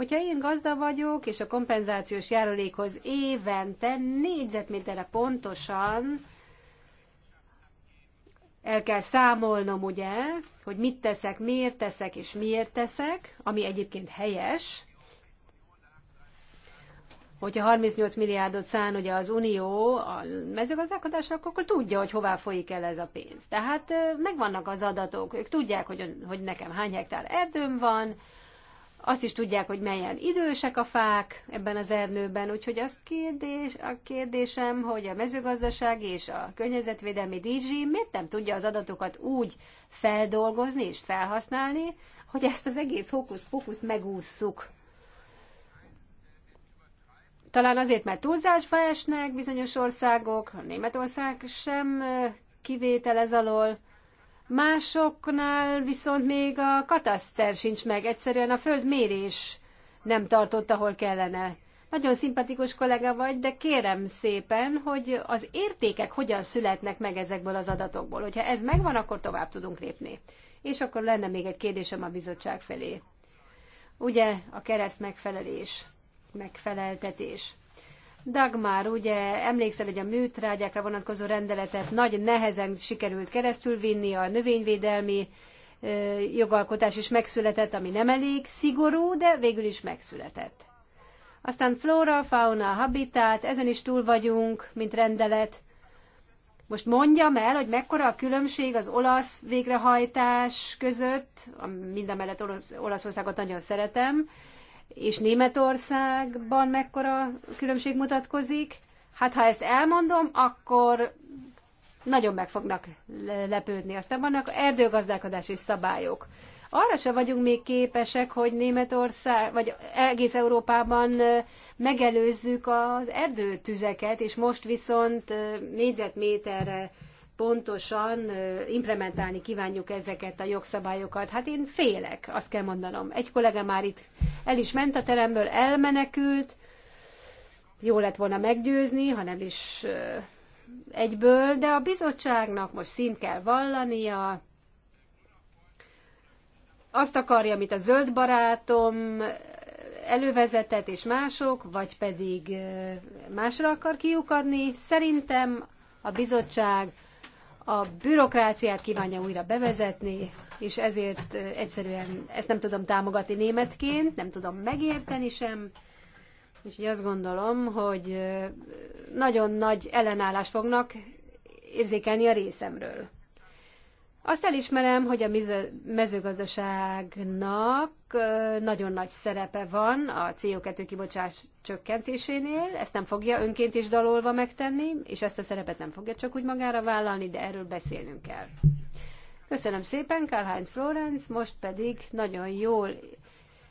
Hogyha én gazda vagyok, és a kompenzációs járulékhoz évente négyzetméterre pontosan el kell számolnom, ugye, hogy mit teszek, miért teszek, és miért teszek, ami egyébként helyes, hogyha 38 milliárdot szán ugye az Unió a mezőgazdálkodásra, akkor, akkor tudja, hogy hová folyik el ez a pénz. Tehát megvannak az adatok, ők tudják, hogy, hogy nekem hány hektár erdőm van, azt is tudják, hogy melyen idősek a fák ebben az erdőben, úgyhogy azt kérdés, a kérdésem, hogy a mezőgazdaság és a környezetvédelmi DG miért nem tudja az adatokat úgy feldolgozni és felhasználni, hogy ezt az egész hókusz-pokuszt megússzuk. Talán azért, mert túlzásba esnek bizonyos országok, Németország sem kivétel ez alól, Másoknál viszont még a kataszter sincs meg, egyszerűen a földmérés nem tartott, ahol kellene. Nagyon szimpatikus kollega vagy, de kérem szépen, hogy az értékek hogyan születnek meg ezekből az adatokból. Hogyha ez megvan, akkor tovább tudunk lépni. És akkor lenne még egy kérdésem a bizottság felé. Ugye a kereszt megfelelés, megfeleltetés. Dagmar, ugye emlékszel, hogy a műtrágyákra vonatkozó rendeletet nagy nehezen sikerült keresztülvinni, a növényvédelmi jogalkotás is megszületett, ami nem elég szigorú, de végül is megszületett. Aztán flora, fauna, habitat, ezen is túl vagyunk, mint rendelet. Most mondjam el, hogy mekkora a különbség az olasz végrehajtás között, mindemellett Olasz, Olaszországot nagyon szeretem, és Németországban mekkora különbség mutatkozik. Hát ha ezt elmondom, akkor nagyon meg fognak lepődni. Aztán vannak erdőgazdálkodási szabályok. Arra se vagyunk még képesek, hogy Németország, vagy egész Európában megelőzzük az erdőtüzeket, és most viszont négyzetméterre pontosan implementálni kívánjuk ezeket a jogszabályokat. Hát én félek, azt kell mondanom. Egy kollega már itt el is ment a teremből, elmenekült, jó lett volna meggyőzni, hanem is egyből, de a bizottságnak most szint kell vallania, azt akarja, amit a zöld barátom elővezetett és mások, vagy pedig másra akar kiukadni. Szerintem a bizottság a bürokráciát kívánja újra bevezetni, és ezért egyszerűen ezt nem tudom támogatni németként, nem tudom megérteni sem. és azt gondolom, hogy nagyon nagy ellenállást fognak érzékelni a részemről. Azt elismerem, hogy a mezőgazdaságnak nagyon nagy szerepe van a CO2 kibocsás csökkentésénél, ezt nem fogja önként is dalolva megtenni, és ezt a szerepet nem fogja csak úgy magára vállalni, de erről beszélnünk kell. Köszönöm szépen, Karl-Heinz Florenz, most pedig nagyon jól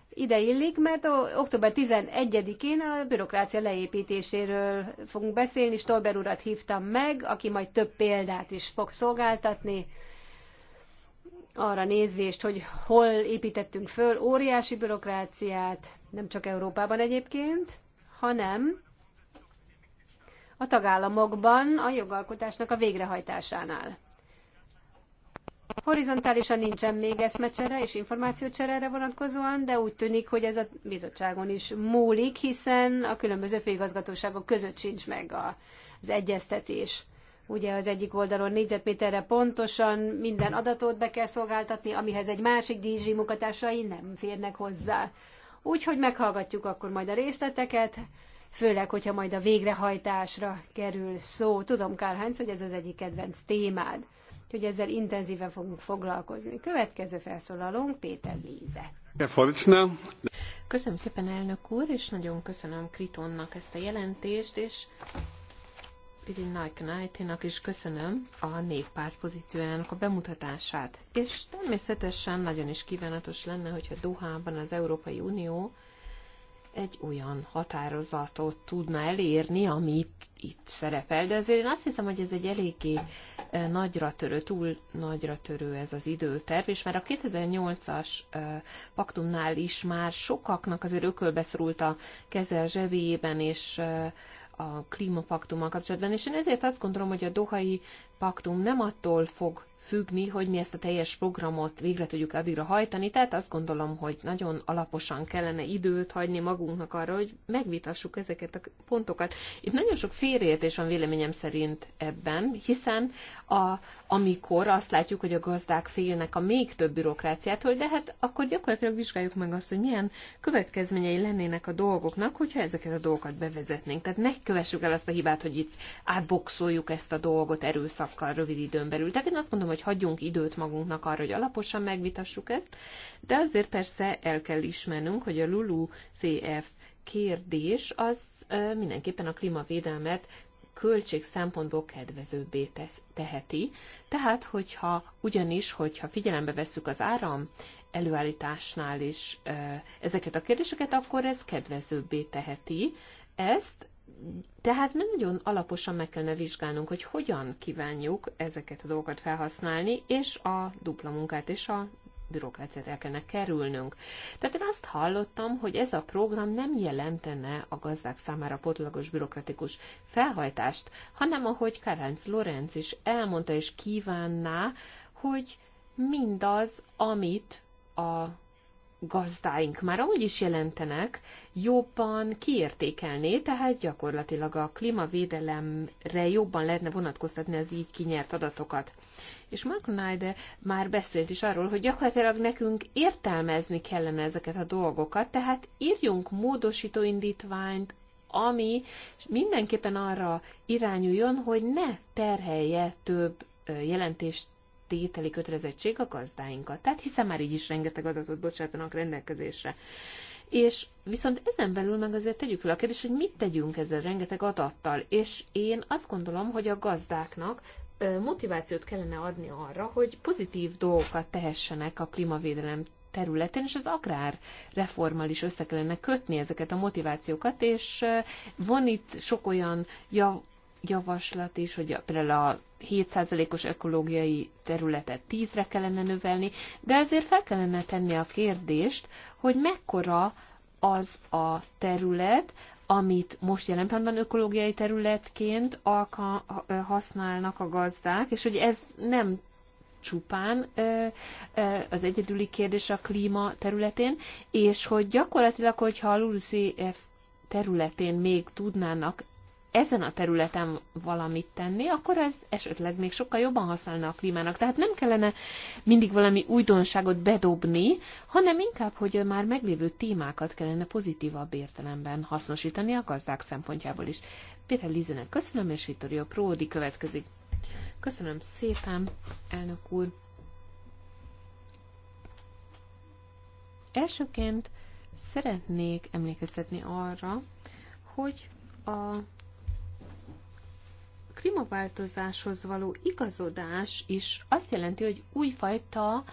ideillik, mert október 11-én a bürokrácia leépítéséről fogunk beszélni. Stolber urat hívtam meg, aki majd több példát is fog szolgáltatni arra nézvést, hogy hol építettünk föl óriási bürokráciát, nem csak Európában egyébként, hanem a tagállamokban a jogalkotásnak a végrehajtásánál. Horizontálisan nincsen még eszmecsere és információcserére vonatkozóan, de úgy tűnik, hogy ez a bizottságon is múlik, hiszen a különböző főigazgatóságok között sincs meg az egyeztetés. Ugye az egyik oldalon négyzetméterre pontosan minden adatot be kell szolgáltatni, amihez egy másik DG munkatársai nem férnek hozzá. Úgyhogy meghallgatjuk akkor majd a részleteket, főleg, hogyha majd a végrehajtásra kerül szó. Tudom, Kárhánc, hogy ez az egyik kedvenc témád, hogy ezzel intenzíven fogunk foglalkozni. Következő felszólalónk Péter Líze. Köszönöm szépen, elnök úr, és nagyon köszönöm Kritonnak ezt a jelentést, és Piri Najknájténak is köszönöm a néppárt pozíciójának a bemutatását. És természetesen nagyon is kívánatos lenne, hogyha Dohában az Európai Unió egy olyan határozatot tudna elérni, ami itt szerepel. De azért én azt hiszem, hogy ez egy eléggé eh, nagyra törő, túl nagyra törő ez az időterv, és már a 2008-as eh, paktumnál is már sokaknak azért ökölbeszorult a keze a zsebében, és eh, a klímapaktummal kapcsolatban, és én ezért azt gondolom, hogy a dohai paktum nem attól fog függni, hogy mi ezt a teljes programot végre tudjuk addigra hajtani, tehát azt gondolom, hogy nagyon alaposan kellene időt hagyni magunknak arra, hogy megvitassuk ezeket a pontokat. Itt nagyon sok félreértés van véleményem szerint ebben, hiszen a, amikor azt látjuk, hogy a gazdák félnek a még több bürokráciától, de hát akkor gyakorlatilag vizsgáljuk meg azt, hogy milyen következményei lennének a dolgoknak, hogyha ezeket a dolgokat bevezetnénk. Tehát ne kövessük el azt a hibát, hogy itt átboxoljuk ezt a dolgot erőszak sokkal rövid időn belül. Tehát én azt mondom, hogy hagyjunk időt magunknak arra, hogy alaposan megvitassuk ezt, de azért persze el kell ismernünk, hogy a Lulu CF kérdés az mindenképpen a klímavédelmet költség szempontból kedvezőbbé teheti. Tehát, hogyha ugyanis, hogyha figyelembe vesszük az áram előállításnál is ezeket a kérdéseket, akkor ez kedvezőbbé teheti ezt, tehát nem nagyon alaposan meg kellene vizsgálnunk, hogy hogyan kívánjuk ezeket a dolgokat felhasználni, és a dupla munkát és a bürokráciát el kellene kerülnünk. Tehát én azt hallottam, hogy ez a program nem jelentene a gazdák számára potlagos bürokratikus felhajtást, hanem ahogy Karenc Lorenz is elmondta és kívánná, hogy mindaz, amit a gazdáink már amúgy is jelentenek, jobban kiértékelné, tehát gyakorlatilag a klímavédelemre jobban lehetne vonatkoztatni az így kinyert adatokat. És Mark Nide már beszélt is arról, hogy gyakorlatilag nekünk értelmezni kellene ezeket a dolgokat, tehát írjunk módosító indítványt, ami mindenképpen arra irányuljon, hogy ne terhelje több jelentést tételi kötelezettség a gazdáinkat. Tehát hiszen már így is rengeteg adatot bocsátanak rendelkezésre. És viszont ezen belül meg azért tegyük fel a kérdést, hogy mit tegyünk ezzel rengeteg adattal. És én azt gondolom, hogy a gazdáknak motivációt kellene adni arra, hogy pozitív dolgokat tehessenek a klímavédelem területén, és az agrárreformmal is össze kellene kötni ezeket a motivációkat, és van itt sok olyan javaslat is, hogy például a 7%-os ökológiai területet 10-re kellene növelni, de azért fel kellene tenni a kérdést, hogy mekkora az a terület, amit most jelen pillanatban ökológiai területként alka- használnak a gazdák, és hogy ez nem csupán az egyedüli kérdés a klíma területén, és hogy gyakorlatilag, hogyha a LULCF területén még tudnának ezen a területen valamit tenni, akkor ez esetleg még sokkal jobban használna a klímának. Tehát nem kellene mindig valami újdonságot bedobni, hanem inkább, hogy már meglévő témákat kellene pozitívabb értelemben hasznosítani a gazdák szempontjából is. Péter Lizenek köszönöm, és Vittorio Pródi következik. Köszönöm szépen, elnök úr. Elsőként szeretnék emlékeztetni arra, hogy a klímaváltozáshoz való igazodás is azt jelenti, hogy újfajta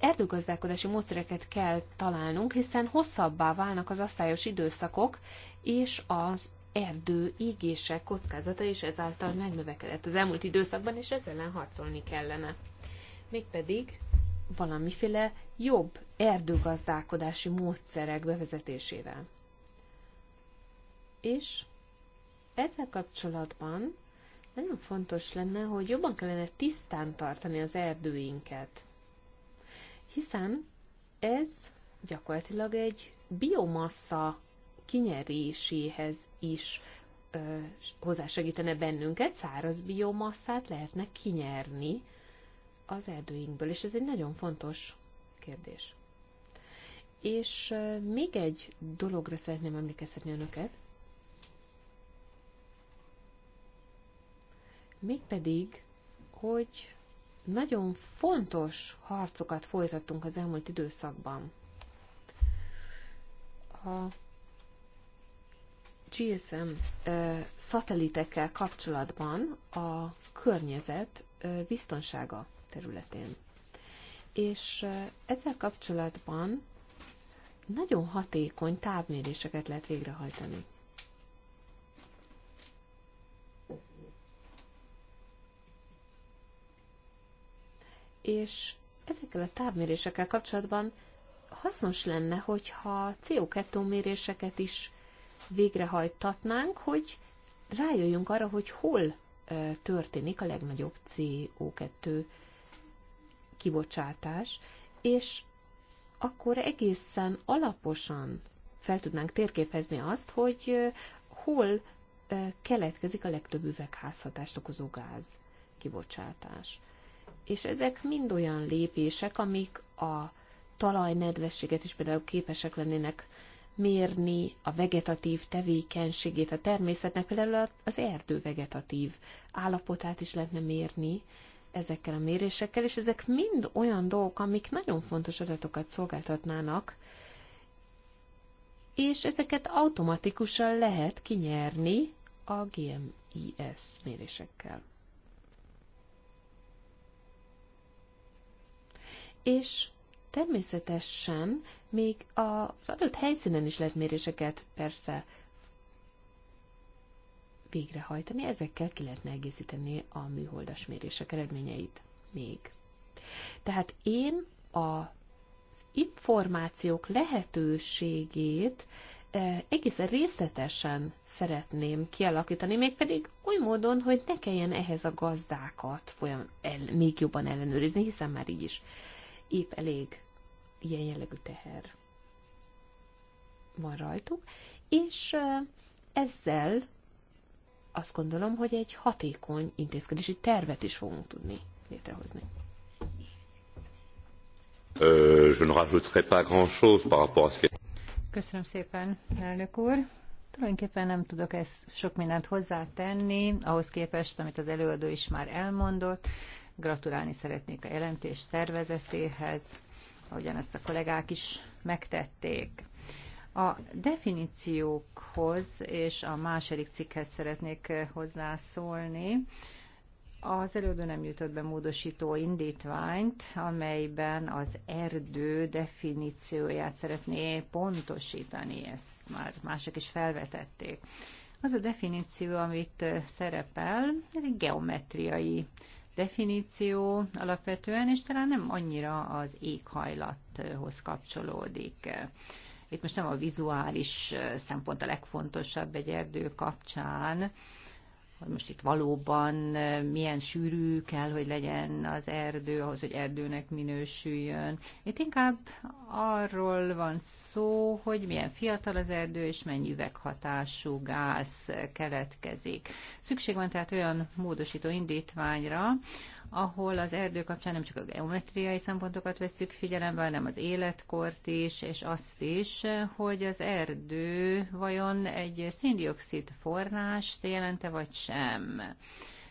erdőgazdálkodási módszereket kell találnunk, hiszen hosszabbá válnak az asszályos időszakok, és az erdő égések kockázata is ezáltal megnövekedett az elmúlt időszakban, és ezzel ellen harcolni kellene. Mégpedig valamiféle jobb erdőgazdálkodási módszerek bevezetésével. És ezzel kapcsolatban nagyon fontos lenne, hogy jobban kellene tisztán tartani az erdőinket. Hiszen ez gyakorlatilag egy biomassa kinyeréséhez is ö, hozzásegítene bennünket, száraz biomasszát lehetne kinyerni az erdőinkből, és ez egy nagyon fontos kérdés. És ö, még egy dologra szeretném emlékeztetni önöket, mégpedig, hogy nagyon fontos harcokat folytattunk az elmúlt időszakban. A GSM szatelitekkel kapcsolatban a környezet biztonsága területén. És ezzel kapcsolatban nagyon hatékony távméréseket lehet végrehajtani. és ezekkel a távmérésekkel kapcsolatban hasznos lenne, hogyha CO2 méréseket is végrehajtatnánk, hogy rájöjjünk arra, hogy hol történik a legnagyobb CO2 kibocsátás, és akkor egészen alaposan fel tudnánk térképezni azt, hogy hol keletkezik a legtöbb üvegházhatást okozó gáz kibocsátás. És ezek mind olyan lépések, amik a talajnedvességet is például képesek lennének mérni a vegetatív tevékenységét a természetnek, például az erdő vegetatív állapotát is lehetne mérni ezekkel a mérésekkel, és ezek mind olyan dolgok, amik nagyon fontos adatokat szolgáltatnának, és ezeket automatikusan lehet kinyerni a GMIS mérésekkel. és természetesen még az adott helyszínen is lehet méréseket persze végrehajtani, ezekkel ki lehetne egészíteni a műholdas mérések eredményeit még. Tehát én az információk lehetőségét e, egészen részletesen szeretném kialakítani, mégpedig oly módon, hogy ne kelljen ehhez a gazdákat folyam el, még jobban ellenőrizni, hiszen már így is épp elég ilyen jellegű teher van rajtuk, és ezzel azt gondolom, hogy egy hatékony intézkedési tervet is fogunk tudni létrehozni. Köszönöm szépen, elnök úr. Tulajdonképpen nem tudok ezt sok mindent hozzátenni, ahhoz képest, amit az előadó is már elmondott. Gratulálni szeretnék a jelentés tervezetéhez, ahogyan ezt a kollégák is megtették. A definíciókhoz és a második cikkhez szeretnék hozzászólni. Az előbb nem jutott be módosító indítványt, amelyben az erdő definícióját szeretné pontosítani, ezt már mások is felvetették. Az a definíció, amit szerepel, ez egy geometriai definíció alapvetően, és talán nem annyira az éghajlathoz kapcsolódik. Itt most nem a vizuális szempont a legfontosabb egy erdő kapcsán, hogy most itt valóban milyen sűrű kell, hogy legyen az erdő, ahhoz, hogy erdőnek minősüljön. Itt inkább arról van szó, hogy milyen fiatal az erdő, és mennyi üveghatású gáz keletkezik. Szükség van tehát olyan módosító indítványra, ahol az erdő kapcsán nem csak a geometriai szempontokat veszük figyelembe, hanem az életkort is, és azt is, hogy az erdő vajon egy széndiokszid forrást jelente, vagy sem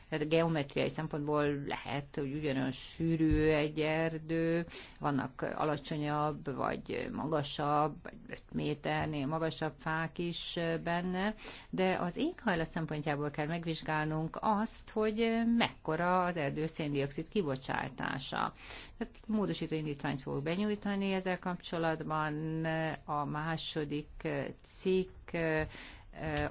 tehát geometriai szempontból lehet, hogy ugyanolyan sűrű egy erdő, vannak alacsonyabb, vagy magasabb, vagy 5 méternél magasabb fák is benne, de az éghajlat szempontjából kell megvizsgálnunk azt, hogy mekkora az erdő széndiokszid kibocsátása. Tehát módosító indítványt fogok benyújtani ezzel kapcsolatban. A második cikk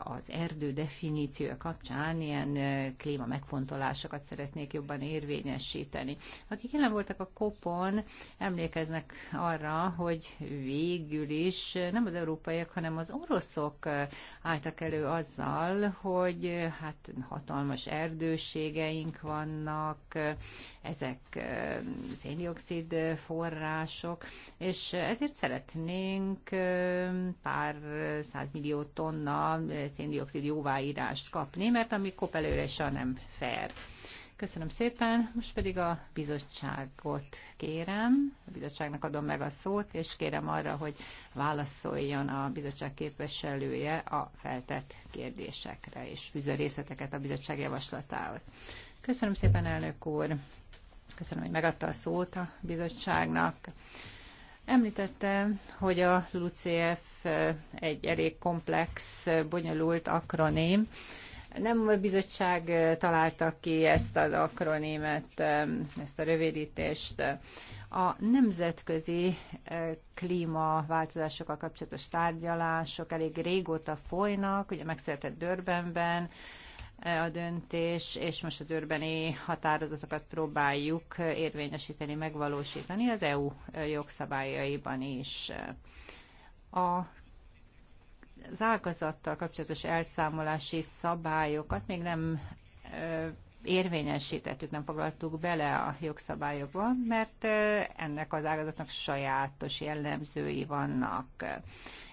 az erdő definíciója kapcsán ilyen klíma megfontolásokat szeretnék jobban érvényesíteni. Akik jelen voltak a kopon, emlékeznek arra, hogy végül is nem az európaiak, hanem az oroszok álltak elő azzal, hogy hát hatalmas erdőségeink vannak, ezek széndiokszid források, és ezért szeretnénk pár százmillió tonna széndiokszid jóváírást kapni, mert ami kop előre nem fair. Köszönöm szépen, most pedig a bizottságot kérem, a bizottságnak adom meg a szót, és kérem arra, hogy válaszoljon a bizottság képviselője a feltett kérdésekre, és fűző részleteket a bizottság javaslatához. Köszönöm szépen, elnök úr. Köszönöm, hogy megadta a szót a bizottságnak. Említette, hogy a LUCF eh, egy elég komplex, eh, bonyolult akroném. Nem a bizottság eh, találta ki ezt az akronémet, ezt a rövidítést. A nemzetközi klímaváltozásokkal kapcsolatos tárgyalások elég régóta folynak, ugye megszületett Dörbenben, E, a döntés, és most a dörbeni határozatokat próbáljuk érvényesíteni, megvalósítani az EU e, jogszabályaiban is. E, a az ágazattal kapcsolatos elszámolási szabályokat még nem érvényesítettük, nem foglaltuk bele a jogszabályokba, mert ennek az ágazatnak sajátos jellemzői vannak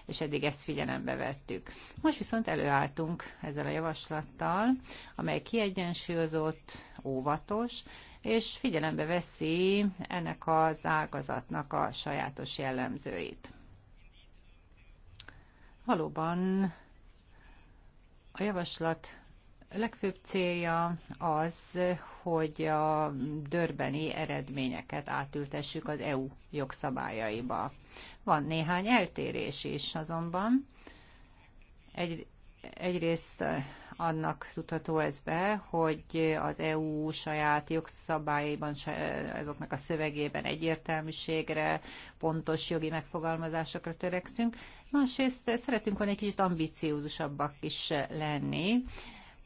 és eddig ezt figyelembe vettük. Most viszont előálltunk ezzel a javaslattal, amely kiegyensúlyozott, óvatos, és figyelembe veszi ennek az ágazatnak a sajátos jellemzőit. Valóban a javaslat legfőbb célja az, hogy a dörbeni eredményeket átültessük az EU jogszabályaiba. Van néhány eltérés is azonban. Egy, egyrészt annak tudható ez be, hogy az EU saját jogszabályaiban, azoknak a szövegében egyértelműségre, pontos jogi megfogalmazásokra törekszünk. Másrészt szeretünk volna egy kicsit ambiciózusabbak is lenni,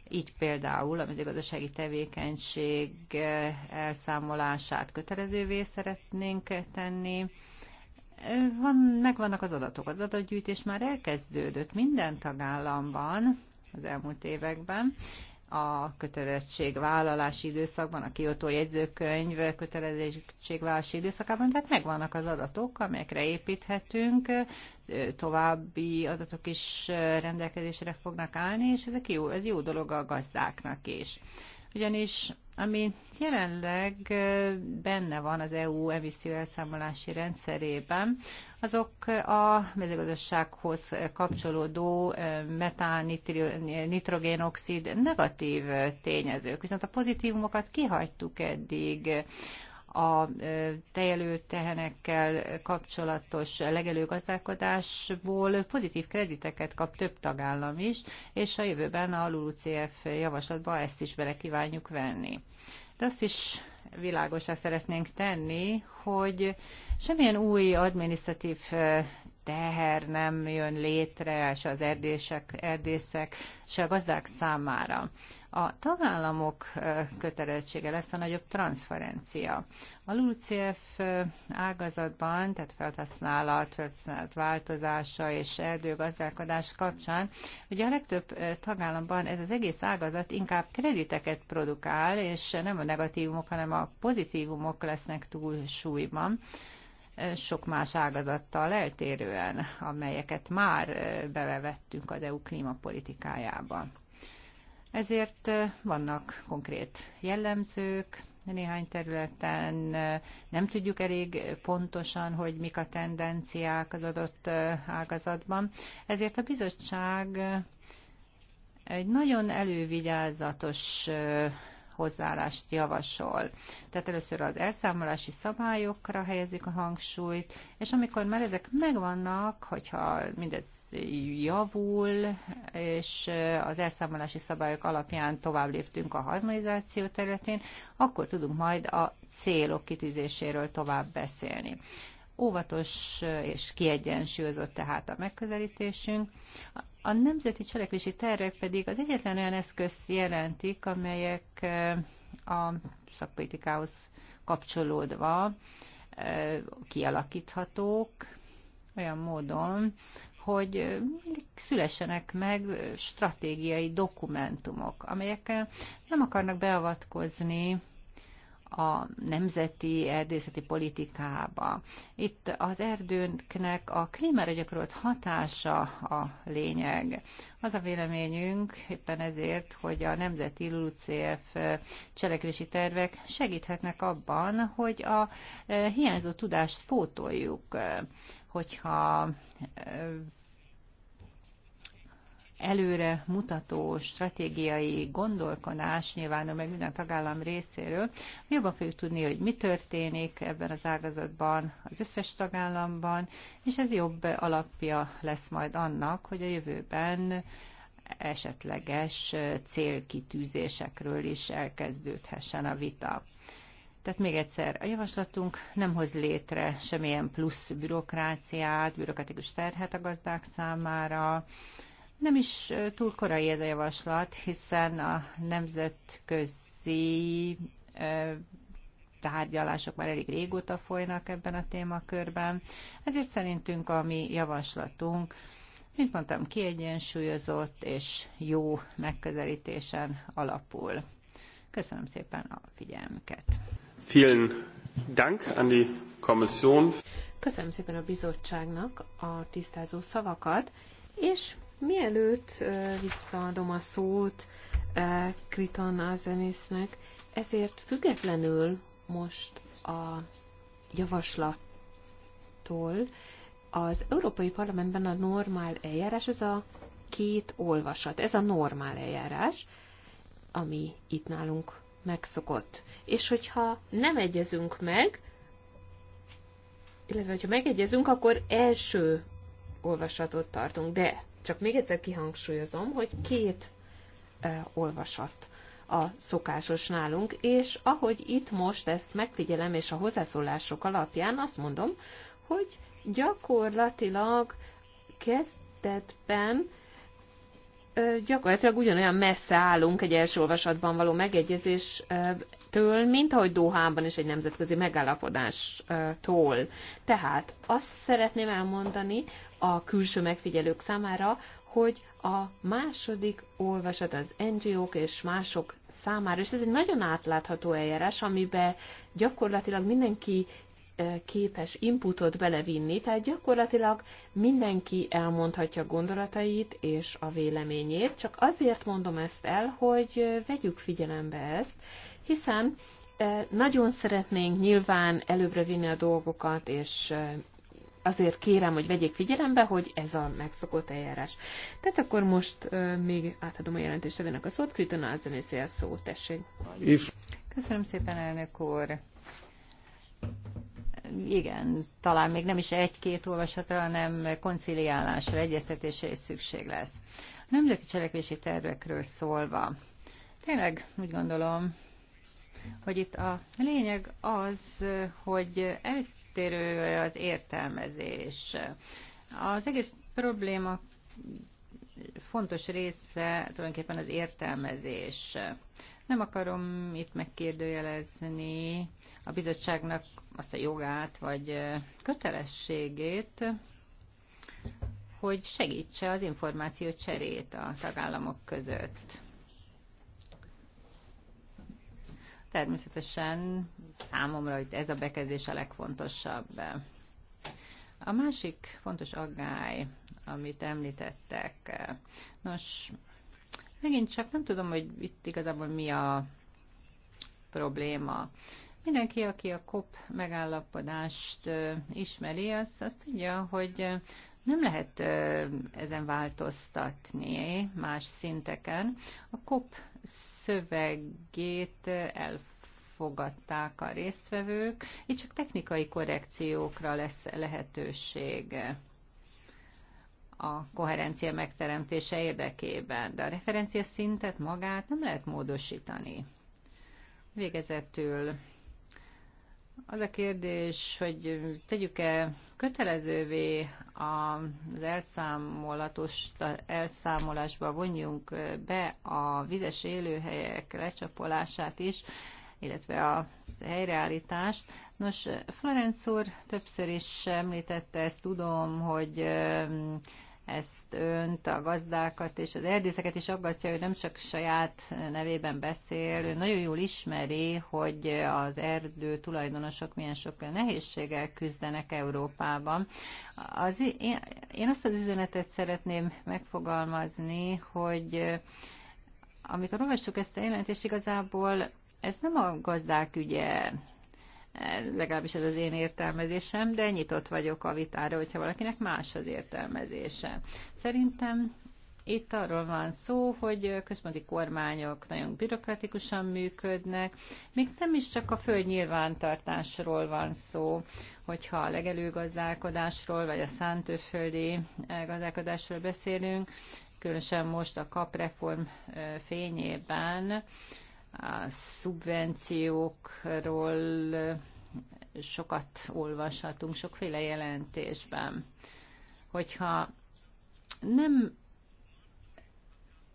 így például a mezőgazdasági tevékenység eh, elszámolását kötelezővé szeretnénk tenni. Van, megvannak az adatok. Az adatgyűjtés már elkezdődött minden tagállamban az elmúlt években, a kötelezettségvállalási időszakban, a Kyoto jegyzőkönyv kötelezettségvállalási időszakában, tehát megvannak az adatok, amelyekre építhetünk, további adatok is rendelkezésre fognak állni, és ezek jó, ez jó dolog a gazdáknak is. Ugyanis ami jelenleg benne van az EU emisszió elszámolási rendszerében, azok a mezőgazdasághoz kapcsolódó metán, nitrogénoxid negatív tényezők. Viszont a pozitívumokat kihagytuk eddig a tejelő tehenekkel kapcsolatos legelőgazdálkodásból pozitív krediteket kap több tagállam is, és a jövőben a LULUCF javaslatba ezt is bele kívánjuk venni. De azt is világosra szeretnénk tenni, hogy semmilyen új adminisztratív teher nem jön létre, és az erdések, erdészek, és a gazdák számára. A tagállamok kötelezettsége lesz a nagyobb transzferencia. A LULCF ágazatban, tehát felhasználat, felhasználat változása és erdőgazdálkodás kapcsán, ugye a legtöbb tagállamban ez az egész ágazat inkább krediteket produkál, és nem a negatívumok, hanem a pozitívumok lesznek túl súlyban sok más ágazattal eltérően, amelyeket már belevettünk az EU klímapolitikájába. Ezért vannak konkrét jellemzők, néhány területen nem tudjuk elég pontosan, hogy mik a tendenciák az adott ágazatban. Ezért a bizottság egy nagyon elővigyázatos hozzáállást javasol. Tehát először az elszámolási szabályokra helyezik a hangsúlyt, és amikor már ezek megvannak, hogyha mindez javul, és az elszámolási szabályok alapján tovább léptünk a harmonizáció területén, akkor tudunk majd a célok kitűzéséről tovább beszélni. Óvatos és kiegyensúlyozott tehát a megközelítésünk. A nemzeti cselekvési tervek pedig az egyetlen olyan eszközt jelentik, amelyek eh, a szakpolitikához kapcsolódva eh, kialakíthatók olyan módon, hogy eh, szülessenek meg stratégiai dokumentumok, amelyek nem akarnak beavatkozni a nemzeti erdészeti politikába. Itt az erdőnknek a klímára gyakorolt hatása a lényeg. Az a véleményünk éppen ezért, hogy a nemzeti LULUCF cselekvési tervek segíthetnek abban, hogy a eh, hiányzó tudást fótoljuk, eh, hogyha eh, előre mutató stratégiai gondolkodás nyilván meg minden tagállam részéről. Jobban fogjuk tudni, hogy mi történik ebben az ágazatban, az összes tagállamban, és ez jobb alapja lesz majd annak, hogy a jövőben esetleges célkitűzésekről is elkezdődhessen a vita. Tehát még egyszer, a javaslatunk nem hoz létre semmilyen plusz bürokráciát, bürokratikus terhet a gazdák számára, nem is túl korai ez a javaslat, hiszen a nemzetközi tárgyalások már elég régóta folynak ebben a témakörben, ezért szerintünk a mi javaslatunk, mint mondtam, kiegyensúlyozott és jó megközelítésen alapul. Köszönöm szépen a figyelmüket. Vielen Dank an die Kommission. Köszönöm szépen a bizottságnak a tisztázó szavakat, és Mielőtt visszaadom a szót Kriton Azenisnek, ezért függetlenül most a javaslattól az Európai Parlamentben a normál eljárás, ez a két olvasat, ez a normál eljárás, ami itt nálunk megszokott. És hogyha nem egyezünk meg, illetve hogyha megegyezünk, akkor első olvasatot tartunk, de csak még egyszer kihangsúlyozom, hogy két e, olvasat a szokásos nálunk, és ahogy itt most ezt megfigyelem, és a hozzászólások alapján azt mondom, hogy gyakorlatilag kezdetben e, gyakorlatilag ugyanolyan messze állunk egy első olvasatban való megegyezéstől, mint ahogy Dohában is egy nemzetközi megállapodástól. E, Tehát azt szeretném elmondani, a külső megfigyelők számára, hogy a második olvasat az NGO-k és mások számára, és ez egy nagyon átlátható eljárás, amiben gyakorlatilag mindenki képes inputot belevinni, tehát gyakorlatilag mindenki elmondhatja gondolatait és a véleményét, csak azért mondom ezt el, hogy vegyük figyelembe ezt, hiszen nagyon szeretnénk nyilván előbbre vinni a dolgokat, és azért kérem, hogy vegyék figyelembe, hogy ez a megszokott eljárás. Tehát akkor most uh, még átadom a jelentéstevének a szót, Kriton a szót, tessék. If... Köszönöm szépen, elnök úr. Igen, talán még nem is egy-két olvasatra, hanem konciliálásra, egyeztetésre is szükség lesz. A nemzeti cselekvési tervekről szólva, tényleg úgy gondolom, hogy itt a lényeg az, hogy el eltérő az értelmezés. Az egész probléma fontos része tulajdonképpen az értelmezés. Nem akarom itt megkérdőjelezni a bizottságnak azt a jogát vagy kötelességét, hogy segítse az információ cserét a tagállamok között. Természetesen számomra hogy ez a bekezdés a legfontosabb. A másik fontos aggály, amit említettek, nos, megint csak nem tudom, hogy itt igazából mi a probléma. Mindenki, aki a COP megállapodást ismeri, az, az tudja, hogy nem lehet ezen változtatni más szinteken. A COP szövegét elfogadták a résztvevők, itt csak technikai korrekciókra lesz lehetőség a koherencia megteremtése érdekében, de a referencia szintet magát nem lehet módosítani. Végezetül az a kérdés, hogy tegyük-e kötelezővé az elszámolatos, elszámolásba vonjunk be a vizes élőhelyek lecsapolását is, illetve a helyreállítást. Nos, Florenc úr többször is említette, ezt tudom, hogy ezt önt, a gazdákat és az erdészeket is aggasztja, hogy nem csak saját nevében beszél, ő nagyon jól ismeri, hogy az erdő tulajdonosok milyen sok nehézséggel küzdenek Európában. Az, én, én azt az üzenetet szeretném megfogalmazni, hogy amikor olvassuk ezt a jelentést, igazából ez nem a gazdák ügye, legalábbis ez az én értelmezésem, de nyitott vagyok a vitára, hogyha valakinek más az értelmezése. Szerintem itt arról van szó, hogy központi kormányok nagyon bürokratikusan működnek, még nem is csak a föld nyilvántartásról van szó, hogyha a legelőgazdálkodásról vagy a szántőföldi eh, gazdálkodásról beszélünk, különösen most a kapreform eh, fényében, a szubvenciókról sokat olvashatunk sokféle jelentésben. Hogyha nem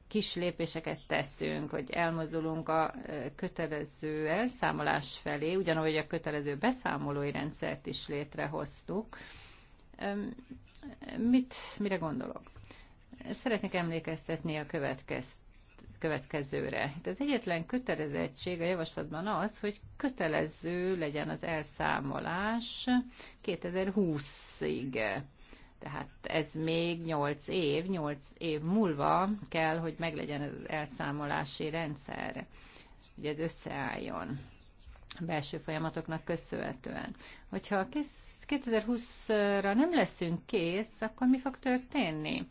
kis lépéseket teszünk, hogy elmozdulunk a kötelező elszámolás felé, ugyanúgy a kötelező beszámolói rendszert is létrehoztuk. Mit, mire gondolok? Szeretnék emlékeztetni a következő következőre. Itt az egyetlen kötelezettség a javaslatban az, hogy kötelező legyen az elszámolás 2020-ig. Tehát ez még 8 év, 8 év múlva kell, hogy meglegyen az elszámolási rendszer, hogy ez összeálljon a belső folyamatoknak köszönhetően. Hogyha 2020-ra nem leszünk kész, akkor mi fog történni?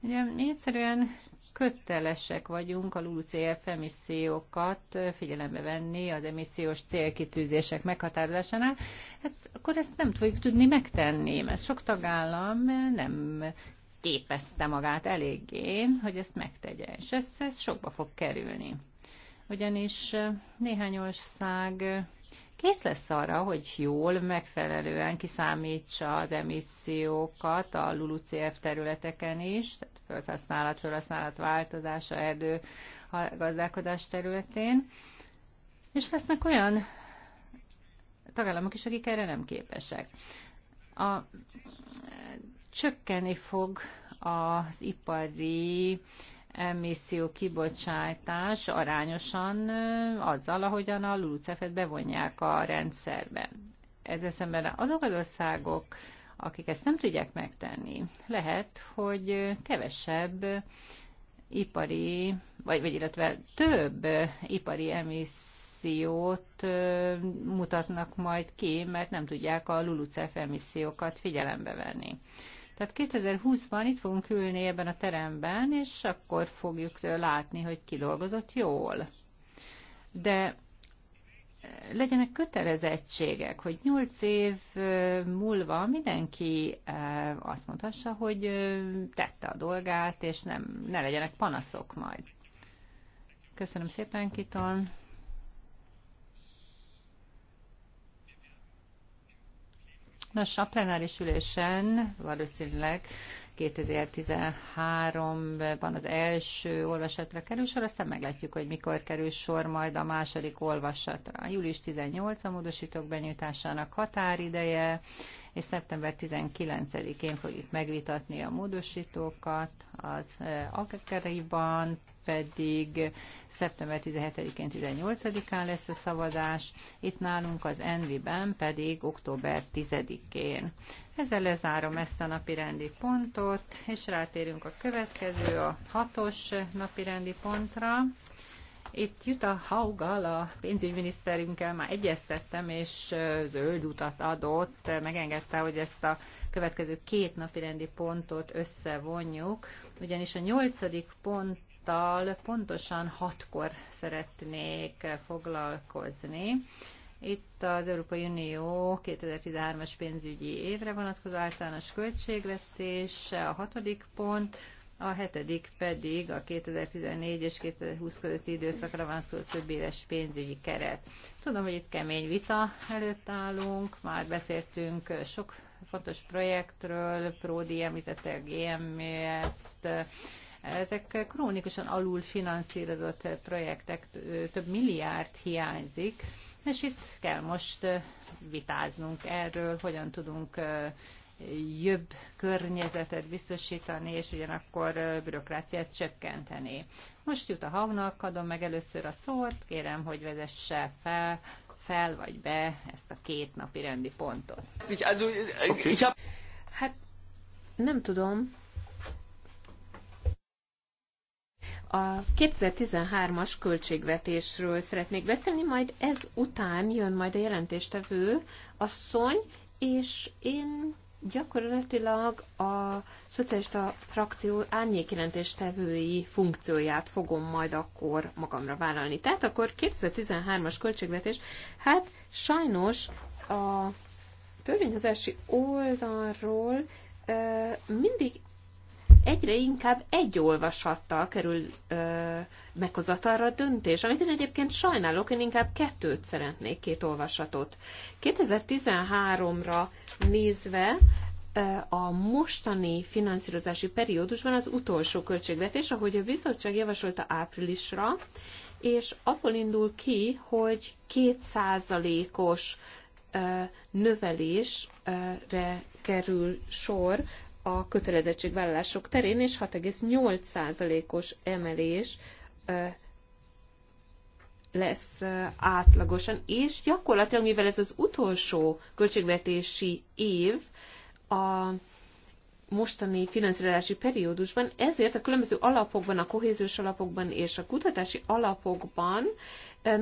Ugye egyszerűen kötelesek vagyunk a LULUCF emissziókat figyelembe venni az emissziós célkitűzések meghatározásánál, hát akkor ezt nem fogjuk tudni megtenni, mert sok tagállam nem képezte magát eléggé, hogy ezt megtegye, és ez, ez sokba fog kerülni. Ugyanis néhány ország kész lesz arra, hogy jól, megfelelően kiszámítsa az emissziókat a LULUCF területeken is, földhasználat, felhasználat változása erdő gazdálkodás területén. És lesznek olyan tagállamok is, akik erre nem képesek. A, csökkenni fog az ipari emisszió kibocsátás arányosan azzal, ahogyan a lulucef bevonják a rendszerbe. Ez eszemben azok az országok, akik ezt nem tudják megtenni, lehet, hogy kevesebb ipari, vagy, vagy illetve több ipari emissziót mutatnak majd ki, mert nem tudják a LULUCF emissziókat figyelembe venni. Tehát 2020-ban itt fogunk ülni ebben a teremben, és akkor fogjuk látni, hogy ki dolgozott jól. De legyenek kötelezettségek, hogy nyolc év múlva mindenki azt mondhassa, hogy tette a dolgát, és nem, ne legyenek panaszok majd. Köszönöm szépen, Kiton. Nos, a plenáris ülésen valószínűleg 2013-ban az első olvasatra kerül sor, aztán meglátjuk, hogy mikor kerül sor majd a második olvasatra. Július 18 a módosítók benyújtásának határideje, és szeptember 19-én fogjuk megvitatni a módosítókat az Agakeriban, pedig szeptember 17-én, 18-án lesz a szavazás, itt nálunk az Envi-ben pedig október 10-én. Ezzel lezárom ezt a napirendi pontot, és rátérünk a következő, a hatos napirendi pontra. Itt Jutta Haugal, a pénzügyminiszterünkkel már egyeztettem, és zöld utat adott, megengedte, hogy ezt a következő két napirendi pontot összevonjuk, ugyanis a nyolcadik pont javaslattal pontosan hatkor szeretnék foglalkozni. Itt az Európai Unió 2013-as pénzügyi évre vonatkozó általános költségvetés, a hatodik pont, a hetedik pedig a 2014 és 2020 közötti időszakra van szó több éves pénzügyi keret. Tudom, hogy itt kemény vita előtt állunk, már beszéltünk sok fontos projektről, Pródi említette a GMS-t, ezek krónikusan alul finanszírozott projektek, több milliárd hiányzik, és itt kell most vitáznunk erről, hogyan tudunk jobb környezetet biztosítani, és ugyanakkor bürokráciát csökkenteni. Most jut a hangnak, adom meg először a szót, kérem, hogy vezesse fel, fel vagy be ezt a két napi rendi pontot. Äh, okay. Hát nem tudom, a 2013-as költségvetésről szeretnék beszélni, majd ez után jön majd a jelentéstevő asszony, és én gyakorlatilag a szocialista frakció jelentéstevői funkcióját fogom majd akkor magamra vállalni. Tehát akkor 2013-as költségvetés, hát sajnos a törvényhozási oldalról mindig egyre inkább egy olvasattal kerül ö, meghozatalra a döntés, amit én egyébként sajnálok, én inkább kettőt szeretnék, két olvasatot. 2013-ra nézve a mostani finanszírozási periódusban az utolsó költségvetés, ahogy a bizottság javasolta áprilisra, és abból indul ki, hogy kétszázalékos növelésre kerül sor a kötelezettségvállalások terén, és 6,8%-os emelés lesz átlagosan, és gyakorlatilag, mivel ez az utolsó költségvetési év, a mostani finanszírozási periódusban, ezért a különböző alapokban, a kohéziós alapokban és a kutatási alapokban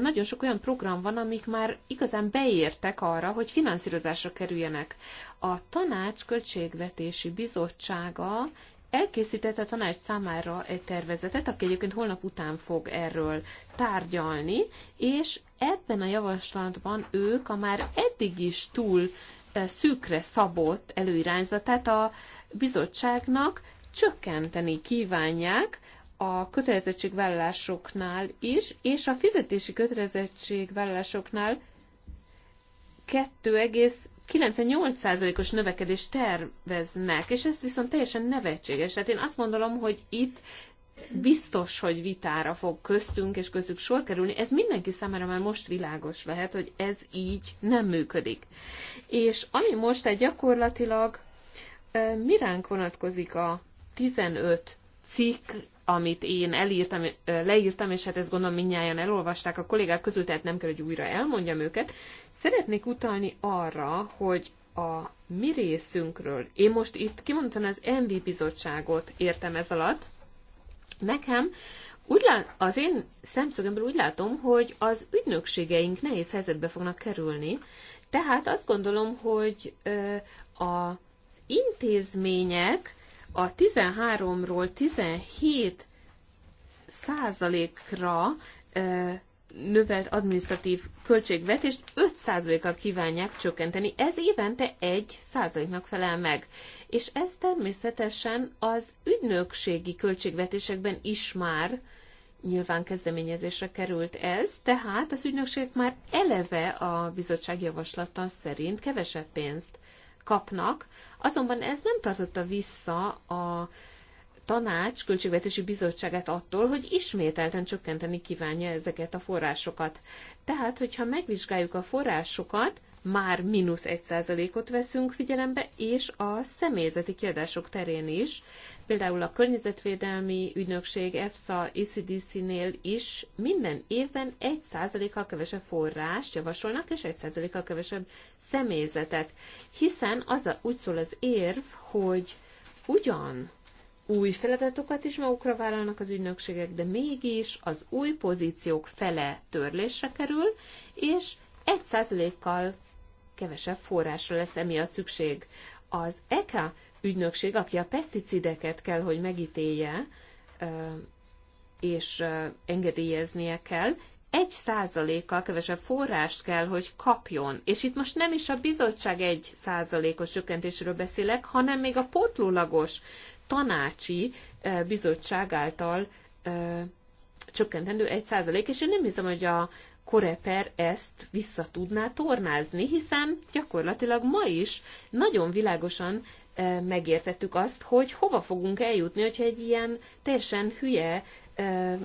nagyon sok olyan program van, amik már igazán beértek arra, hogy finanszírozásra kerüljenek. A Tanács Költségvetési Bizottsága elkészítette a tanács számára egy tervezetet, aki egyébként holnap után fog erről tárgyalni, és ebben a javaslatban ők a már eddig is túl szűkre szabott előirányzatát a bizottságnak csökkenteni kívánják a kötelezettségvállalásoknál is, és a fizetési kötelezettségvállalásoknál 2,98%-os növekedést terveznek, és ez viszont teljesen nevetséges. Tehát én azt gondolom, hogy itt biztos, hogy vitára fog köztünk és köztük sor kerülni. Ez mindenki számára már most világos lehet, hogy ez így nem működik. És ami most egy gyakorlatilag miránk vonatkozik a 15 cikk amit én elírtam, leírtam, és hát ezt gondolom minnyáján elolvasták a kollégák közül, tehát nem kell, hogy újra elmondjam őket. Szeretnék utalni arra, hogy a mi részünkről, én most itt kimondtam az MV bizottságot értem ez alatt, nekem úgy lát, az én szemszögemből úgy látom, hogy az ügynökségeink nehéz helyzetbe fognak kerülni, tehát azt gondolom, hogy ö, az intézmények, a 13-ról 17 százalékra növelt adminisztratív költségvetést 5%-kal kívánják csökkenteni. Ez évente 1 százaléknak felel meg. És ez természetesen az ügynökségi költségvetésekben is már nyilván kezdeményezésre került ez, tehát az ügynökségek már eleve a bizottság javaslata szerint kevesebb pénzt kapnak, azonban ez nem tartotta vissza a tanács költségvetési bizottságát attól, hogy ismételten csökkenteni kívánja ezeket a forrásokat. Tehát, hogyha megvizsgáljuk a forrásokat, már mínusz 1%-ot veszünk figyelembe, és a személyzeti kiadások terén is, például a Környezetvédelmi Ügynökség EFSA ECDC-nél is minden évben 1%-kal kevesebb forrást javasolnak, és 1%-kal kevesebb személyzetet. Hiszen az a, úgy szól az érv, hogy ugyan új feladatokat is magukra vállalnak az ügynökségek, de mégis az új pozíciók fele törlésre kerül, és 1%-kal kevesebb forrásra lesz emiatt szükség. Az ECA ügynökség, aki a peszticideket kell, hogy megítélje, és engedélyeznie kell, egy százalékkal kevesebb forrást kell, hogy kapjon. És itt most nem is a bizottság egy százalékos csökkentésről beszélek, hanem még a potlólagos tanácsi bizottság által csökkentendő egy százalék, és én nem hiszem, hogy a Koreper ezt vissza tudná tornázni, hiszen gyakorlatilag ma is nagyon világosan e, megértettük azt, hogy hova fogunk eljutni, hogyha egy ilyen teljesen hülye e,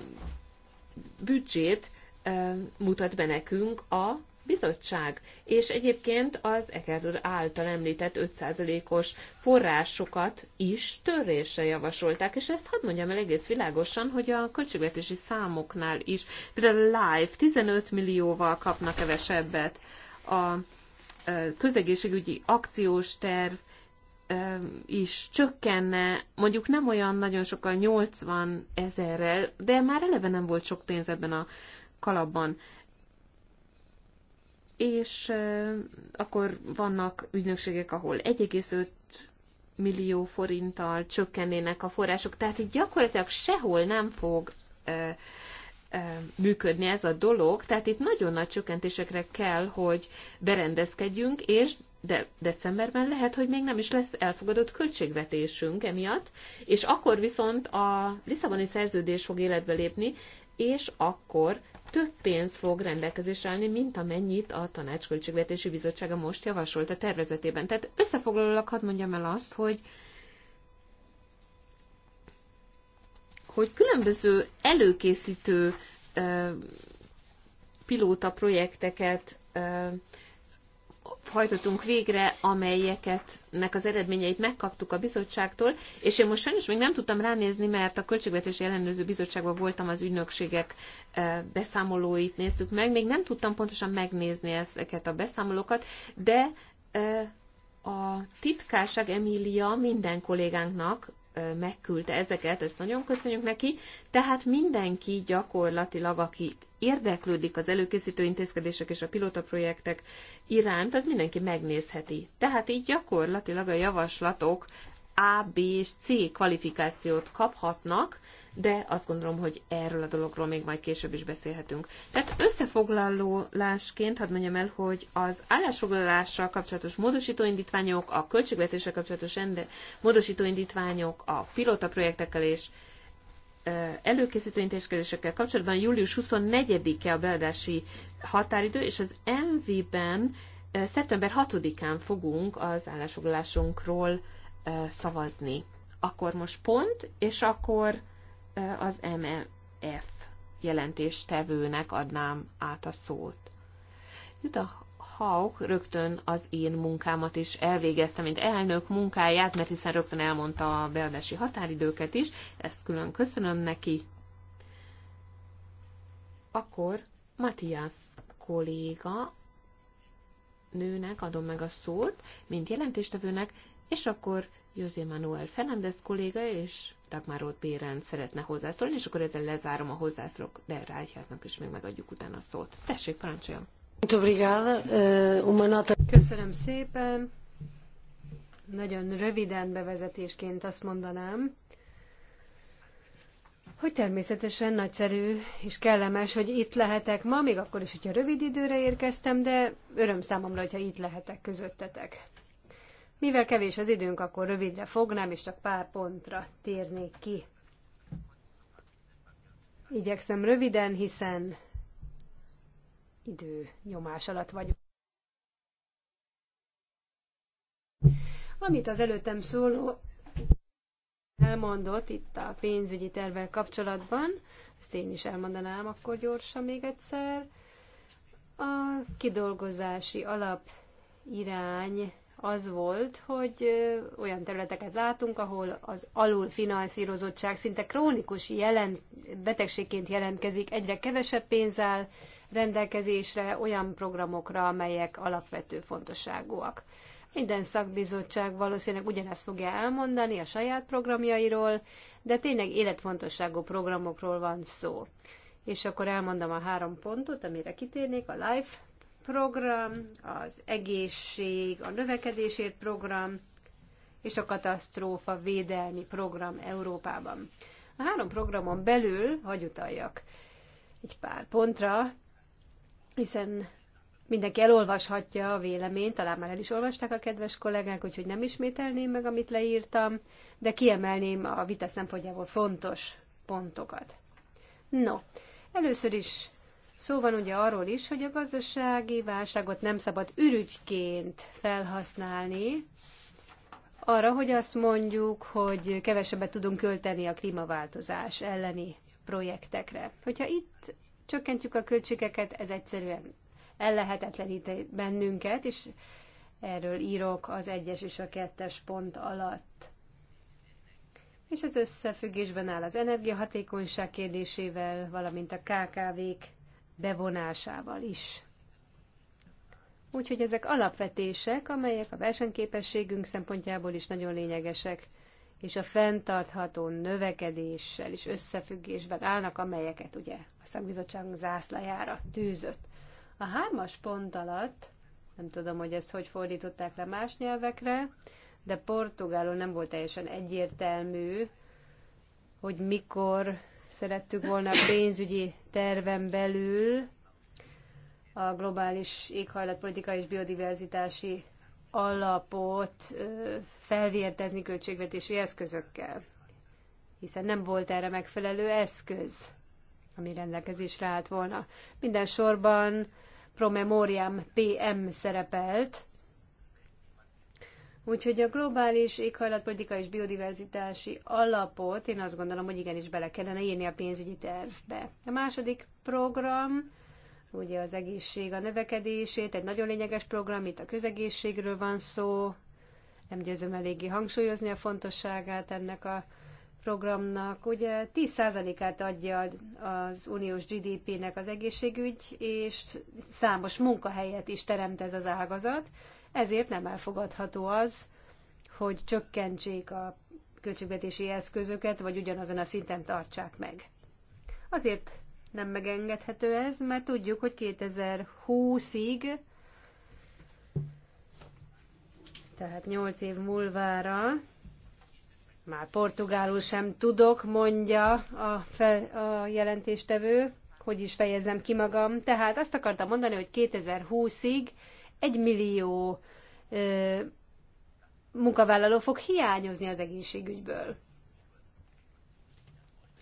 büdzsét e, mutat be nekünk a bizottság. És egyébként az Ekerdur által említett 5%-os forrásokat is törésre javasolták, és ezt hadd mondjam el egész világosan, hogy a költségvetési számoknál is, például live 15 millióval kapnak kevesebbet a közegészségügyi akciós terv is csökkenne, mondjuk nem olyan nagyon sokkal 80 ezerrel, de már eleve nem volt sok pénz ebben a kalapban és akkor vannak ügynökségek, ahol 1,5 millió forinttal csökkennének a források, tehát itt gyakorlatilag sehol nem fog működni ez a dolog, tehát itt nagyon nagy csökkentésekre kell, hogy berendezkedjünk, és de decemberben lehet, hogy még nem is lesz elfogadott költségvetésünk emiatt, és akkor viszont a Lisszaboni szerződés fog életbe lépni, és akkor több pénz fog rendelkezésre állni, mint amennyit a Tanács Költségvetési Bizottsága most javasolt a tervezetében. Tehát összefoglalólag hadd mondjam el azt, hogy hogy különböző előkészítő pilóta projekteket hajtottunk végre, amelyeket nek az eredményeit megkaptuk a bizottságtól, és én most sajnos még nem tudtam ránézni, mert a Költségvetési Ellenőrző Bizottságban voltam, az ügynökségek beszámolóit néztük meg, még nem tudtam pontosan megnézni ezeket a beszámolókat, de a titkárság Emília minden kollégánknak megküldte ezeket, ezt nagyon köszönjük neki. Tehát mindenki gyakorlatilag, aki érdeklődik az előkészítő intézkedések és a pilota projektek iránt, az mindenki megnézheti. Tehát így gyakorlatilag a javaslatok A, B és C kvalifikációt kaphatnak, de azt gondolom, hogy erről a dologról még majd később is beszélhetünk. Tehát összefoglalólásként hadd mondjam el, hogy az állásfoglalással kapcsolatos módosítóindítványok, a költségvetéssel kapcsolatos ende, módosítóindítványok, a pilota projektekkel és előkészítő intézkedésekkel kapcsolatban július 24-e a beadási határidő, és az MV-ben szeptember 6-án fogunk az állásfoglalásunkról szavazni. Akkor most pont, és akkor az MF e jelentéstevőnek adnám át a szót. a Hawk rögtön az én munkámat is elvégezte, mint elnök munkáját, mert hiszen rögtön elmondta a belvesi határidőket is, ezt külön köszönöm neki. Akkor Matthias kolléga nőnek adom meg a szót, mint jelentéstevőnek, és akkor José Manuel Fernández kolléga és Dagmar Roth Bérend szeretne hozzászólni, és akkor ezzel lezárom a hozzászólók, de Rájhátnak is még megadjuk utána a szót. Tessék, parancsoljon! Eh, Köszönöm szépen. Nagyon röviden bevezetésként azt mondanám, hogy természetesen nagyszerű és kellemes, hogy itt lehetek ma, még akkor is, hogyha rövid időre érkeztem, de öröm számomra, hogyha itt lehetek közöttetek. Mivel kevés az időnk, akkor rövidre fognám, és csak pár pontra térnék ki. Igyekszem röviden, hiszen idő nyomás alatt vagyunk. Amit az előttem szóló elmondott itt a pénzügyi tervvel kapcsolatban, ezt én is elmondanám akkor gyorsan még egyszer, a kidolgozási alap irány az volt, hogy olyan területeket látunk, ahol az alul finanszírozottság szinte krónikus jelent, betegségként jelentkezik, egyre kevesebb pénz áll rendelkezésre olyan programokra, amelyek alapvető fontosságúak. Minden szakbizottság valószínűleg ugyanezt fogja elmondani a saját programjairól, de tényleg életfontosságú programokról van szó. És akkor elmondom a három pontot, amire kitérnék, a LIFE program, az egészség, a növekedésért program, és a katasztrófa védelmi program Európában. A három programon belül, hagy utaljak egy pár pontra, hiszen mindenki elolvashatja a véleményt, talán már el is olvasták a kedves kollégák, úgyhogy nem ismételném meg, amit leírtam, de kiemelném a vita szempontjából fontos pontokat. No, először is szó van ugye arról is, hogy a gazdasági válságot nem szabad ürügyként felhasználni, arra, hogy azt mondjuk, hogy kevesebbet tudunk költeni a klímaváltozás elleni projektekre. Hogyha itt csökkentjük a költségeket, ez egyszerűen ellehetetlenít bennünket, és erről írok az egyes és a kettes pont alatt. És ez összefüggésben áll az energiahatékonyság kérdésével, valamint a KKV-k bevonásával is. Úgyhogy ezek alapvetések, amelyek a versenyképességünk szempontjából is nagyon lényegesek és a fenntartható növekedéssel is összefüggésben állnak, amelyeket ugye a szakbizottságunk zászlajára tűzött. A hármas pont alatt, nem tudom, hogy ezt hogy fordították le más nyelvekre, de portugálul nem volt teljesen egyértelmű, hogy mikor szerettük volna a pénzügyi terven belül a globális éghajlatpolitika és biodiverzitási alapot felvértezni költségvetési eszközökkel, hiszen nem volt erre megfelelő eszköz, ami rendelkezésre állt volna. Minden sorban Promemoriam PM szerepelt, Úgyhogy a globális éghajlatpolitika és biodiverzitási alapot én azt gondolom, hogy igenis bele kellene írni a pénzügyi tervbe. A második program ugye az egészség a növekedését, egy nagyon lényeges program, itt a közegészségről van szó, nem győzöm eléggé hangsúlyozni a fontosságát ennek a programnak. Ugye 10%-át adja az uniós GDP-nek az egészségügy, és számos munkahelyet is teremt ez az ágazat, ezért nem elfogadható az, hogy csökkentsék a költségvetési eszközöket, vagy ugyanazon a szinten tartsák meg. Azért nem megengedhető ez, mert tudjuk, hogy 2020-ig, tehát 8 év múlvára, már portugálul sem tudok, mondja a, fel, a jelentéstevő, hogy is fejezem ki magam. Tehát azt akartam mondani, hogy 2020-ig egy millió ö, munkavállaló fog hiányozni az egészségügyből.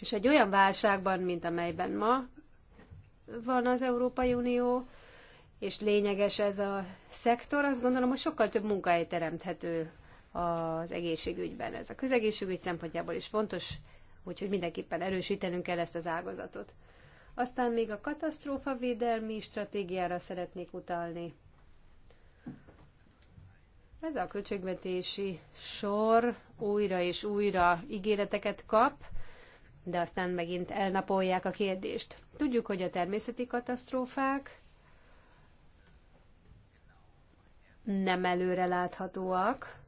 És egy olyan válságban, mint amelyben ma van az Európai Unió, és lényeges ez a szektor, azt gondolom, hogy sokkal több munkahely teremthető az egészségügyben. Ez a közegészségügy szempontjából is fontos, úgyhogy mindenképpen erősítenünk kell ezt az ágazatot. Aztán még a katasztrófavédelmi stratégiára szeretnék utalni. Ez a költségvetési sor újra és újra ígéreteket kap, de aztán megint elnapolják a kérdést. Tudjuk, hogy a természeti katasztrófák nem előre láthatóak,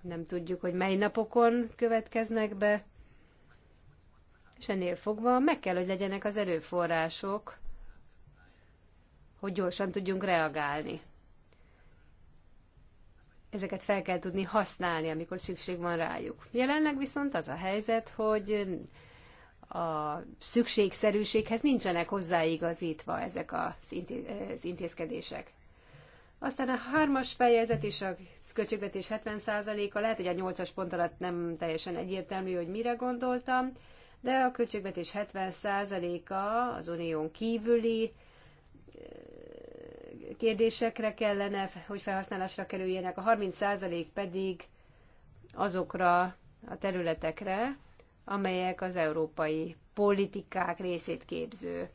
nem tudjuk, hogy mely napokon következnek be, és ennél fogva meg kell, hogy legyenek az erőforrások, hogy gyorsan tudjunk reagálni. Ezeket fel kell tudni használni, amikor szükség van rájuk. Jelenleg viszont az a helyzet, hogy a szükségszerűséghez nincsenek hozzáigazítva ezek az, intézkedések. Aztán a hármas fejezet és a költségvetés 70%-a, lehet, hogy a nyolcas pont alatt nem teljesen egyértelmű, hogy mire gondoltam, de a költségvetés 70%-a az unión kívüli kérdésekre kellene, hogy felhasználásra kerüljenek, a 30% pedig azokra a területekre, amelyek az európai politikák részét képző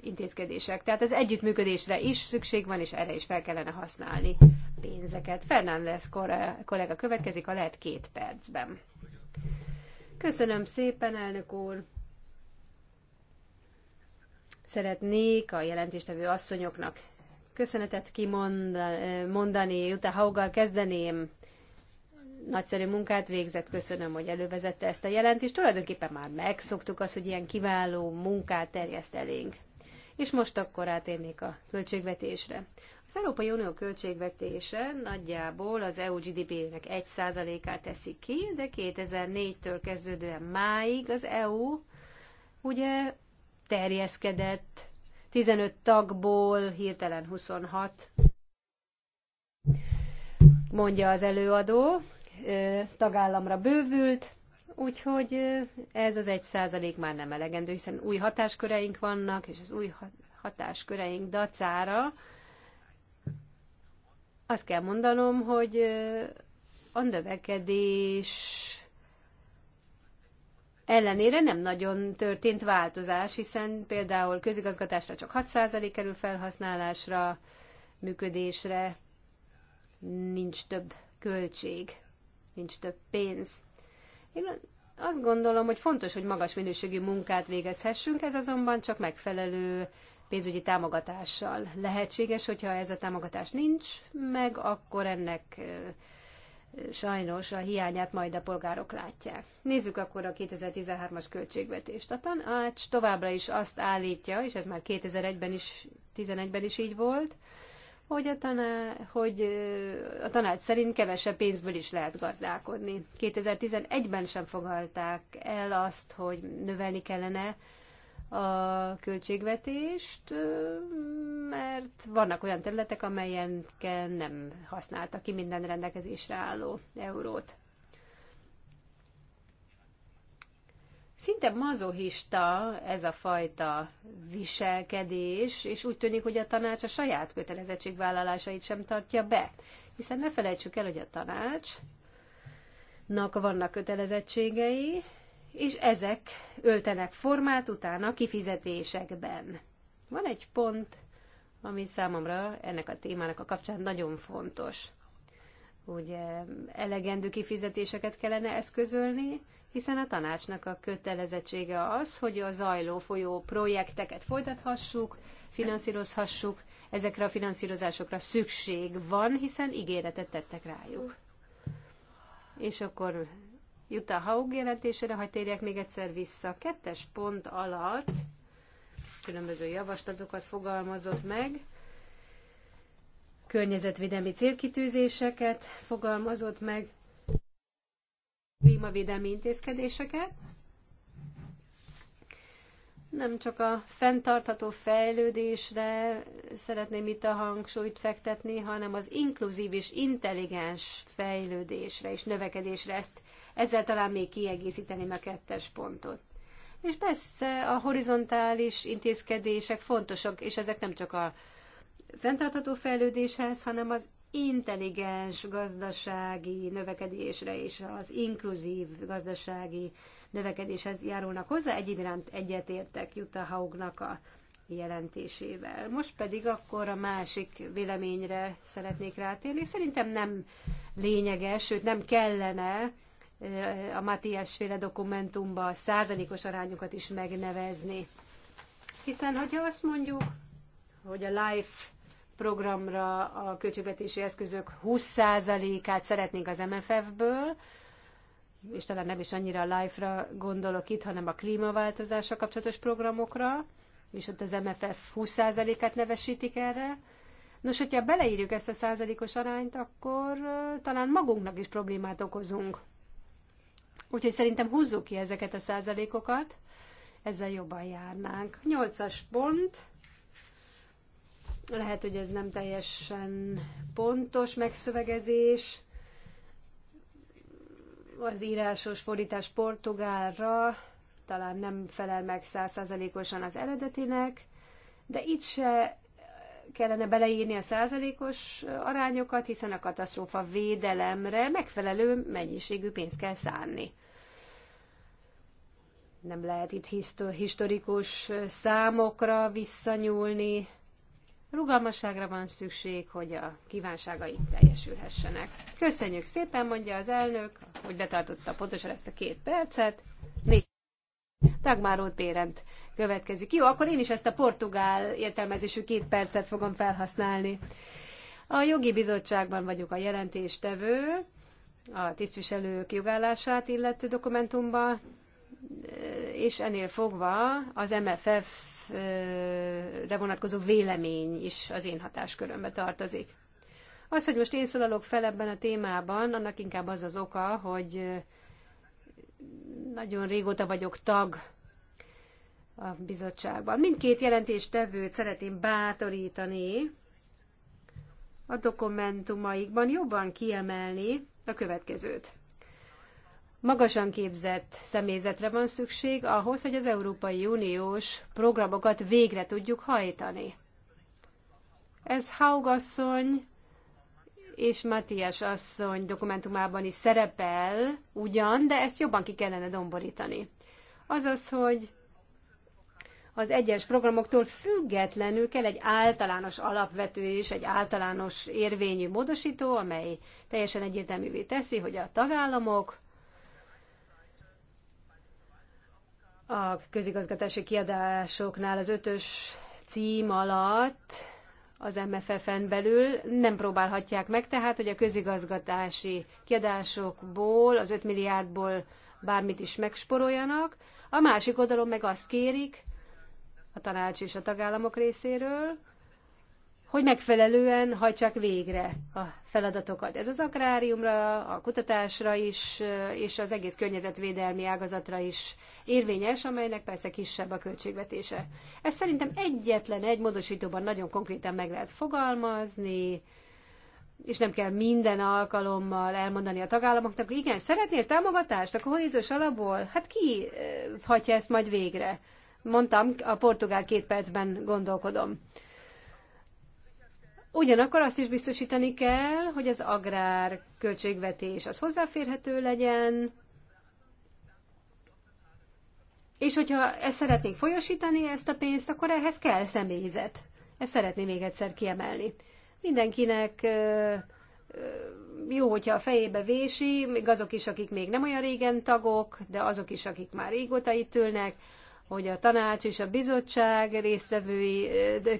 intézkedések. Tehát az együttműködésre is szükség van, és erre is fel kellene használni pénzeket. Fernández kollega következik, ha lehet két percben. Köszönöm szépen, elnök úr! Szeretnék a jelentéstevő asszonyoknak köszönetet kimondani, Jutta Haugal kezdeném, nagyszerű munkát végzett, köszönöm, hogy elővezette ezt a jelentést. Tulajdonképpen már megszoktuk azt, hogy ilyen kiváló munkát terjeszt elénk. És most akkor átérnék a költségvetésre. Az Európai Unió költségvetése nagyjából az EU GDP-nek 1%-át teszi ki, de 2004-től kezdődően máig az EU ugye terjeszkedett 15 tagból hirtelen 26 mondja az előadó, tagállamra bővült, úgyhogy ez az egy százalék már nem elegendő, hiszen új hatásköreink vannak, és az új hatásköreink dacára azt kell mondanom, hogy a növekedés ellenére nem nagyon történt változás, hiszen például közigazgatásra csak 6% kerül felhasználásra, működésre nincs több költség nincs több pénz. Én azt gondolom, hogy fontos, hogy magas minőségű munkát végezhessünk, ez azonban csak megfelelő pénzügyi támogatással lehetséges, hogyha ez a támogatás nincs meg, akkor ennek sajnos a hiányát majd a polgárok látják. Nézzük akkor a 2013-as költségvetést. A tanács továbbra is azt állítja, és ez már 2001-ben is, 11-ben is így volt, hogy a, taná, hogy a tanács szerint kevesebb pénzből is lehet gazdálkodni. 2011-ben sem fogalták el azt, hogy növelni kellene a költségvetést, mert vannak olyan területek, amelyekkel nem használtak ki minden rendelkezésre álló eurót. Szinte mazohista ez a fajta viselkedés, és úgy tűnik, hogy a tanács a saját kötelezettségvállalásait sem tartja be. Hiszen ne felejtsük el, hogy a tanácsnak vannak kötelezettségei, és ezek öltenek formát utána kifizetésekben. Van egy pont, ami számomra ennek a témának a kapcsán nagyon fontos. Ugye elegendő kifizetéseket kellene eszközölni, hiszen a tanácsnak a kötelezettsége az, hogy a zajló folyó projekteket folytathassuk, finanszírozhassuk, ezekre a finanszírozásokra szükség van, hiszen ígéretet tettek rájuk. És akkor jut a Haug jelentésére, ha térjek még egyszer vissza, kettes pont alatt különböző javaslatokat fogalmazott meg, környezetvédelmi célkitűzéseket fogalmazott meg, klímavédelmi intézkedéseket. Nem csak a fenntartható fejlődésre szeretném itt a hangsúlyt fektetni, hanem az inkluzív és intelligens fejlődésre és növekedésre. Ezt, ezzel talán még kiegészíteném a kettes pontot. És persze a horizontális intézkedések fontosak, és ezek nem csak a fenntartható fejlődéshez, hanem az intelligens gazdasági növekedésre és az inkluzív gazdasági növekedéshez járulnak hozzá. Egyéb iránt egyetértek Jutta Haugnak a jelentésével. Most pedig akkor a másik véleményre szeretnék rátérni. Szerintem nem lényeges, sőt nem kellene eh, a Matthias féle dokumentumban a százalékos arányokat is megnevezni. Hiszen, hogyha azt mondjuk, hogy a life programra a költségvetési eszközök 20%-át szeretnénk az MFF-ből, és talán nem is annyira a LIFE-ra gondolok itt, hanem a klímaváltozásra kapcsolatos programokra, és ott az MFF 20%-át nevesítik erre. Nos, hogyha beleírjuk ezt a százalékos arányt, akkor talán magunknak is problémát okozunk. Úgyhogy szerintem húzzuk ki ezeket a százalékokat, ezzel jobban járnánk. 8-as pont, lehet, hogy ez nem teljesen pontos megszövegezés. Az írásos fordítás portugálra talán nem felel meg százszázalékosan az eredetinek, de itt se kellene beleírni a százalékos arányokat, hiszen a katasztrófa védelemre megfelelő mennyiségű pénzt kell szánni. Nem lehet itt historikus számokra visszanyúlni, Rugalmasságra van szükség, hogy a kívánságai teljesülhessenek. Köszönjük szépen, mondja az elnök, hogy betartotta pontosan ezt a két percet. Négy. Dagmar Rót Bérent következik. Jó, akkor én is ezt a portugál értelmezésű két percet fogom felhasználni. A jogi bizottságban vagyok a jelentéstevő, a tisztviselők jogállását illető dokumentumban, és ennél fogva az MFF-re vonatkozó vélemény is az én hatáskörömbe tartozik. Az, hogy most én szólalok fel ebben a témában, annak inkább az az oka, hogy nagyon régóta vagyok tag a bizottságban. Mindkét jelentéstevőt szeretném bátorítani a dokumentumaikban jobban kiemelni a következőt magasan képzett személyzetre van szükség ahhoz, hogy az Európai Uniós programokat végre tudjuk hajtani. Ez Haug asszony és Matthias asszony dokumentumában is szerepel ugyan, de ezt jobban ki kellene domborítani. Azaz, hogy az egyes programoktól függetlenül kell egy általános alapvető és egy általános érvényű módosító, amely teljesen egyértelművé teszi, hogy a tagállamok a közigazgatási kiadásoknál az ötös cím alatt az MFF-en belül nem próbálhatják meg, tehát hogy a közigazgatási kiadásokból, az 5 milliárdból bármit is megsporoljanak. A másik oldalon meg azt kérik, a tanács és a tagállamok részéről, hogy megfelelően hajtsák végre a feladatokat. Ez az agráriumra, a kutatásra is, és az egész környezetvédelmi ágazatra is érvényes, amelynek persze kisebb a költségvetése. Ez szerintem egyetlen egy módosítóban nagyon konkrétan meg lehet fogalmazni, és nem kell minden alkalommal elmondani a tagállamoknak, hogy igen, szeretnél támogatást a kohéziós alapból? Hát ki hagyja ezt majd végre? Mondtam, a portugál két percben gondolkodom. Ugyanakkor azt is biztosítani kell, hogy az agrár költségvetés az hozzáférhető legyen, és hogyha ezt szeretnénk folyosítani, ezt a pénzt, akkor ehhez kell személyzet. Ezt szeretném még egyszer kiemelni. Mindenkinek jó, hogyha a fejébe vési, még azok is, akik még nem olyan régen tagok, de azok is, akik már régóta itt ülnek, hogy a tanács és a bizottság résztvevői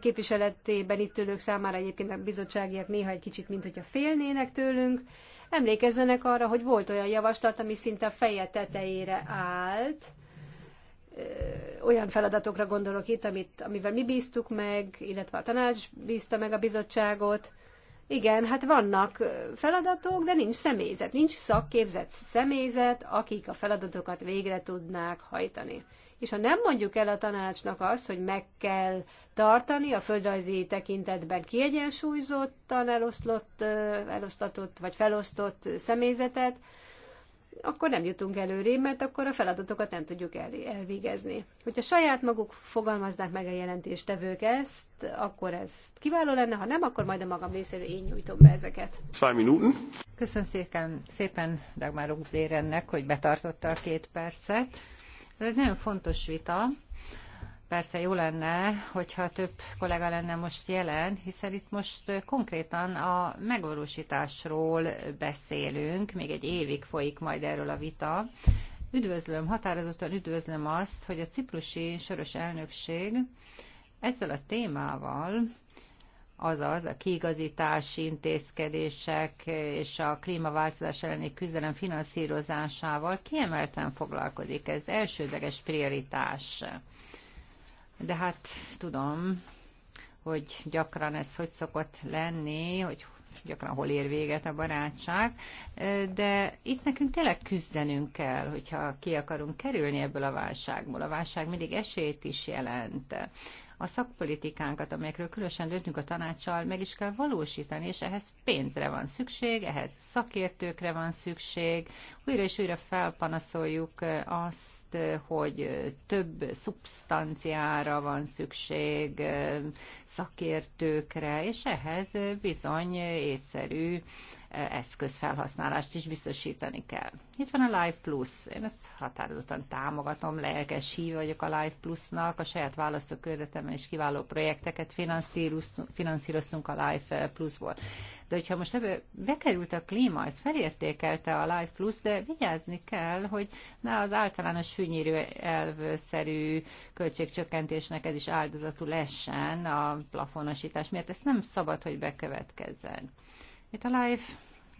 képviseletében itt ülők számára egyébként a bizottságiak néha egy kicsit, mint hogyha félnének tőlünk. Emlékezzenek arra, hogy volt olyan javaslat, ami szinte a feje tetejére állt, olyan feladatokra gondolok itt, amit, amivel mi bíztuk meg, illetve a tanács bízta meg a bizottságot. Igen, hát vannak feladatok, de nincs személyzet, nincs szakképzett személyzet, akik a feladatokat végre tudnák hajtani és ha nem mondjuk el a tanácsnak azt, hogy meg kell tartani a földrajzi tekintetben kiegyensúlyzottan eloszlott, elosztatott vagy felosztott személyzetet, akkor nem jutunk előré, mert akkor a feladatokat nem tudjuk el, elvégezni. Hogyha saját maguk fogalmaznák meg a jelentéstevők ezt, akkor ez kiváló lenne, ha nem, akkor majd a magam részéről én nyújtom be ezeket. Köszönöm szépen, szépen Dagmar Ublérennek, hogy betartotta a két percet. Ez egy nagyon fontos vita. Persze jó lenne, hogyha több kollega lenne most jelen, hiszen itt most konkrétan a megvalósításról beszélünk, még egy évig folyik majd erről a vita. Üdvözlöm, határozottan üdvözlöm azt, hogy a ciprusi soros elnökség ezzel a témával azaz a kiigazítási intézkedések és a klímaváltozás elleni küzdelem finanszírozásával kiemelten foglalkozik. Ez elsődleges prioritás. De hát tudom, hogy gyakran ez hogy szokott lenni, hogy gyakran hol ér véget a barátság, de itt nekünk tényleg küzdenünk kell, hogyha ki akarunk kerülni ebből a válságból. A válság mindig esélyt is jelent a szakpolitikánkat, amelyekről különösen döntünk a tanácssal, meg is kell valósítani, és ehhez pénzre van szükség, ehhez szakértőkre van szükség. Újra és újra felpanaszoljuk azt, hogy több szubstanciára van szükség, szakértőkre, és ehhez bizony észszerű eszközfelhasználást is biztosítani kell. Itt van a Life Plus. Én ezt határozottan támogatom, lelkes hív vagyok a Life Plusnak. A saját választókörletemben is kiváló projekteket finanszíroztunk a Life Plusból. De hogyha most ebbe bekerült a klíma, ez felértékelte a Life Plus, de vigyázni kell, hogy ne az általános fűnyírő elvszerű költségcsökkentésnek ez is áldozatul essen a plafonosítás miért. Ezt nem szabad, hogy bekövetkezzen. Itt a LIFE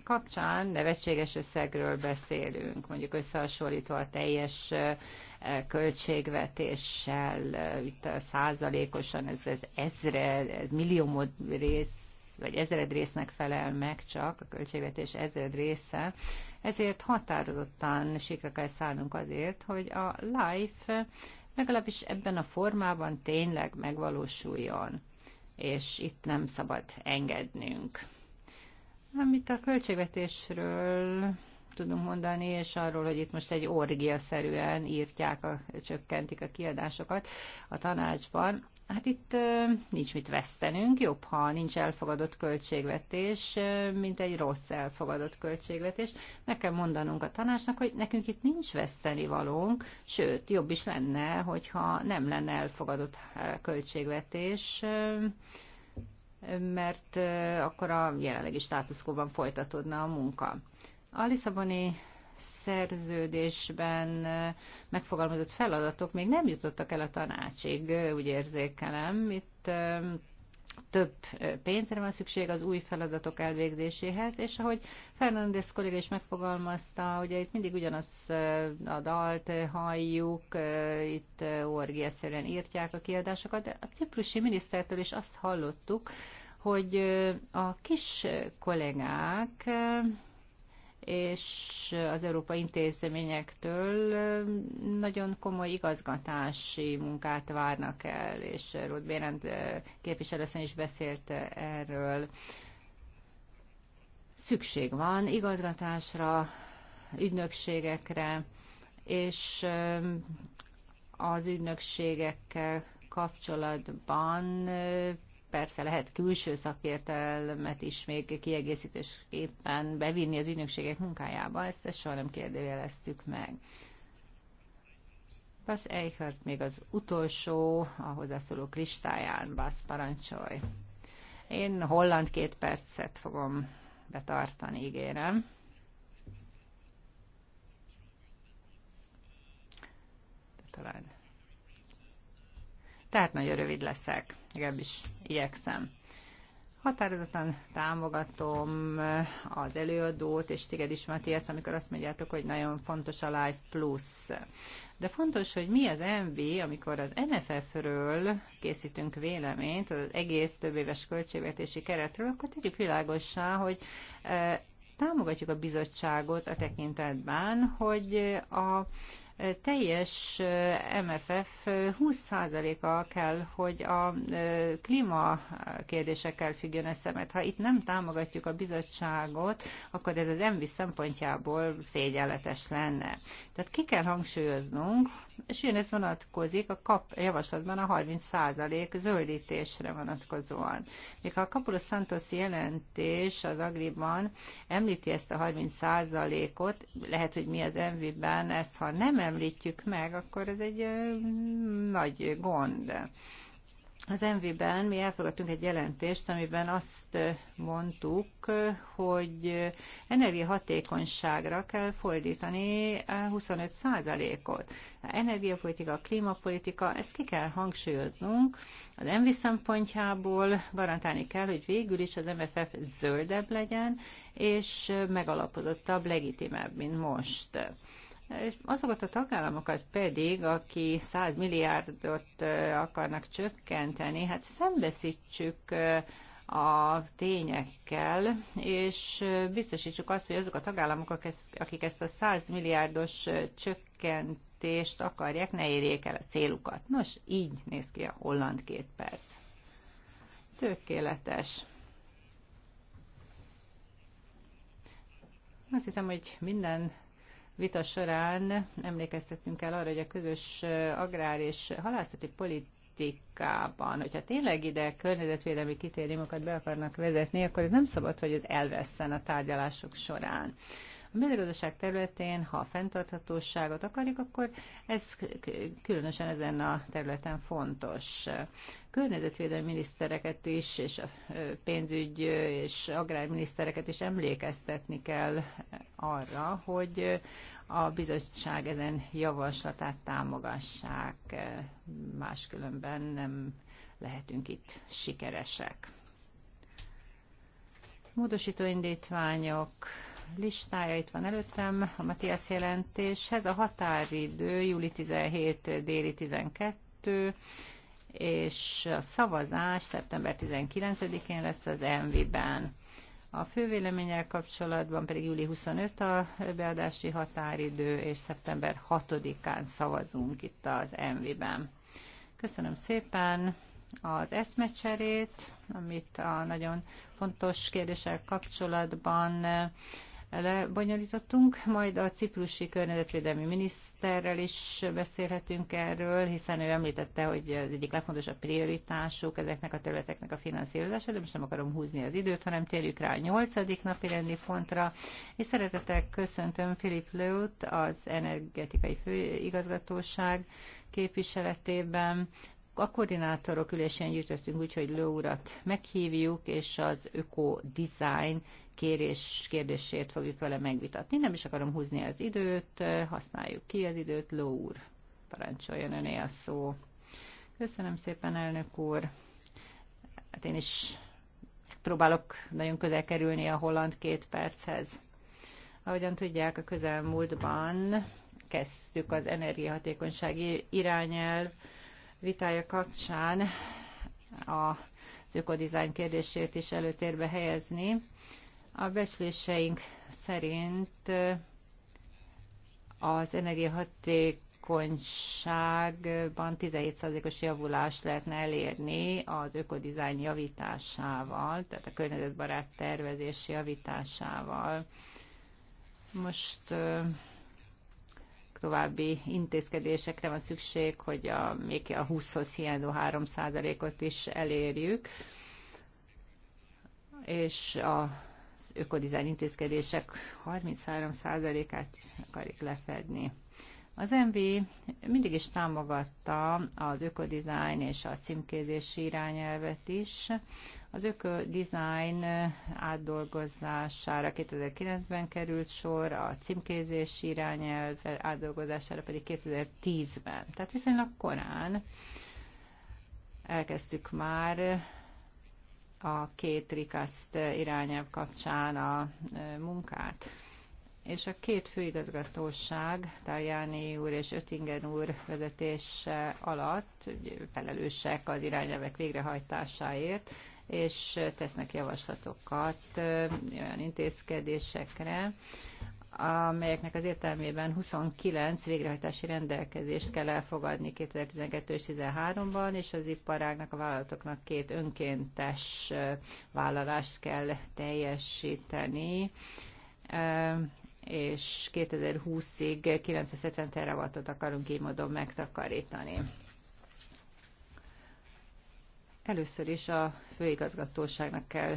kapcsán nevetséges összegről beszélünk, mondjuk összehasonlítva a teljes eh, költségvetéssel, eh, itt százalékosan ez, ez ezre, ez milliómod rész, vagy ezred résznek felel meg csak, a költségvetés ezred része, ezért határozottan sikra kell szállnunk azért, hogy a LIFE eh, legalábbis ebben a formában tényleg megvalósuljon, és itt nem szabad engednünk. Amit a költségvetésről tudunk mondani, és arról, hogy itt most egy orgiaszerűen írtják, a, csökkentik a kiadásokat a tanácsban. Hát itt nincs mit vesztenünk, jobb, ha nincs elfogadott költségvetés, mint egy rossz elfogadott költségvetés. Meg kell mondanunk a tanácsnak, hogy nekünk itt nincs vesztenivalónk, sőt, jobb is lenne, hogyha nem lenne elfogadott költségvetés, mert akkor a jelenlegi státuszkóban folytatódna a munka. A Lisszaboni szerződésben megfogalmazott feladatok még nem jutottak el a tanácsig, úgy érzékelem. Itt több pénzre van szükség az új feladatok elvégzéséhez, és ahogy Fernandez kolléga is megfogalmazta, ugye itt mindig ugyanaz a dalt halljuk, itt orgiaszerűen írtják a kiadásokat, de a ciprusi minisztertől is azt hallottuk, hogy a kis kollégák és az európai intézményektől nagyon komoly igazgatási munkát várnak el, és Ruth Bérend képviselőszen is beszélt erről. Szükség van igazgatásra, ügynökségekre, és az ügynökségekkel kapcsolatban persze lehet külső szakértelmet is még kiegészítésképpen bevinni az ügynökségek munkájába, ezt, ezt soha nem kérdőjeleztük meg. Bas Eichert még az utolsó, a hozzászóló Kristályán, Bas parancsolj. Én holland két percet fogom betartani, ígérem. De talán. Tehát nagyon rövid leszek legalábbis igyekszem. Határozottan támogatom eh, az előadót, és téged is, Matthias, amikor azt mondjátok, hogy nagyon fontos a Life Plus. De fontos, hogy mi az MV, amikor az nff ről készítünk véleményt, az egész több éves költségvetési keretről, akkor tegyük világossá, hogy eh, támogatjuk a bizottságot a tekintetben, hogy a teljes eh, MFF 20%-a eh, kell, hogy a eh, klíma függjön össze, mert ha itt nem támogatjuk a bizottságot, akkor ez az MV szempontjából szégyenletes lenne. Tehát ki kell hangsúlyoznunk, és ugyanez vonatkozik a kap javaslatban a 30% zöldítésre vonatkozóan. Még ha a kapuló Santos jelentés az Agriban említi ezt a 30%-ot, lehet, hogy mi az MV-ben ezt, ha nem említjük meg, akkor ez egy nagy gond. Az MV-ben mi elfogadtunk egy jelentést, amiben azt mondtuk, hogy energiahatékonyságra kell fordítani 25%-ot. Energiapolitika, klímapolitika, ezt ki kell hangsúlyoznunk. Az MV szempontjából garantálni kell, hogy végül is az MFF zöldebb legyen, és megalapozottabb, legitimebb, mint most és azokat a tagállamokat pedig, aki 100 milliárdot akarnak csökkenteni, hát szembeszítsük a tényekkel, és biztosítsuk azt, hogy azok a tagállamok, akik ezt a 100 milliárdos csökkentést akarják, ne érjék el a célukat. Nos, így néz ki a holland két perc. Tökéletes. Azt hiszem, hogy minden vita során emlékeztetünk el arra, hogy a közös agrár és halászati politikában, hogyha tényleg ide környezetvédelmi kritériumokat be akarnak vezetni, akkor ez nem szabad, hogy ez elveszten a tárgyalások során. A mezőgazdaság területén, ha a fenntarthatóságot akarjuk, akkor ez különösen ezen a területen fontos. Környezetvédelmi minisztereket is, és a pénzügy és agrárminisztereket is emlékeztetni kell arra, hogy a bizottság ezen javaslatát támogassák, máskülönben nem lehetünk itt sikeresek. Módosító indítványok listája itt van előttem, a Matthias jelentéshez. A határidő júli 17 déli 12, és a szavazás szeptember 19-én lesz az MV-ben. A fővéleménnyel kapcsolatban pedig júli 25 a beadási határidő, és szeptember 6-án szavazunk itt az MV-ben. Köszönöm szépen az eszmecserét, amit a nagyon fontos kérdéssel kapcsolatban lebonyolítottunk. Majd a ciprusi környezetvédelmi miniszterrel is beszélhetünk erről, hiszen ő említette, hogy az egyik legfontosabb prioritásuk ezeknek a területeknek a finanszírozása, de most nem akarom húzni az időt, hanem térjük rá a nyolcadik napi rendi pontra. És szeretettel köszöntöm Philip Lőt, az energetikai főigazgatóság képviseletében, a koordinátorok ülésén gyűjtöttünk úgy, hogy Lő urat meghívjuk, és az öko design kérés, kérdését fogjuk vele megvitatni. Nem is akarom húzni az időt, használjuk ki az időt. Ló úr, parancsoljon öné a szó. Köszönöm szépen, elnök úr. Hát én is próbálok nagyon közel kerülni a holland két perchez. Ahogyan tudják, a közelmúltban kezdtük az energiahatékonysági irányelv vitája kapcsán a ökodizájn kérdését is előtérbe helyezni. A becsléseink szerint eh, az energiahatékonyságban 17%-os javulást lehetne elérni az ökodizájn javításával, tehát a környezetbarát tervezés javításával. Most eh, további intézkedésekre van szükség, hogy a, még a 20-hoz hiányzó 3%-ot is elérjük, és a ökodizájn intézkedések 33%-át akarik lefedni. Az MV mindig is támogatta az ökodizájn és a címkézési irányelvet is. Az ökodizájn átdolgozására 2009-ben került sor, a címkézési irányelv átdolgozására pedig 2010-ben. Tehát viszonylag korán elkezdtük már a két rikaszt eh, irányelv kapcsán a eh, munkát. És a két főigazgatóság, Tajani úr és Ötingen úr vezetése alatt felelősek az irányelvek végrehajtásáért, és tesznek javaslatokat eh, olyan intézkedésekre, amelyeknek az értelmében 29 végrehajtási rendelkezést kell elfogadni 2012 és 2013-ban, és az iparágnak, a vállalatoknak két önkéntes vállalást kell teljesíteni és 2020-ig 970 terawattot akarunk így módon megtakarítani. Először is a főigazgatóságnak kell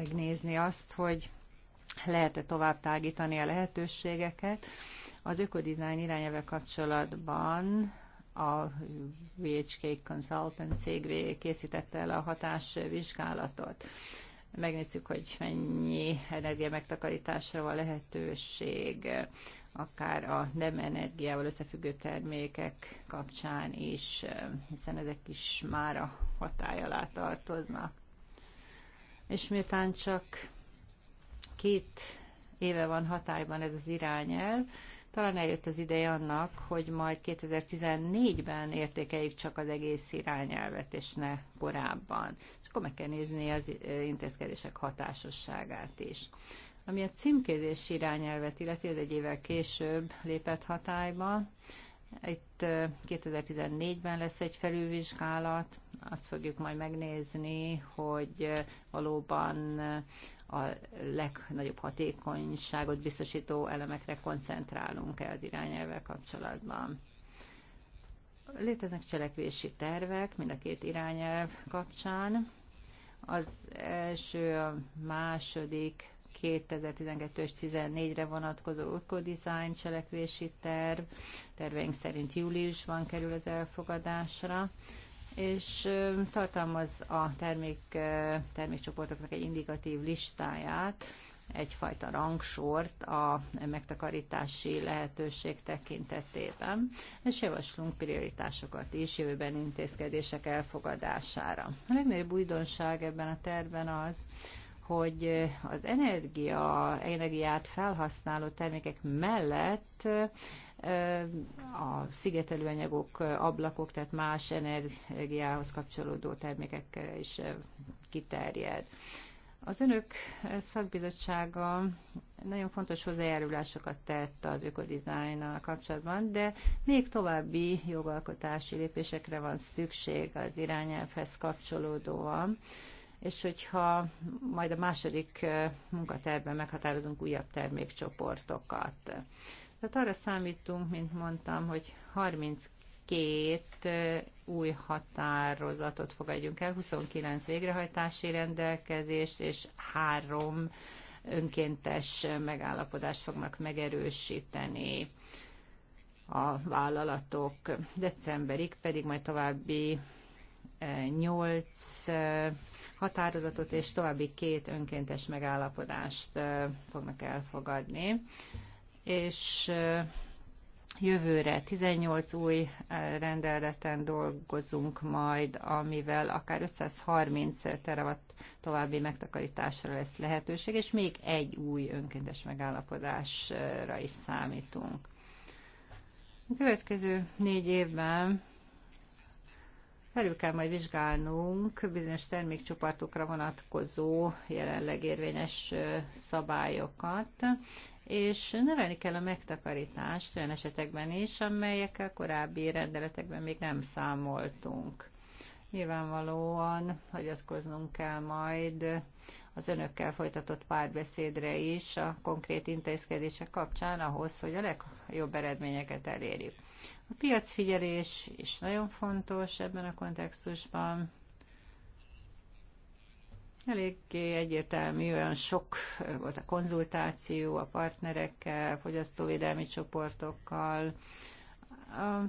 megnézni azt, hogy lehet-e tovább tágítani a lehetőségeket. Az ökodizájn irányelve kapcsolatban a VHK Consultant cég készítette el a hatásvizsgálatot. Megnézzük, hogy mennyi energia megtakarításra van lehetőség, akár a nem energiával összefüggő termékek kapcsán is, hiszen ezek is már a hatály alá tartoznak. És miután csak két éve van hatályban ez az irányelv, talán eljött az ideje annak, hogy majd 2014-ben értékeljük csak az egész irányelvet, és ne korábban. És akkor meg kell nézni az intézkedések hatásosságát is. Ami a címkézés irányelvet illeti, ez egy évvel később lépett hatályba. Itt 2014-ben lesz egy felülvizsgálat, azt fogjuk majd megnézni, hogy valóban a legnagyobb hatékonyságot biztosító elemekre koncentrálunk-e az irányelvvel kapcsolatban. Léteznek cselekvési tervek mind a két irányelv kapcsán. Az első, a második 2012 és 2014-re vonatkozó ökodizájn cselekvési terv. Terveink szerint júliusban kerül az elfogadásra és tartalmaz a termék, termékcsoportoknak egy indikatív listáját, egyfajta rangsort a megtakarítási lehetőség tekintetében, és javaslunk prioritásokat is jövőben intézkedések elfogadására. A legnagyobb újdonság ebben a tervben az, hogy az energia, energiát felhasználó termékek mellett a szigetelőanyagok, ablakok, tehát más energiához kapcsolódó termékekre is kiterjed. Az önök szakbizottsága nagyon fontos hozzájárulásokat tett az ökodizájnnal kapcsolatban, de még további jogalkotási lépésekre van szükség az irányelvhez kapcsolódóan és hogyha majd a második munkatervben meghatározunk újabb termékcsoportokat. Tehát arra számítunk, mint mondtam, hogy 32 új határozatot fogadjunk el, 29 végrehajtási rendelkezést és három önkéntes megállapodást fognak megerősíteni a vállalatok. Decemberig pedig majd további 8 határozatot és további két önkéntes megállapodást fognak elfogadni és jövőre 18 új rendeleten dolgozunk majd, amivel akár 530 teravat további megtakarításra lesz lehetőség, és még egy új önkéntes megállapodásra is számítunk. A következő négy évben felül kell majd vizsgálnunk bizonyos termékcsoportokra vonatkozó jelenleg érvényes szabályokat, és növelni kell a megtakarítást olyan esetekben is, amelyekkel korábbi rendeletekben még nem számoltunk. Nyilvánvalóan hagyatkoznunk kell majd az önökkel folytatott párbeszédre is a konkrét intézkedések kapcsán ahhoz, hogy a legjobb eredményeket elérjük. A piacfigyelés is nagyon fontos ebben a kontextusban. Eléggé egyértelmű, olyan sok volt a konzultáció a partnerekkel, fogyasztóvédelmi csoportokkal, a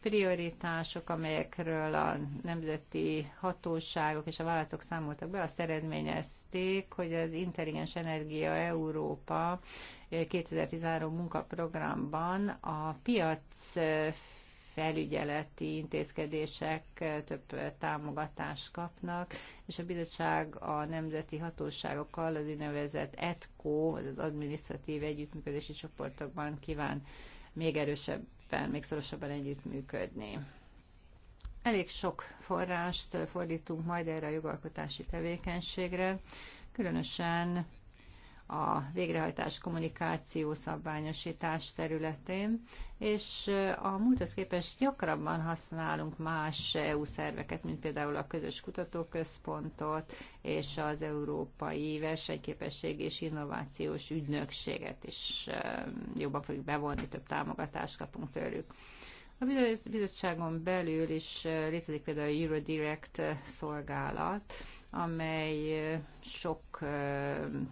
prioritások, amelyekről a nemzeti hatóságok és a vállalatok számoltak be, azt eredményezték, hogy az Intelligens Energia Európa 2013 munkaprogramban a piac felügyeleti intézkedések több támogatást kapnak, és a bizottság a nemzeti hatóságokkal az úgynevezett ETCO, az administratív együttműködési csoportokban kíván még erősebben, még szorosabban együttműködni. Elég sok forrást fordítunk majd erre a jogalkotási tevékenységre, különösen a végrehajtás kommunikáció szabványosítás területén, és a múlthoz képest gyakrabban használunk más EU szerveket, mint például a Közös Kutatóközpontot és az Európai Versenyképesség és Innovációs Ügynökséget is ehm, jobban fogjuk bevonni, több támogatást kapunk tőlük. A bizottságon belül is eh, létezik például a Eurodirect szolgálat, amely eh, sok ehm,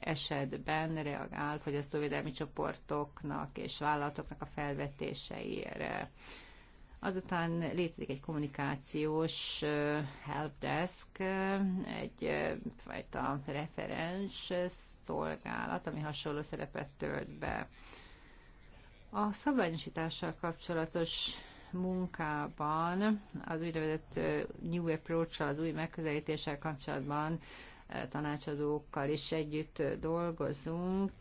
esetben reagál fogyasztóvédelmi csoportoknak és vállalatoknak a felvetéseire. Azután létezik egy kommunikációs helpdesk, egy fajta referens szolgálat, ami hasonló szerepet tölt be. A szabványosítással kapcsolatos munkában az úgynevezett New approach az új megközelítéssel kapcsolatban tanácsadókkal is együtt dolgozunk,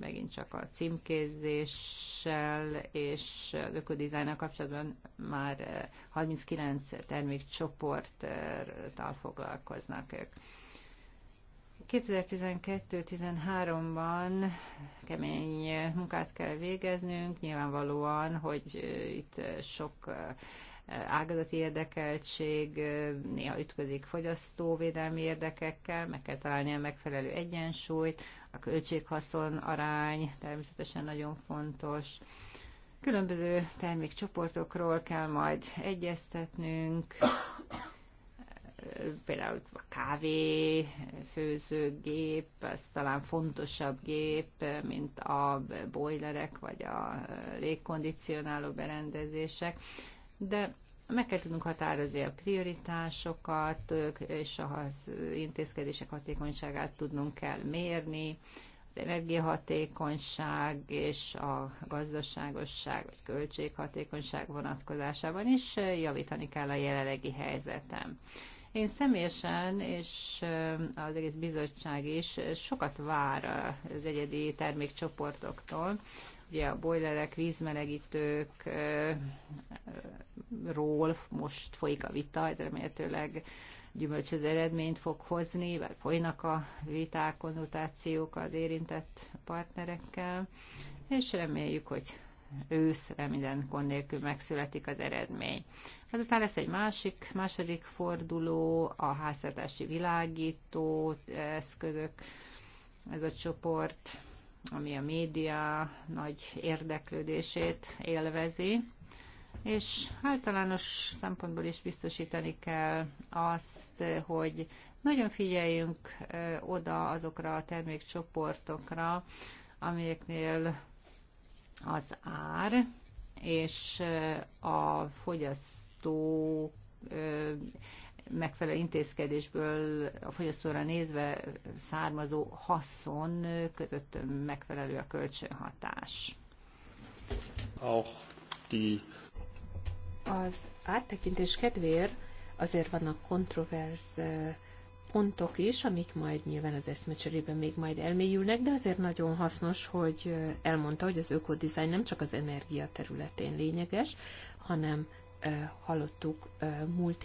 megint csak a címkézéssel és az ökodizájnnal kapcsolatban már 39 termékcsoporttal foglalkoznak ők. 2012-13-ban kemény munkát kell végeznünk, nyilvánvalóan, hogy itt sok ágazati érdekeltség néha ütközik fogyasztóvédelmi érdekekkel, meg kell találni a megfelelő egyensúlyt, a költséghaszon arány természetesen nagyon fontos. Különböző termékcsoportokról kell majd egyeztetnünk, például a kávé, főzőgép, ez talán fontosabb gép, mint a bojlerek vagy a légkondicionáló berendezések de meg kell tudnunk határozni a prioritásokat, és az intézkedések hatékonyságát tudnunk kell mérni, az energiahatékonyság és a gazdaságosság vagy költséghatékonyság vonatkozásában is javítani kell a jelenlegi helyzetem. Én személyesen és az egész bizottság is sokat vár az egyedi termékcsoportoktól, Ugye a bojlerek, vízmelegítők ról most folyik a vita, ez remélhetőleg gyümölcsöző eredményt fog hozni, mert folynak a viták, konzultációk az érintett partnerekkel, és reméljük, hogy őszre minden gond nélkül megszületik az eredmény. Azután lesz egy másik, második forduló, a háztartási világító eszközök, ez a csoport, ami a média nagy érdeklődését élvezi, és általános szempontból is biztosítani kell azt, hogy nagyon figyeljünk oda azokra a termékcsoportokra, amelyeknél az ár és a fogyasztó megfelelő intézkedésből a fogyasztóra nézve származó haszon között megfelelő a kölcsönhatás. Auch die... Az áttekintés kedvéért azért vannak kontroverz pontok is, amik majd nyilván az eszmecserében még majd elmélyülnek, de azért nagyon hasznos, hogy elmondta, hogy az ökodizájn nem csak az energia területén lényeges, hanem hallottuk múlt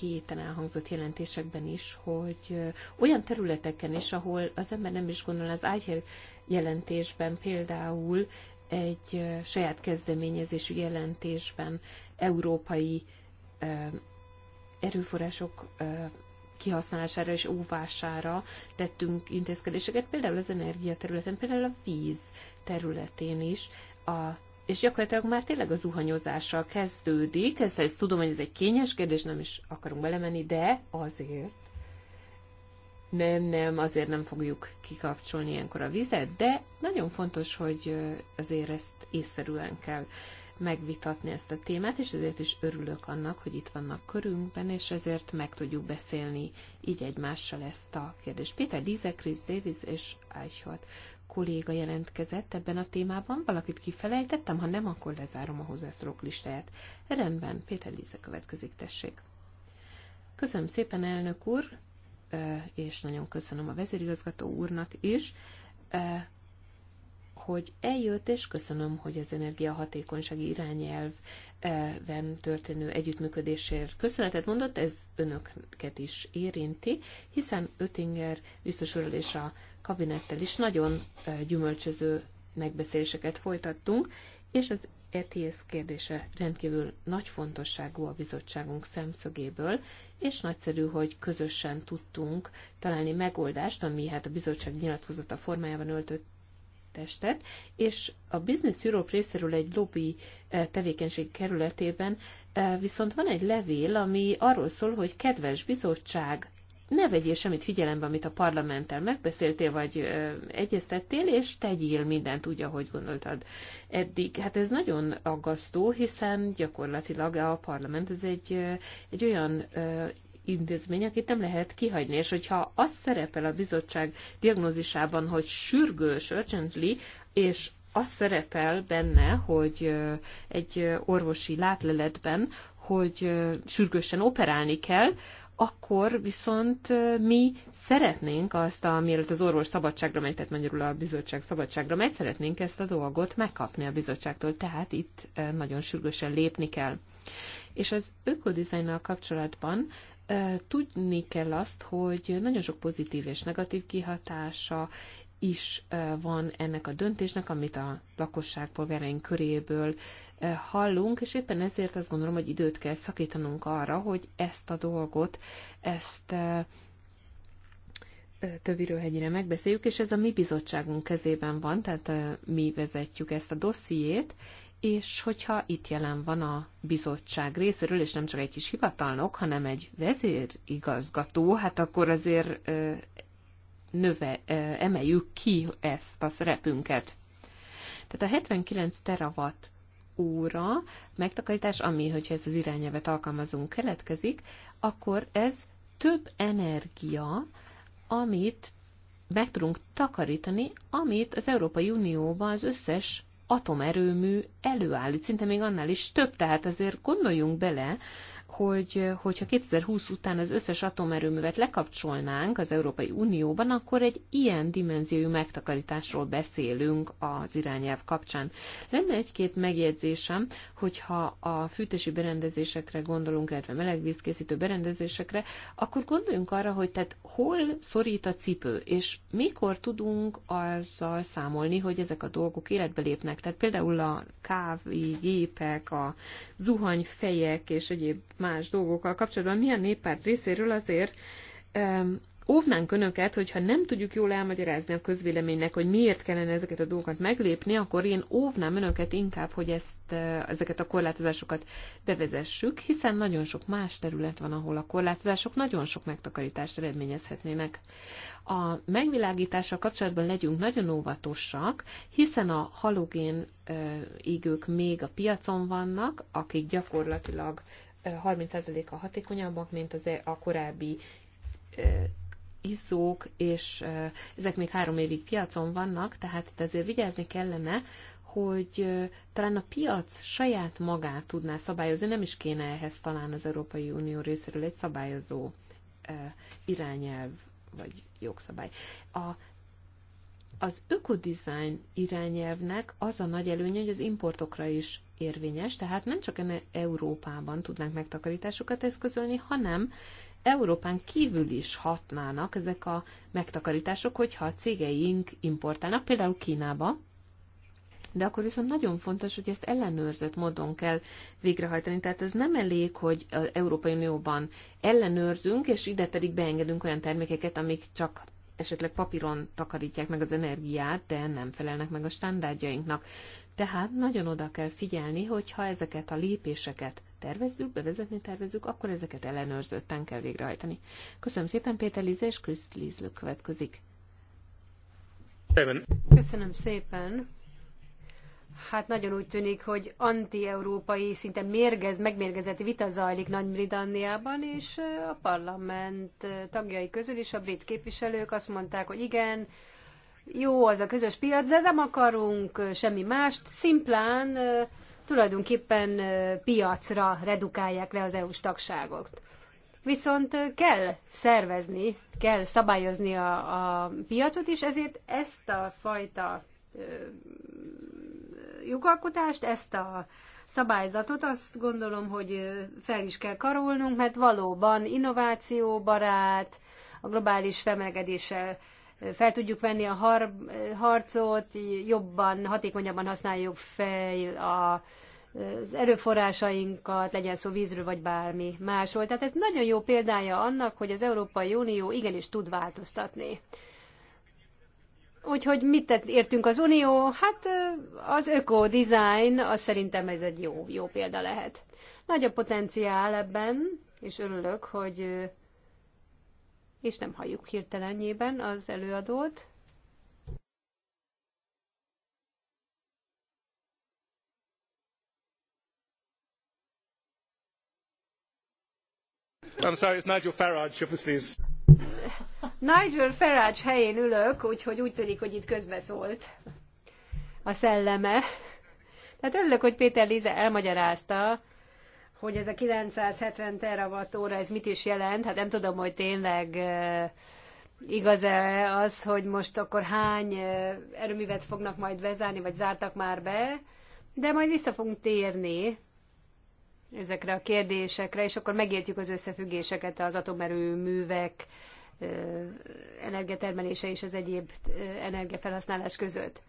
héten elhangzott jelentésekben is, hogy olyan területeken is, ahol az ember nem is gondol, az ágyhel jelentésben például egy saját kezdeményezésű jelentésben európai erőforrások kihasználására és óvására tettünk intézkedéseket, például az energia területen, például a víz területén is a és gyakorlatilag már tényleg a zuhanyozással kezdődik. Ezt, ezt tudom, hogy ez egy kényes kérdés, nem is akarunk belemenni, de azért nem, nem, azért nem fogjuk kikapcsolni ilyenkor a vizet, de nagyon fontos, hogy azért ezt észszerűen kell megvitatni ezt a témát, és ezért is örülök annak, hogy itt vannak körünkben, és ezért meg tudjuk beszélni így egymással ezt a kérdést. Péter Lize, Chris Davis és Eichhardt kolléga jelentkezett ebben a témában. Valakit kifelejtettem, ha nem, akkor lezárom a hozzászólók listáját. Rendben, Péter Líze következik, tessék. Köszönöm szépen, elnök úr, és nagyon köszönöm a vezérigazgató úrnak is, hogy eljött, és köszönöm, hogy az energiahatékonysági irányelvben történő együttműködésért köszönetet mondott, ez önöket is érinti, hiszen Ötinger biztos és a kabinettel is nagyon gyümölcsöző megbeszéléseket folytattunk, és az ETS kérdése rendkívül nagy fontosságú a bizottságunk szemszögéből, és nagyszerű, hogy közösen tudtunk találni megoldást, ami hát a bizottság nyilatkozata formájában öltött testet, és a Business Europe részéről egy lobby tevékenység kerületében viszont van egy levél, ami arról szól, hogy kedves bizottság, ne vegyél semmit figyelembe, amit a parlamenttel megbeszéltél, vagy ö, egyeztettél, és tegyél mindent úgy, ahogy gondoltad eddig. Hát ez nagyon aggasztó, hiszen gyakorlatilag a parlament ez egy, egy olyan ö, intézmény, akit nem lehet kihagyni, és hogyha az szerepel a bizottság diagnózisában, hogy sürgős, urgently, és az szerepel benne, hogy egy orvosi látleletben, hogy sürgősen operálni kell, akkor viszont mi szeretnénk azt, a, mielőtt az orvos szabadságra megy, tehát magyarul a bizottság szabadságra megy, szeretnénk ezt a dolgot megkapni a bizottságtól, tehát itt nagyon sürgősen lépni kell. És az ökodizájnnal kapcsolatban tudni kell azt, hogy nagyon sok pozitív és negatív kihatása is van ennek a döntésnek, amit a lakosság polgáraink köréből hallunk, és éppen ezért azt gondolom, hogy időt kell szakítanunk arra, hogy ezt a dolgot, ezt Tövirőhegyre megbeszéljük, és ez a mi bizottságunk kezében van, tehát mi vezetjük ezt a dossziét, és hogyha itt jelen van a bizottság részéről, és nem csak egy kis hivatalnok, hanem egy vezérigazgató, hát akkor azért növe, emeljük ki ezt a szerepünket. Tehát a 79 terawatt óra megtakarítás, ami, hogyha ez az irányelvet alkalmazunk, keletkezik, akkor ez több energia, amit meg tudunk takarítani, amit az Európai Unióban az összes atomerőmű előállít, szinte még annál is több, tehát azért gondoljunk bele, hogy hogyha 2020 után az összes atomerőművet lekapcsolnánk az Európai Unióban, akkor egy ilyen dimenziójú megtakarításról beszélünk az irányelv kapcsán. Lenne egy-két megjegyzésem, hogyha a fűtési berendezésekre gondolunk, illetve melegvízkészítő berendezésekre, akkor gondoljunk arra, hogy tehát hol szorít a cipő, és mikor tudunk azzal számolni, hogy ezek a dolgok életbe lépnek. Tehát például a gépek, a zuhanyfejek és egyéb más dolgokkal kapcsolatban mi a néppárt részéről azért óvnánk önöket, hogyha nem tudjuk jól elmagyarázni a közvéleménynek, hogy miért kellene ezeket a dolgokat meglépni, akkor én óvnám önöket inkább, hogy ezt, eh, ezeket a korlátozásokat bevezessük, hiszen nagyon sok más terület van, ahol a korlátozások nagyon sok megtakarítást eredményezhetnének. A megvilágítással kapcsolatban legyünk nagyon óvatosak, hiszen a halogén égők eh, még a piacon vannak, akik gyakorlatilag 30%-a hatékonyabbak, mint az e- a korábbi iszók, és ezek még három évig piacon vannak, tehát itt azért vigyázni kellene, hogy talán a piac saját magát tudná szabályozni, nem is kéne ehhez talán az Európai Unió részéről egy szabályozó irányelv vagy jogszabály. A az ökodizájn irányelvnek az a nagy előnye, hogy az importokra is érvényes, tehát nem csak Európában tudnánk megtakarításokat eszközölni, hanem Európán kívül is hatnának ezek a megtakarítások, hogyha a cégeink importálnak, például Kínába, de akkor viszont nagyon fontos, hogy ezt ellenőrzött módon kell végrehajtani. Tehát ez nem elég, hogy az Európai Unióban ellenőrzünk, és ide pedig beengedünk olyan termékeket, amik csak esetleg papíron takarítják meg az energiát, de nem felelnek meg a standardjainknak. Tehát nagyon oda kell figyelni, ha ezeket a lépéseket tervezzük, bevezetni tervezzük, akkor ezeket ellenőrzötten kell végrehajtani. Köszönöm szépen, Péter Lize és Kriszt következik. Köszönöm szépen hát nagyon úgy tűnik, hogy anti-európai, szinte mérgez, megmérgezett vita zajlik Nagy-Britanniában, és a parlament tagjai közül is a brit képviselők azt mondták, hogy igen, jó az a közös piac, de nem akarunk semmi mást, szimplán tulajdonképpen piacra redukálják le az EU-s tagságot. Viszont kell szervezni, kell szabályozni a, a piacot is, ezért ezt a fajta jogalkotást, ezt a szabályzatot azt gondolom, hogy fel is kell karolnunk, mert valóban innováció barát, a globális felmelegedéssel fel tudjuk venni a har- harcot, jobban, hatékonyabban használjuk fel a, az erőforrásainkat, legyen szó vízről vagy bármi másról. Tehát ez nagyon jó példája annak, hogy az Európai Unió igenis tud változtatni. Úgyhogy mit tett, értünk az Unió? Hát az öko-design, az szerintem ez egy jó, jó példa lehet. Nagy a potenciál ebben, és örülök, hogy és nem halljuk hirtelenjében az előadót. I'm sorry, it's Nigel Farage, obviously. Nigel Farage helyén ülök, úgyhogy úgy tűnik, hogy itt közbeszólt a szelleme. Tehát örülök, hogy Péter Lize elmagyarázta, hogy ez a 970 óra, ez mit is jelent. Hát nem tudom, hogy tényleg igaz-e az, hogy most akkor hány erőművet fognak majd vezárni, vagy zártak már be, de majd vissza fogunk térni ezekre a kérdésekre, és akkor megértjük az összefüggéseket az atomerőművek energiatermelése és az egyéb energiafelhasználás között.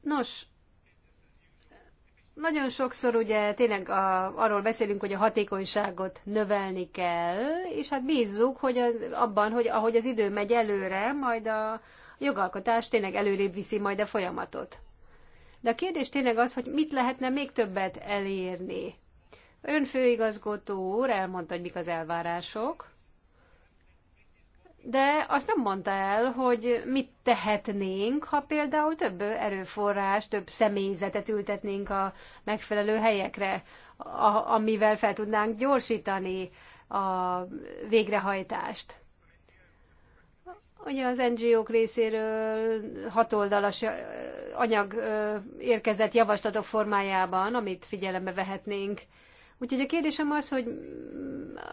Nos, nagyon sokszor ugye tényleg a, arról beszélünk, hogy a hatékonyságot növelni kell, és hát bízzuk hogy az, abban, hogy ahogy az idő megy előre, majd a jogalkotás tényleg előrébb viszi majd a folyamatot. De a kérdés tényleg az, hogy mit lehetne még többet elérni Ön főigazgató úr elmondta, hogy mik az elvárások, de azt nem mondta el, hogy mit tehetnénk, ha például több erőforrás, több személyzetet ültetnénk a megfelelő helyekre, a, amivel fel tudnánk gyorsítani a végrehajtást. Ugye az NGO-k részéről hatoldalas anyag érkezett javaslatok formájában, amit figyelembe vehetnénk. Úgyhogy a kérdésem az, hogy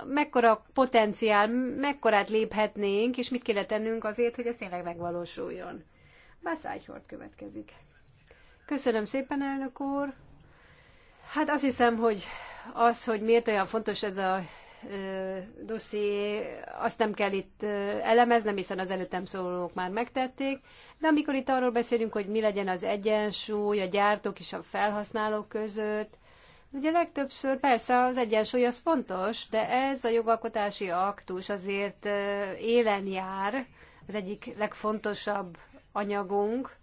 mekkora potenciál, mekkorát léphetnénk, és mit kéne tennünk azért, hogy ez tényleg megvalósuljon. Bászágyhort következik. Köszönöm szépen, elnök úr. Hát azt hiszem, hogy az, hogy miért olyan fontos ez a doszi, azt nem kell itt elemeznem, hiszen az előttem szólók már megtették, de amikor itt arról beszélünk, hogy mi legyen az egyensúly a gyártók és a felhasználók között, Ugye legtöbbször persze az egyensúly az fontos, de ez a jogalkotási aktus azért élen jár, az egyik legfontosabb anyagunk.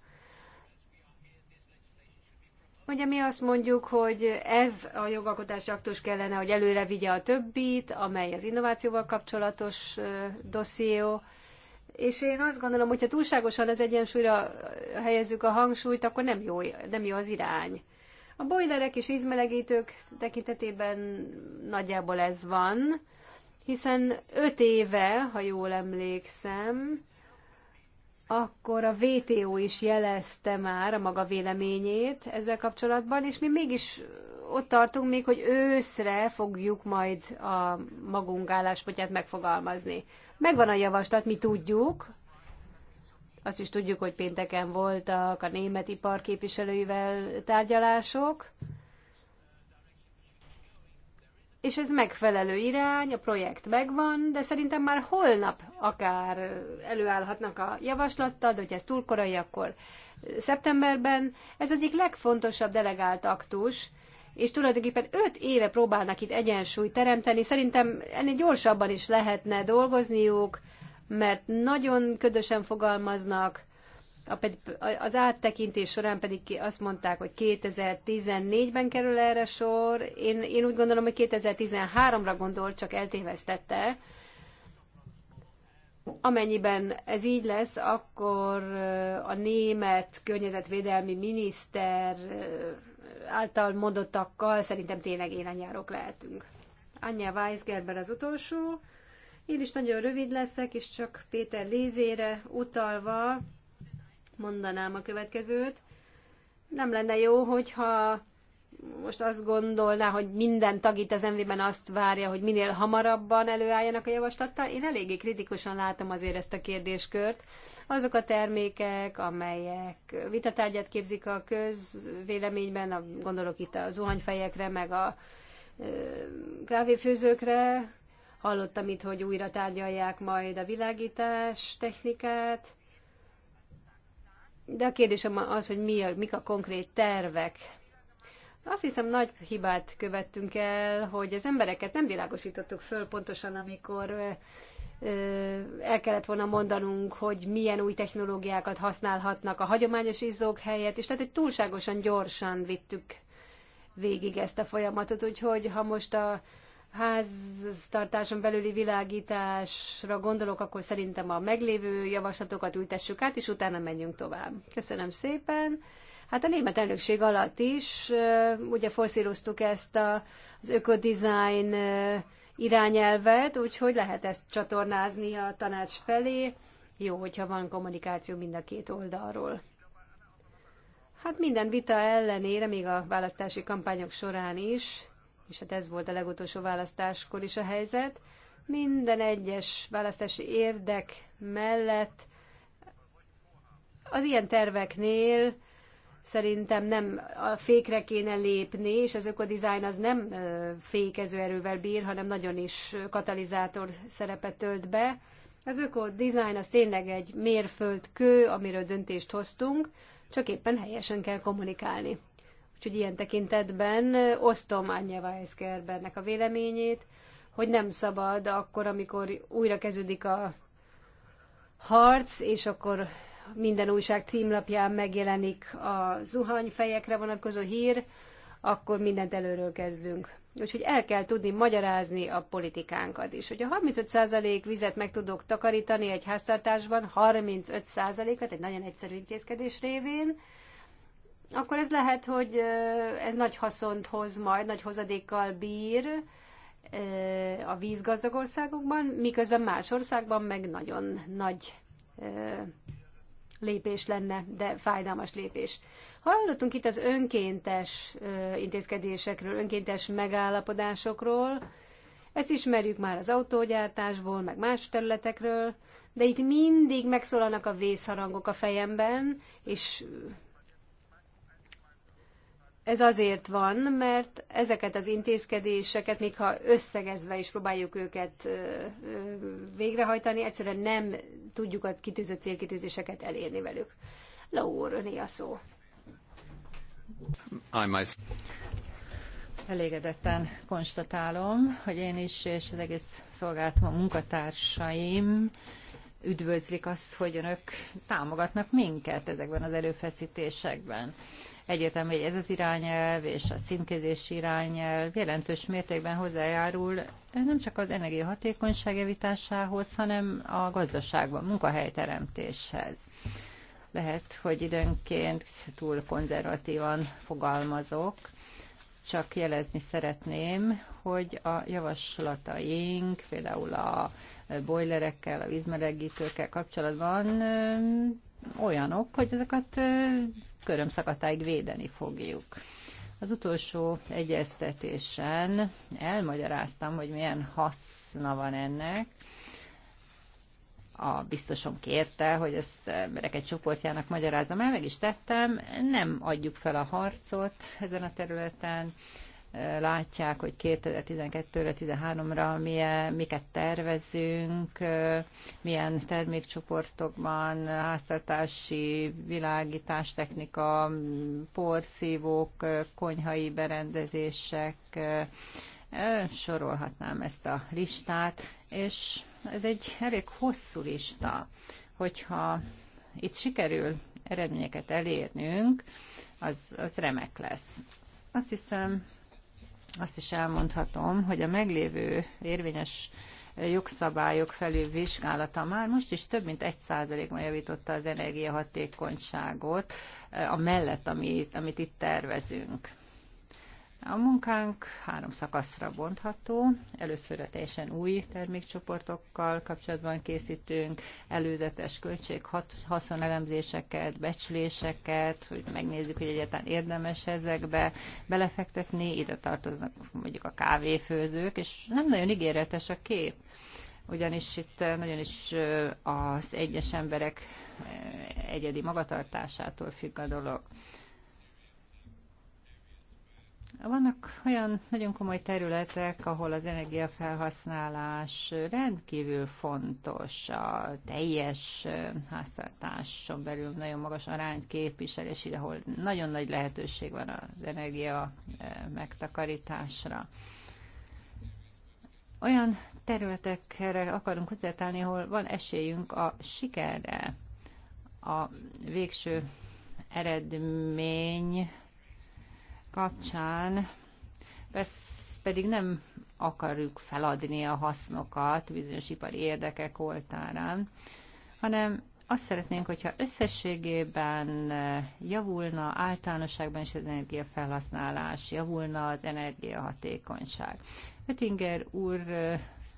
Ugye mi azt mondjuk, hogy ez a jogalkotási aktus kellene, hogy előre vigye a többit, amely az innovációval kapcsolatos dosszió, és én azt gondolom, hogyha túlságosan az egyensúlyra helyezzük a hangsúlyt, akkor nem jó, nem jó az irány. A bojlerek és ízmelegítők tekintetében nagyjából ez van, hiszen öt éve, ha jól emlékszem, akkor a VTO is jelezte már a maga véleményét ezzel kapcsolatban, és mi mégis ott tartunk még, hogy őszre fogjuk majd a magunk álláspontját megfogalmazni. Megvan a javaslat, mi tudjuk, azt is tudjuk, hogy pénteken voltak a német ipar képviselőivel tárgyalások, és ez megfelelő irány, a projekt megvan, de szerintem már holnap akár előállhatnak a javaslattal, de hogyha ez túl korai, akkor szeptemberben. Ez az egyik legfontosabb delegált aktus, és tulajdonképpen öt éve próbálnak itt egyensúlyt teremteni. Szerintem ennél gyorsabban is lehetne dolgozniuk, mert nagyon ködösen fogalmaznak, az áttekintés során pedig azt mondták, hogy 2014-ben kerül erre sor. Én, én úgy gondolom, hogy 2013-ra gondol, csak eltévesztette. Amennyiben ez így lesz, akkor a német környezetvédelmi miniszter által mondottakkal szerintem tényleg élenjárok lehetünk. Anya Weisgerber az utolsó. Én is nagyon rövid leszek, és csak Péter Lézére utalva mondanám a következőt. Nem lenne jó, hogyha most azt gondolná, hogy minden tag itt az MV-ben azt várja, hogy minél hamarabban előálljanak a javaslattal. Én eléggé kritikusan látom azért ezt a kérdéskört. Azok a termékek, amelyek vitatárgyát képzik a közvéleményben, a, gondolok itt a zuhanyfejekre, meg a kávéfőzőkre, Hallottam itt, hogy újra tárgyalják majd a világítás technikát, de a kérdésem az, hogy mi a, mik a konkrét tervek. Azt hiszem, nagy hibát követtünk el, hogy az embereket nem világosítottuk föl pontosan, amikor el kellett volna mondanunk, hogy milyen új technológiákat használhatnak a hagyományos izzók helyett, és tehát egy túlságosan gyorsan vittük végig ezt a folyamatot, úgyhogy ha most a háztartáson belüli világításra gondolok, akkor szerintem a meglévő javaslatokat ültessük át, és utána menjünk tovább. Köszönöm szépen. Hát a német elnökség alatt is ugye forszíroztuk ezt a, az ökodizájn irányelvet, úgyhogy lehet ezt csatornázni a tanács felé. Jó, hogyha van kommunikáció mind a két oldalról. Hát minden vita ellenére, még a választási kampányok során is, és hát ez volt a legutolsó választáskor is a helyzet, minden egyes választási érdek mellett az ilyen terveknél szerintem nem a fékre kéne lépni, és az ökodizájn az nem fékező erővel bír, hanem nagyon is katalizátor szerepet tölt be. Az ökodizájn az tényleg egy mérföldkő, amiről döntést hoztunk, csak éppen helyesen kell kommunikálni. Úgyhogy ilyen tekintetben osztom Anya Weisgerbernek a véleményét, hogy nem szabad akkor, amikor újra kezdődik a harc, és akkor minden újság címlapján megjelenik a zuhanyfejekre vonatkozó hír, akkor mindent előről kezdünk. Úgyhogy el kell tudni magyarázni a politikánkat is. Hogy a 35% vizet meg tudok takarítani egy háztartásban, 35%-at egy nagyon egyszerű intézkedés révén, akkor ez lehet, hogy ez nagy haszont hoz majd, nagy hozadékkal bír a vízgazdag országokban, miközben más országban meg nagyon nagy lépés lenne, de fájdalmas lépés. Hallottunk itt az önkéntes intézkedésekről, önkéntes megállapodásokról, ezt ismerjük már az autógyártásból, meg más területekről, de itt mindig megszólalnak a vészharangok a fejemben, és ez azért van, mert ezeket az intézkedéseket, még ha összegezve is próbáljuk őket végrehajtani, egyszerűen nem tudjuk a kitűzött célkitűzéseket elérni velük. Laur, öné a szó. Elégedetten konstatálom, hogy én is és az egész szolgáltam a munkatársaim üdvözlik azt, hogy önök támogatnak minket ezekben az előfeszítésekben. Egyértelmű, hogy ez az irányelv és a címkézés irányelv jelentős mértékben hozzájárul nem csak az energiahatékonyság javításához, hanem a gazdaságban, munkahelyteremtéshez. Lehet, hogy időnként túl konzervatívan fogalmazok, csak jelezni szeretném, hogy a javaslataink, például a bojlerekkel, a vízmelegítőkkel kapcsolatban olyanok, hogy ezeket körömszakatáig védeni fogjuk. Az utolsó egyeztetésen elmagyaráztam, hogy milyen haszna van ennek. A biztosom kérte, hogy ezt emberek egy csoportjának magyarázzam el, meg is tettem. Nem adjuk fel a harcot ezen a területen látják, hogy 2012-re, 2013 ra miket tervezünk, milyen termékcsoportokban, háztartási, technika, porszívók, konyhai berendezések, sorolhatnám ezt a listát, és ez egy elég hosszú lista, hogyha itt sikerül eredményeket elérnünk, az, az remek lesz. Azt hiszem, azt is elmondhatom, hogy a meglévő érvényes jogszabályok felülvizsgálata már most is több mint egy százalékban javította az energiahatékonyságot, eh, a mellett, amit, amit itt tervezünk. A munkánk három szakaszra bontható. Először a teljesen új termékcsoportokkal kapcsolatban készítünk előzetes költség haszonelemzéseket, becsléseket, hogy megnézzük, hogy egyáltalán érdemes ezekbe belefektetni. Ide tartoznak mondjuk a kávéfőzők, és nem nagyon ígéretes a kép ugyanis itt nagyon is az egyes emberek egyedi magatartásától függ a dolog. Vannak olyan nagyon komoly területek, ahol az energiafelhasználás rendkívül fontos, a teljes eh, háztartáson belül nagyon magas arányt képvisel, és ide, ahol nagyon nagy lehetőség van az energia eh, megtakarításra. Olyan területekre akarunk hozzátállni, ahol van esélyünk a sikerre. A végső eredmény kapcsán persze pedig nem akarjuk feladni a hasznokat bizonyos ipari érdekek oltárán, hanem azt szeretnénk, hogyha összességében javulna általánosságban is az energiafelhasználás, javulna az energiahatékonyság. Ötinger úr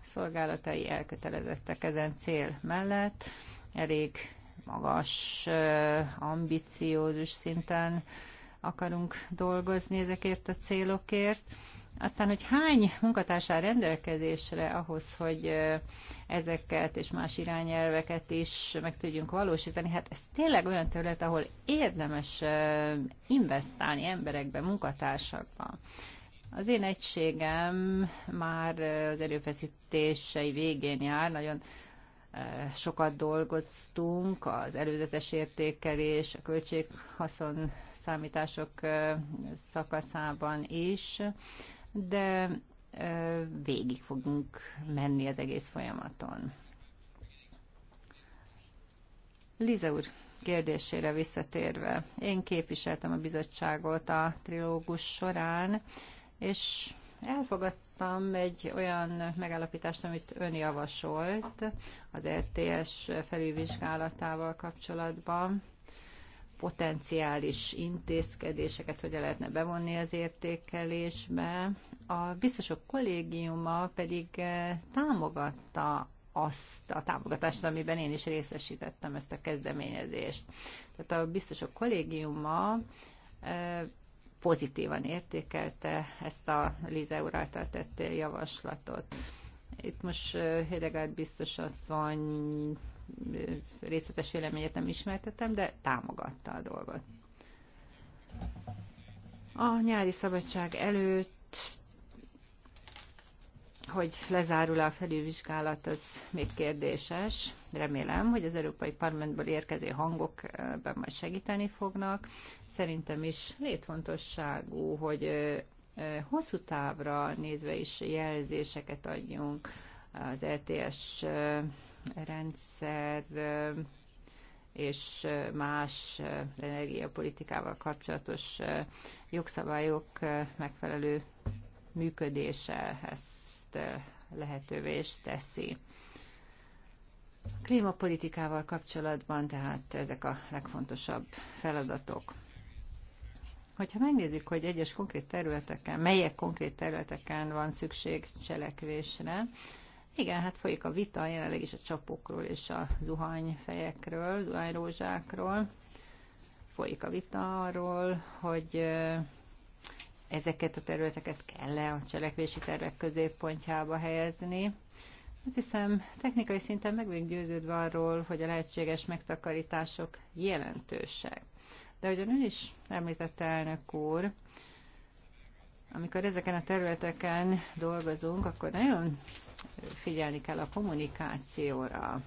szolgálatai elkötelezettek ezen cél mellett, elég magas, ambiciózus szinten akarunk dolgozni ezekért a célokért. Aztán, hogy hány munkatárs rendelkezésre ahhoz, hogy ezeket és más irányelveket is meg tudjunk valósítani, hát ez tényleg olyan terület, ahol érdemes investálni emberekbe, munkatársakba. Az én egységem már az erőfeszítései végén jár, nagyon sokat dolgoztunk, az előzetes értékelés, a költséghaszon számítások szakaszában is, de végig fogunk menni az egész folyamaton. Liza úr kérdésére visszatérve, én képviseltem a bizottságot a trilógus során, és elfogadtam, hallottam egy olyan megállapítást, amit ön javasolt az RTS e felülvizsgálatával kapcsolatban potenciális intézkedéseket hogyan lehetne bevonni az értékelésbe. A biztosok kollégiuma pedig eh, támogatta azt a támogatást, amiben én is részesítettem ezt a kezdeményezést. Tehát a biztosok kollégiuma eh, pozitívan értékelte ezt a Lize által tett javaslatot. Itt most Hidegard biztos asszony részletes véleményét nem ismertetem, de támogatta a dolgot. A nyári szabadság előtt hogy lezárul a felülvizsgálat, az még kérdéses. Remélem, hogy az Európai Parlamentből érkező hangok ebben majd segíteni fognak szerintem is létfontosságú, hogy hosszú távra nézve is jelzéseket adjunk az ETS rendszer és más energiapolitikával kapcsolatos jogszabályok megfelelő működése ezt lehetővé is teszi. klímapolitikával kapcsolatban tehát ezek a legfontosabb feladatok. Hogyha megnézzük, hogy egyes konkrét területeken, melyek konkrét területeken van szükség cselekvésre, igen, hát folyik a vita jelenleg is a csapokról és a zuhanyfejekről, zuhanyrózsákról. Folyik a vita arról, hogy ezeket a területeket kell-e a cselekvési tervek középpontjába helyezni. Azt hiszem, technikai szinten meg vagyunk győződve arról, hogy a lehetséges megtakarítások jelentősek. De ahogyan ön is említette, elnök úr, amikor ezeken a területeken dolgozunk, akkor nagyon figyelni kell a kommunikációra,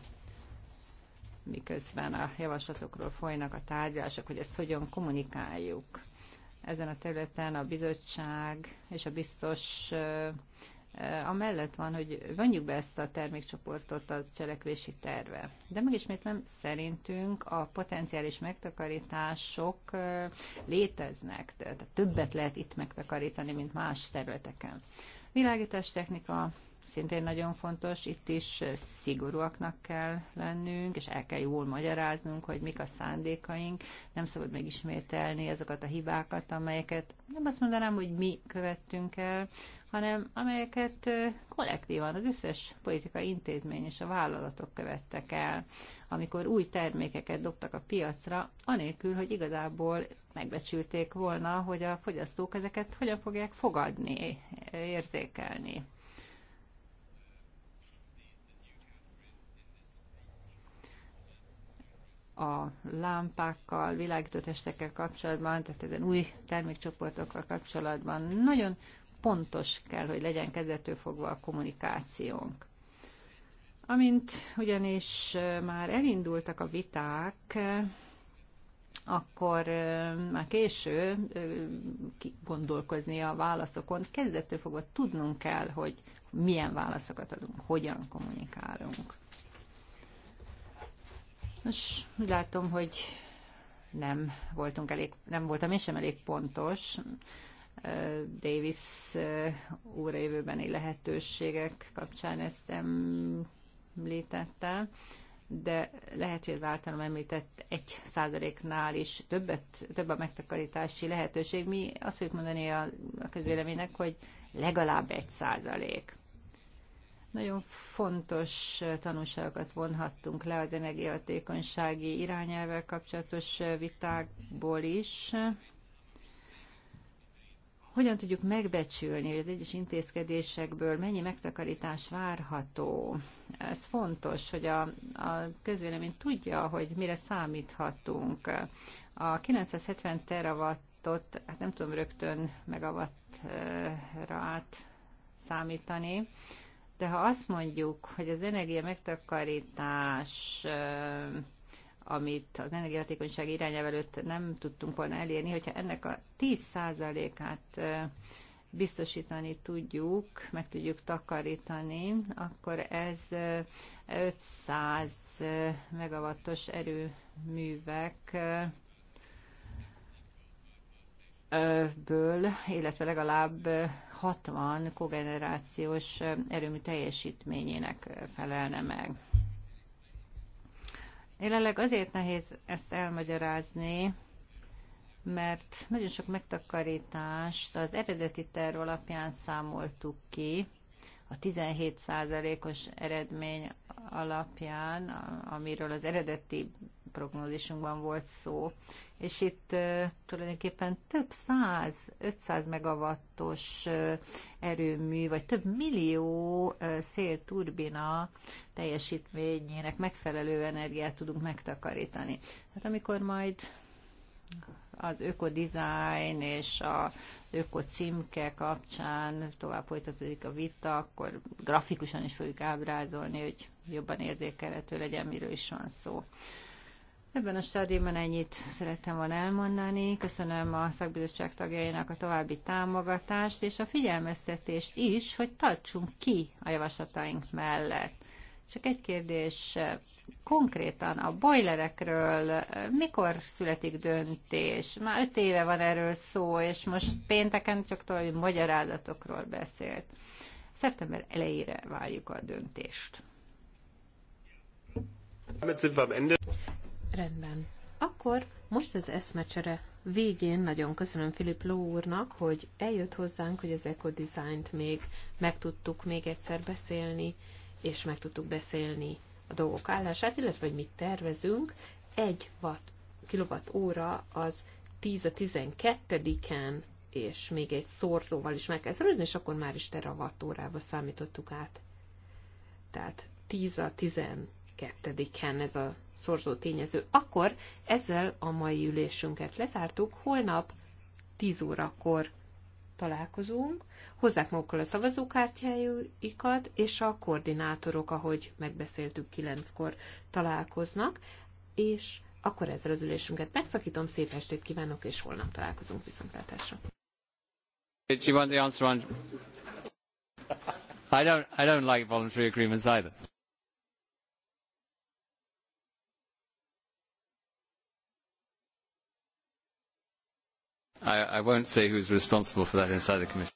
miközben a javaslatokról folynak a tárgyalások, hogy ezt hogyan kommunikáljuk. Ezen a területen a bizottság és a biztos a mellett van, hogy vonjuk be ezt a termékcsoportot a cselekvési terve. De megismétlem, szerintünk a potenciális megtakarítások léteznek, tehát többet lehet itt megtakarítani, mint más területeken. Világítás technika szintén nagyon fontos, itt is szigorúaknak kell lennünk, és el kell jól magyaráznunk, hogy mik a szándékaink, nem szabad megismételni azokat a hibákat, amelyeket nem azt mondanám, hogy mi követtünk el, hanem amelyeket kollektívan az összes politikai intézmény és a vállalatok követtek el, amikor új termékeket dobtak a piacra, anélkül, hogy igazából megbecsülték volna, hogy a fogyasztók ezeket hogyan fogják fogadni, érzékelni. a lámpákkal, világító testekkel kapcsolatban, tehát ezen új termékcsoportokkal kapcsolatban nagyon pontos kell, hogy legyen kezdetől fogva a kommunikációnk. Amint ugyanis már elindultak a viták, akkor már késő gondolkozni a válaszokon. Kezdettől fogva tudnunk kell, hogy milyen válaszokat adunk, hogyan kommunikálunk. Nos, úgy látom, hogy nem voltunk elég, nem voltam én sem elég pontos. Davis úr jövőbeni lehetőségek kapcsán ezt említette, de lehet, hogy az általam említett egy százaléknál is többet, több a megtakarítási lehetőség. Mi azt fogjuk mondani a, a közvéleménynek, hogy legalább egy százalék. Nagyon fontos tanulságokat vonhattunk le az energiahatékonysági irányelvvel kapcsolatos vitákból is. Hogyan tudjuk megbecsülni, hogy az egyes intézkedésekből mennyi megtakarítás várható? Ez fontos, hogy a, a közvélemény tudja, hogy mire számíthatunk. A 970 teravattot, hát nem tudom rögtön megavattra át számítani, de ha azt mondjuk, hogy az energia megtakarítás amit az energiahatékonyság irányelv előtt nem tudtunk volna elérni, hogyha ennek a 10%-át biztosítani tudjuk, meg tudjuk takarítani, akkor ez 500 megawattos erőművek ből, illetve legalább 60 kogenerációs erőmű teljesítményének felelne meg. Jelenleg azért nehéz ezt elmagyarázni, mert nagyon sok megtakarítást az eredeti terv alapján számoltuk ki, a 17%-os eredmény alapján, amiről az eredeti prognózisunkban volt szó, és itt tulajdonképpen több száz, 500 megawattos erőmű, vagy több millió szélturbina teljesítményének megfelelő energiát tudunk megtakarítani. Hát amikor majd az ökodizájn és az ökocímke kapcsán tovább folytatódik a vita, akkor grafikusan is fogjuk ábrázolni, hogy jobban érzékelhető legyen, miről is van szó. Ebben a stádiumban ennyit szerettem volna elmondani. Köszönöm a szakbizottság tagjainak a további támogatást és a figyelmeztetést is, hogy tartsunk ki a javaslataink mellett. Csak egy kérdés, konkrétan a bojlerekről mikor születik döntés? Már öt éve van erről szó, és most pénteken csak további magyarázatokról beszélt. Szeptember elejére várjuk a döntést. Rendben. Akkor most az eszmecsere végén nagyon köszönöm Filip Ló úrnak, hogy eljött hozzánk, hogy az ekodizájnt még meg tudtuk még egyszer beszélni, és meg tudtuk beszélni a dolgok állását, illetve hogy mit tervezünk. Egy watt, kilowatt óra az 10 a 12-en, és még egy szorzóval is meg kell szervezni, és akkor már is terawatt órába számítottuk át. Tehát 10 a 12 22-en ez a szorzó tényező. Akkor ezzel a mai ülésünket lezártuk. Holnap 10 órakor találkozunk, hozzák magukkal a szavazókártyájukat, és a koordinátorok, ahogy megbeszéltük, kilenckor találkoznak, és akkor ezzel az ülésünket megszakítom, szép estét kívánok, és holnap találkozunk viszontlátásra. Do you want the answer on... I don't, I don't like voluntary agreements either. I, I won't say who's responsible for that inside the Commission.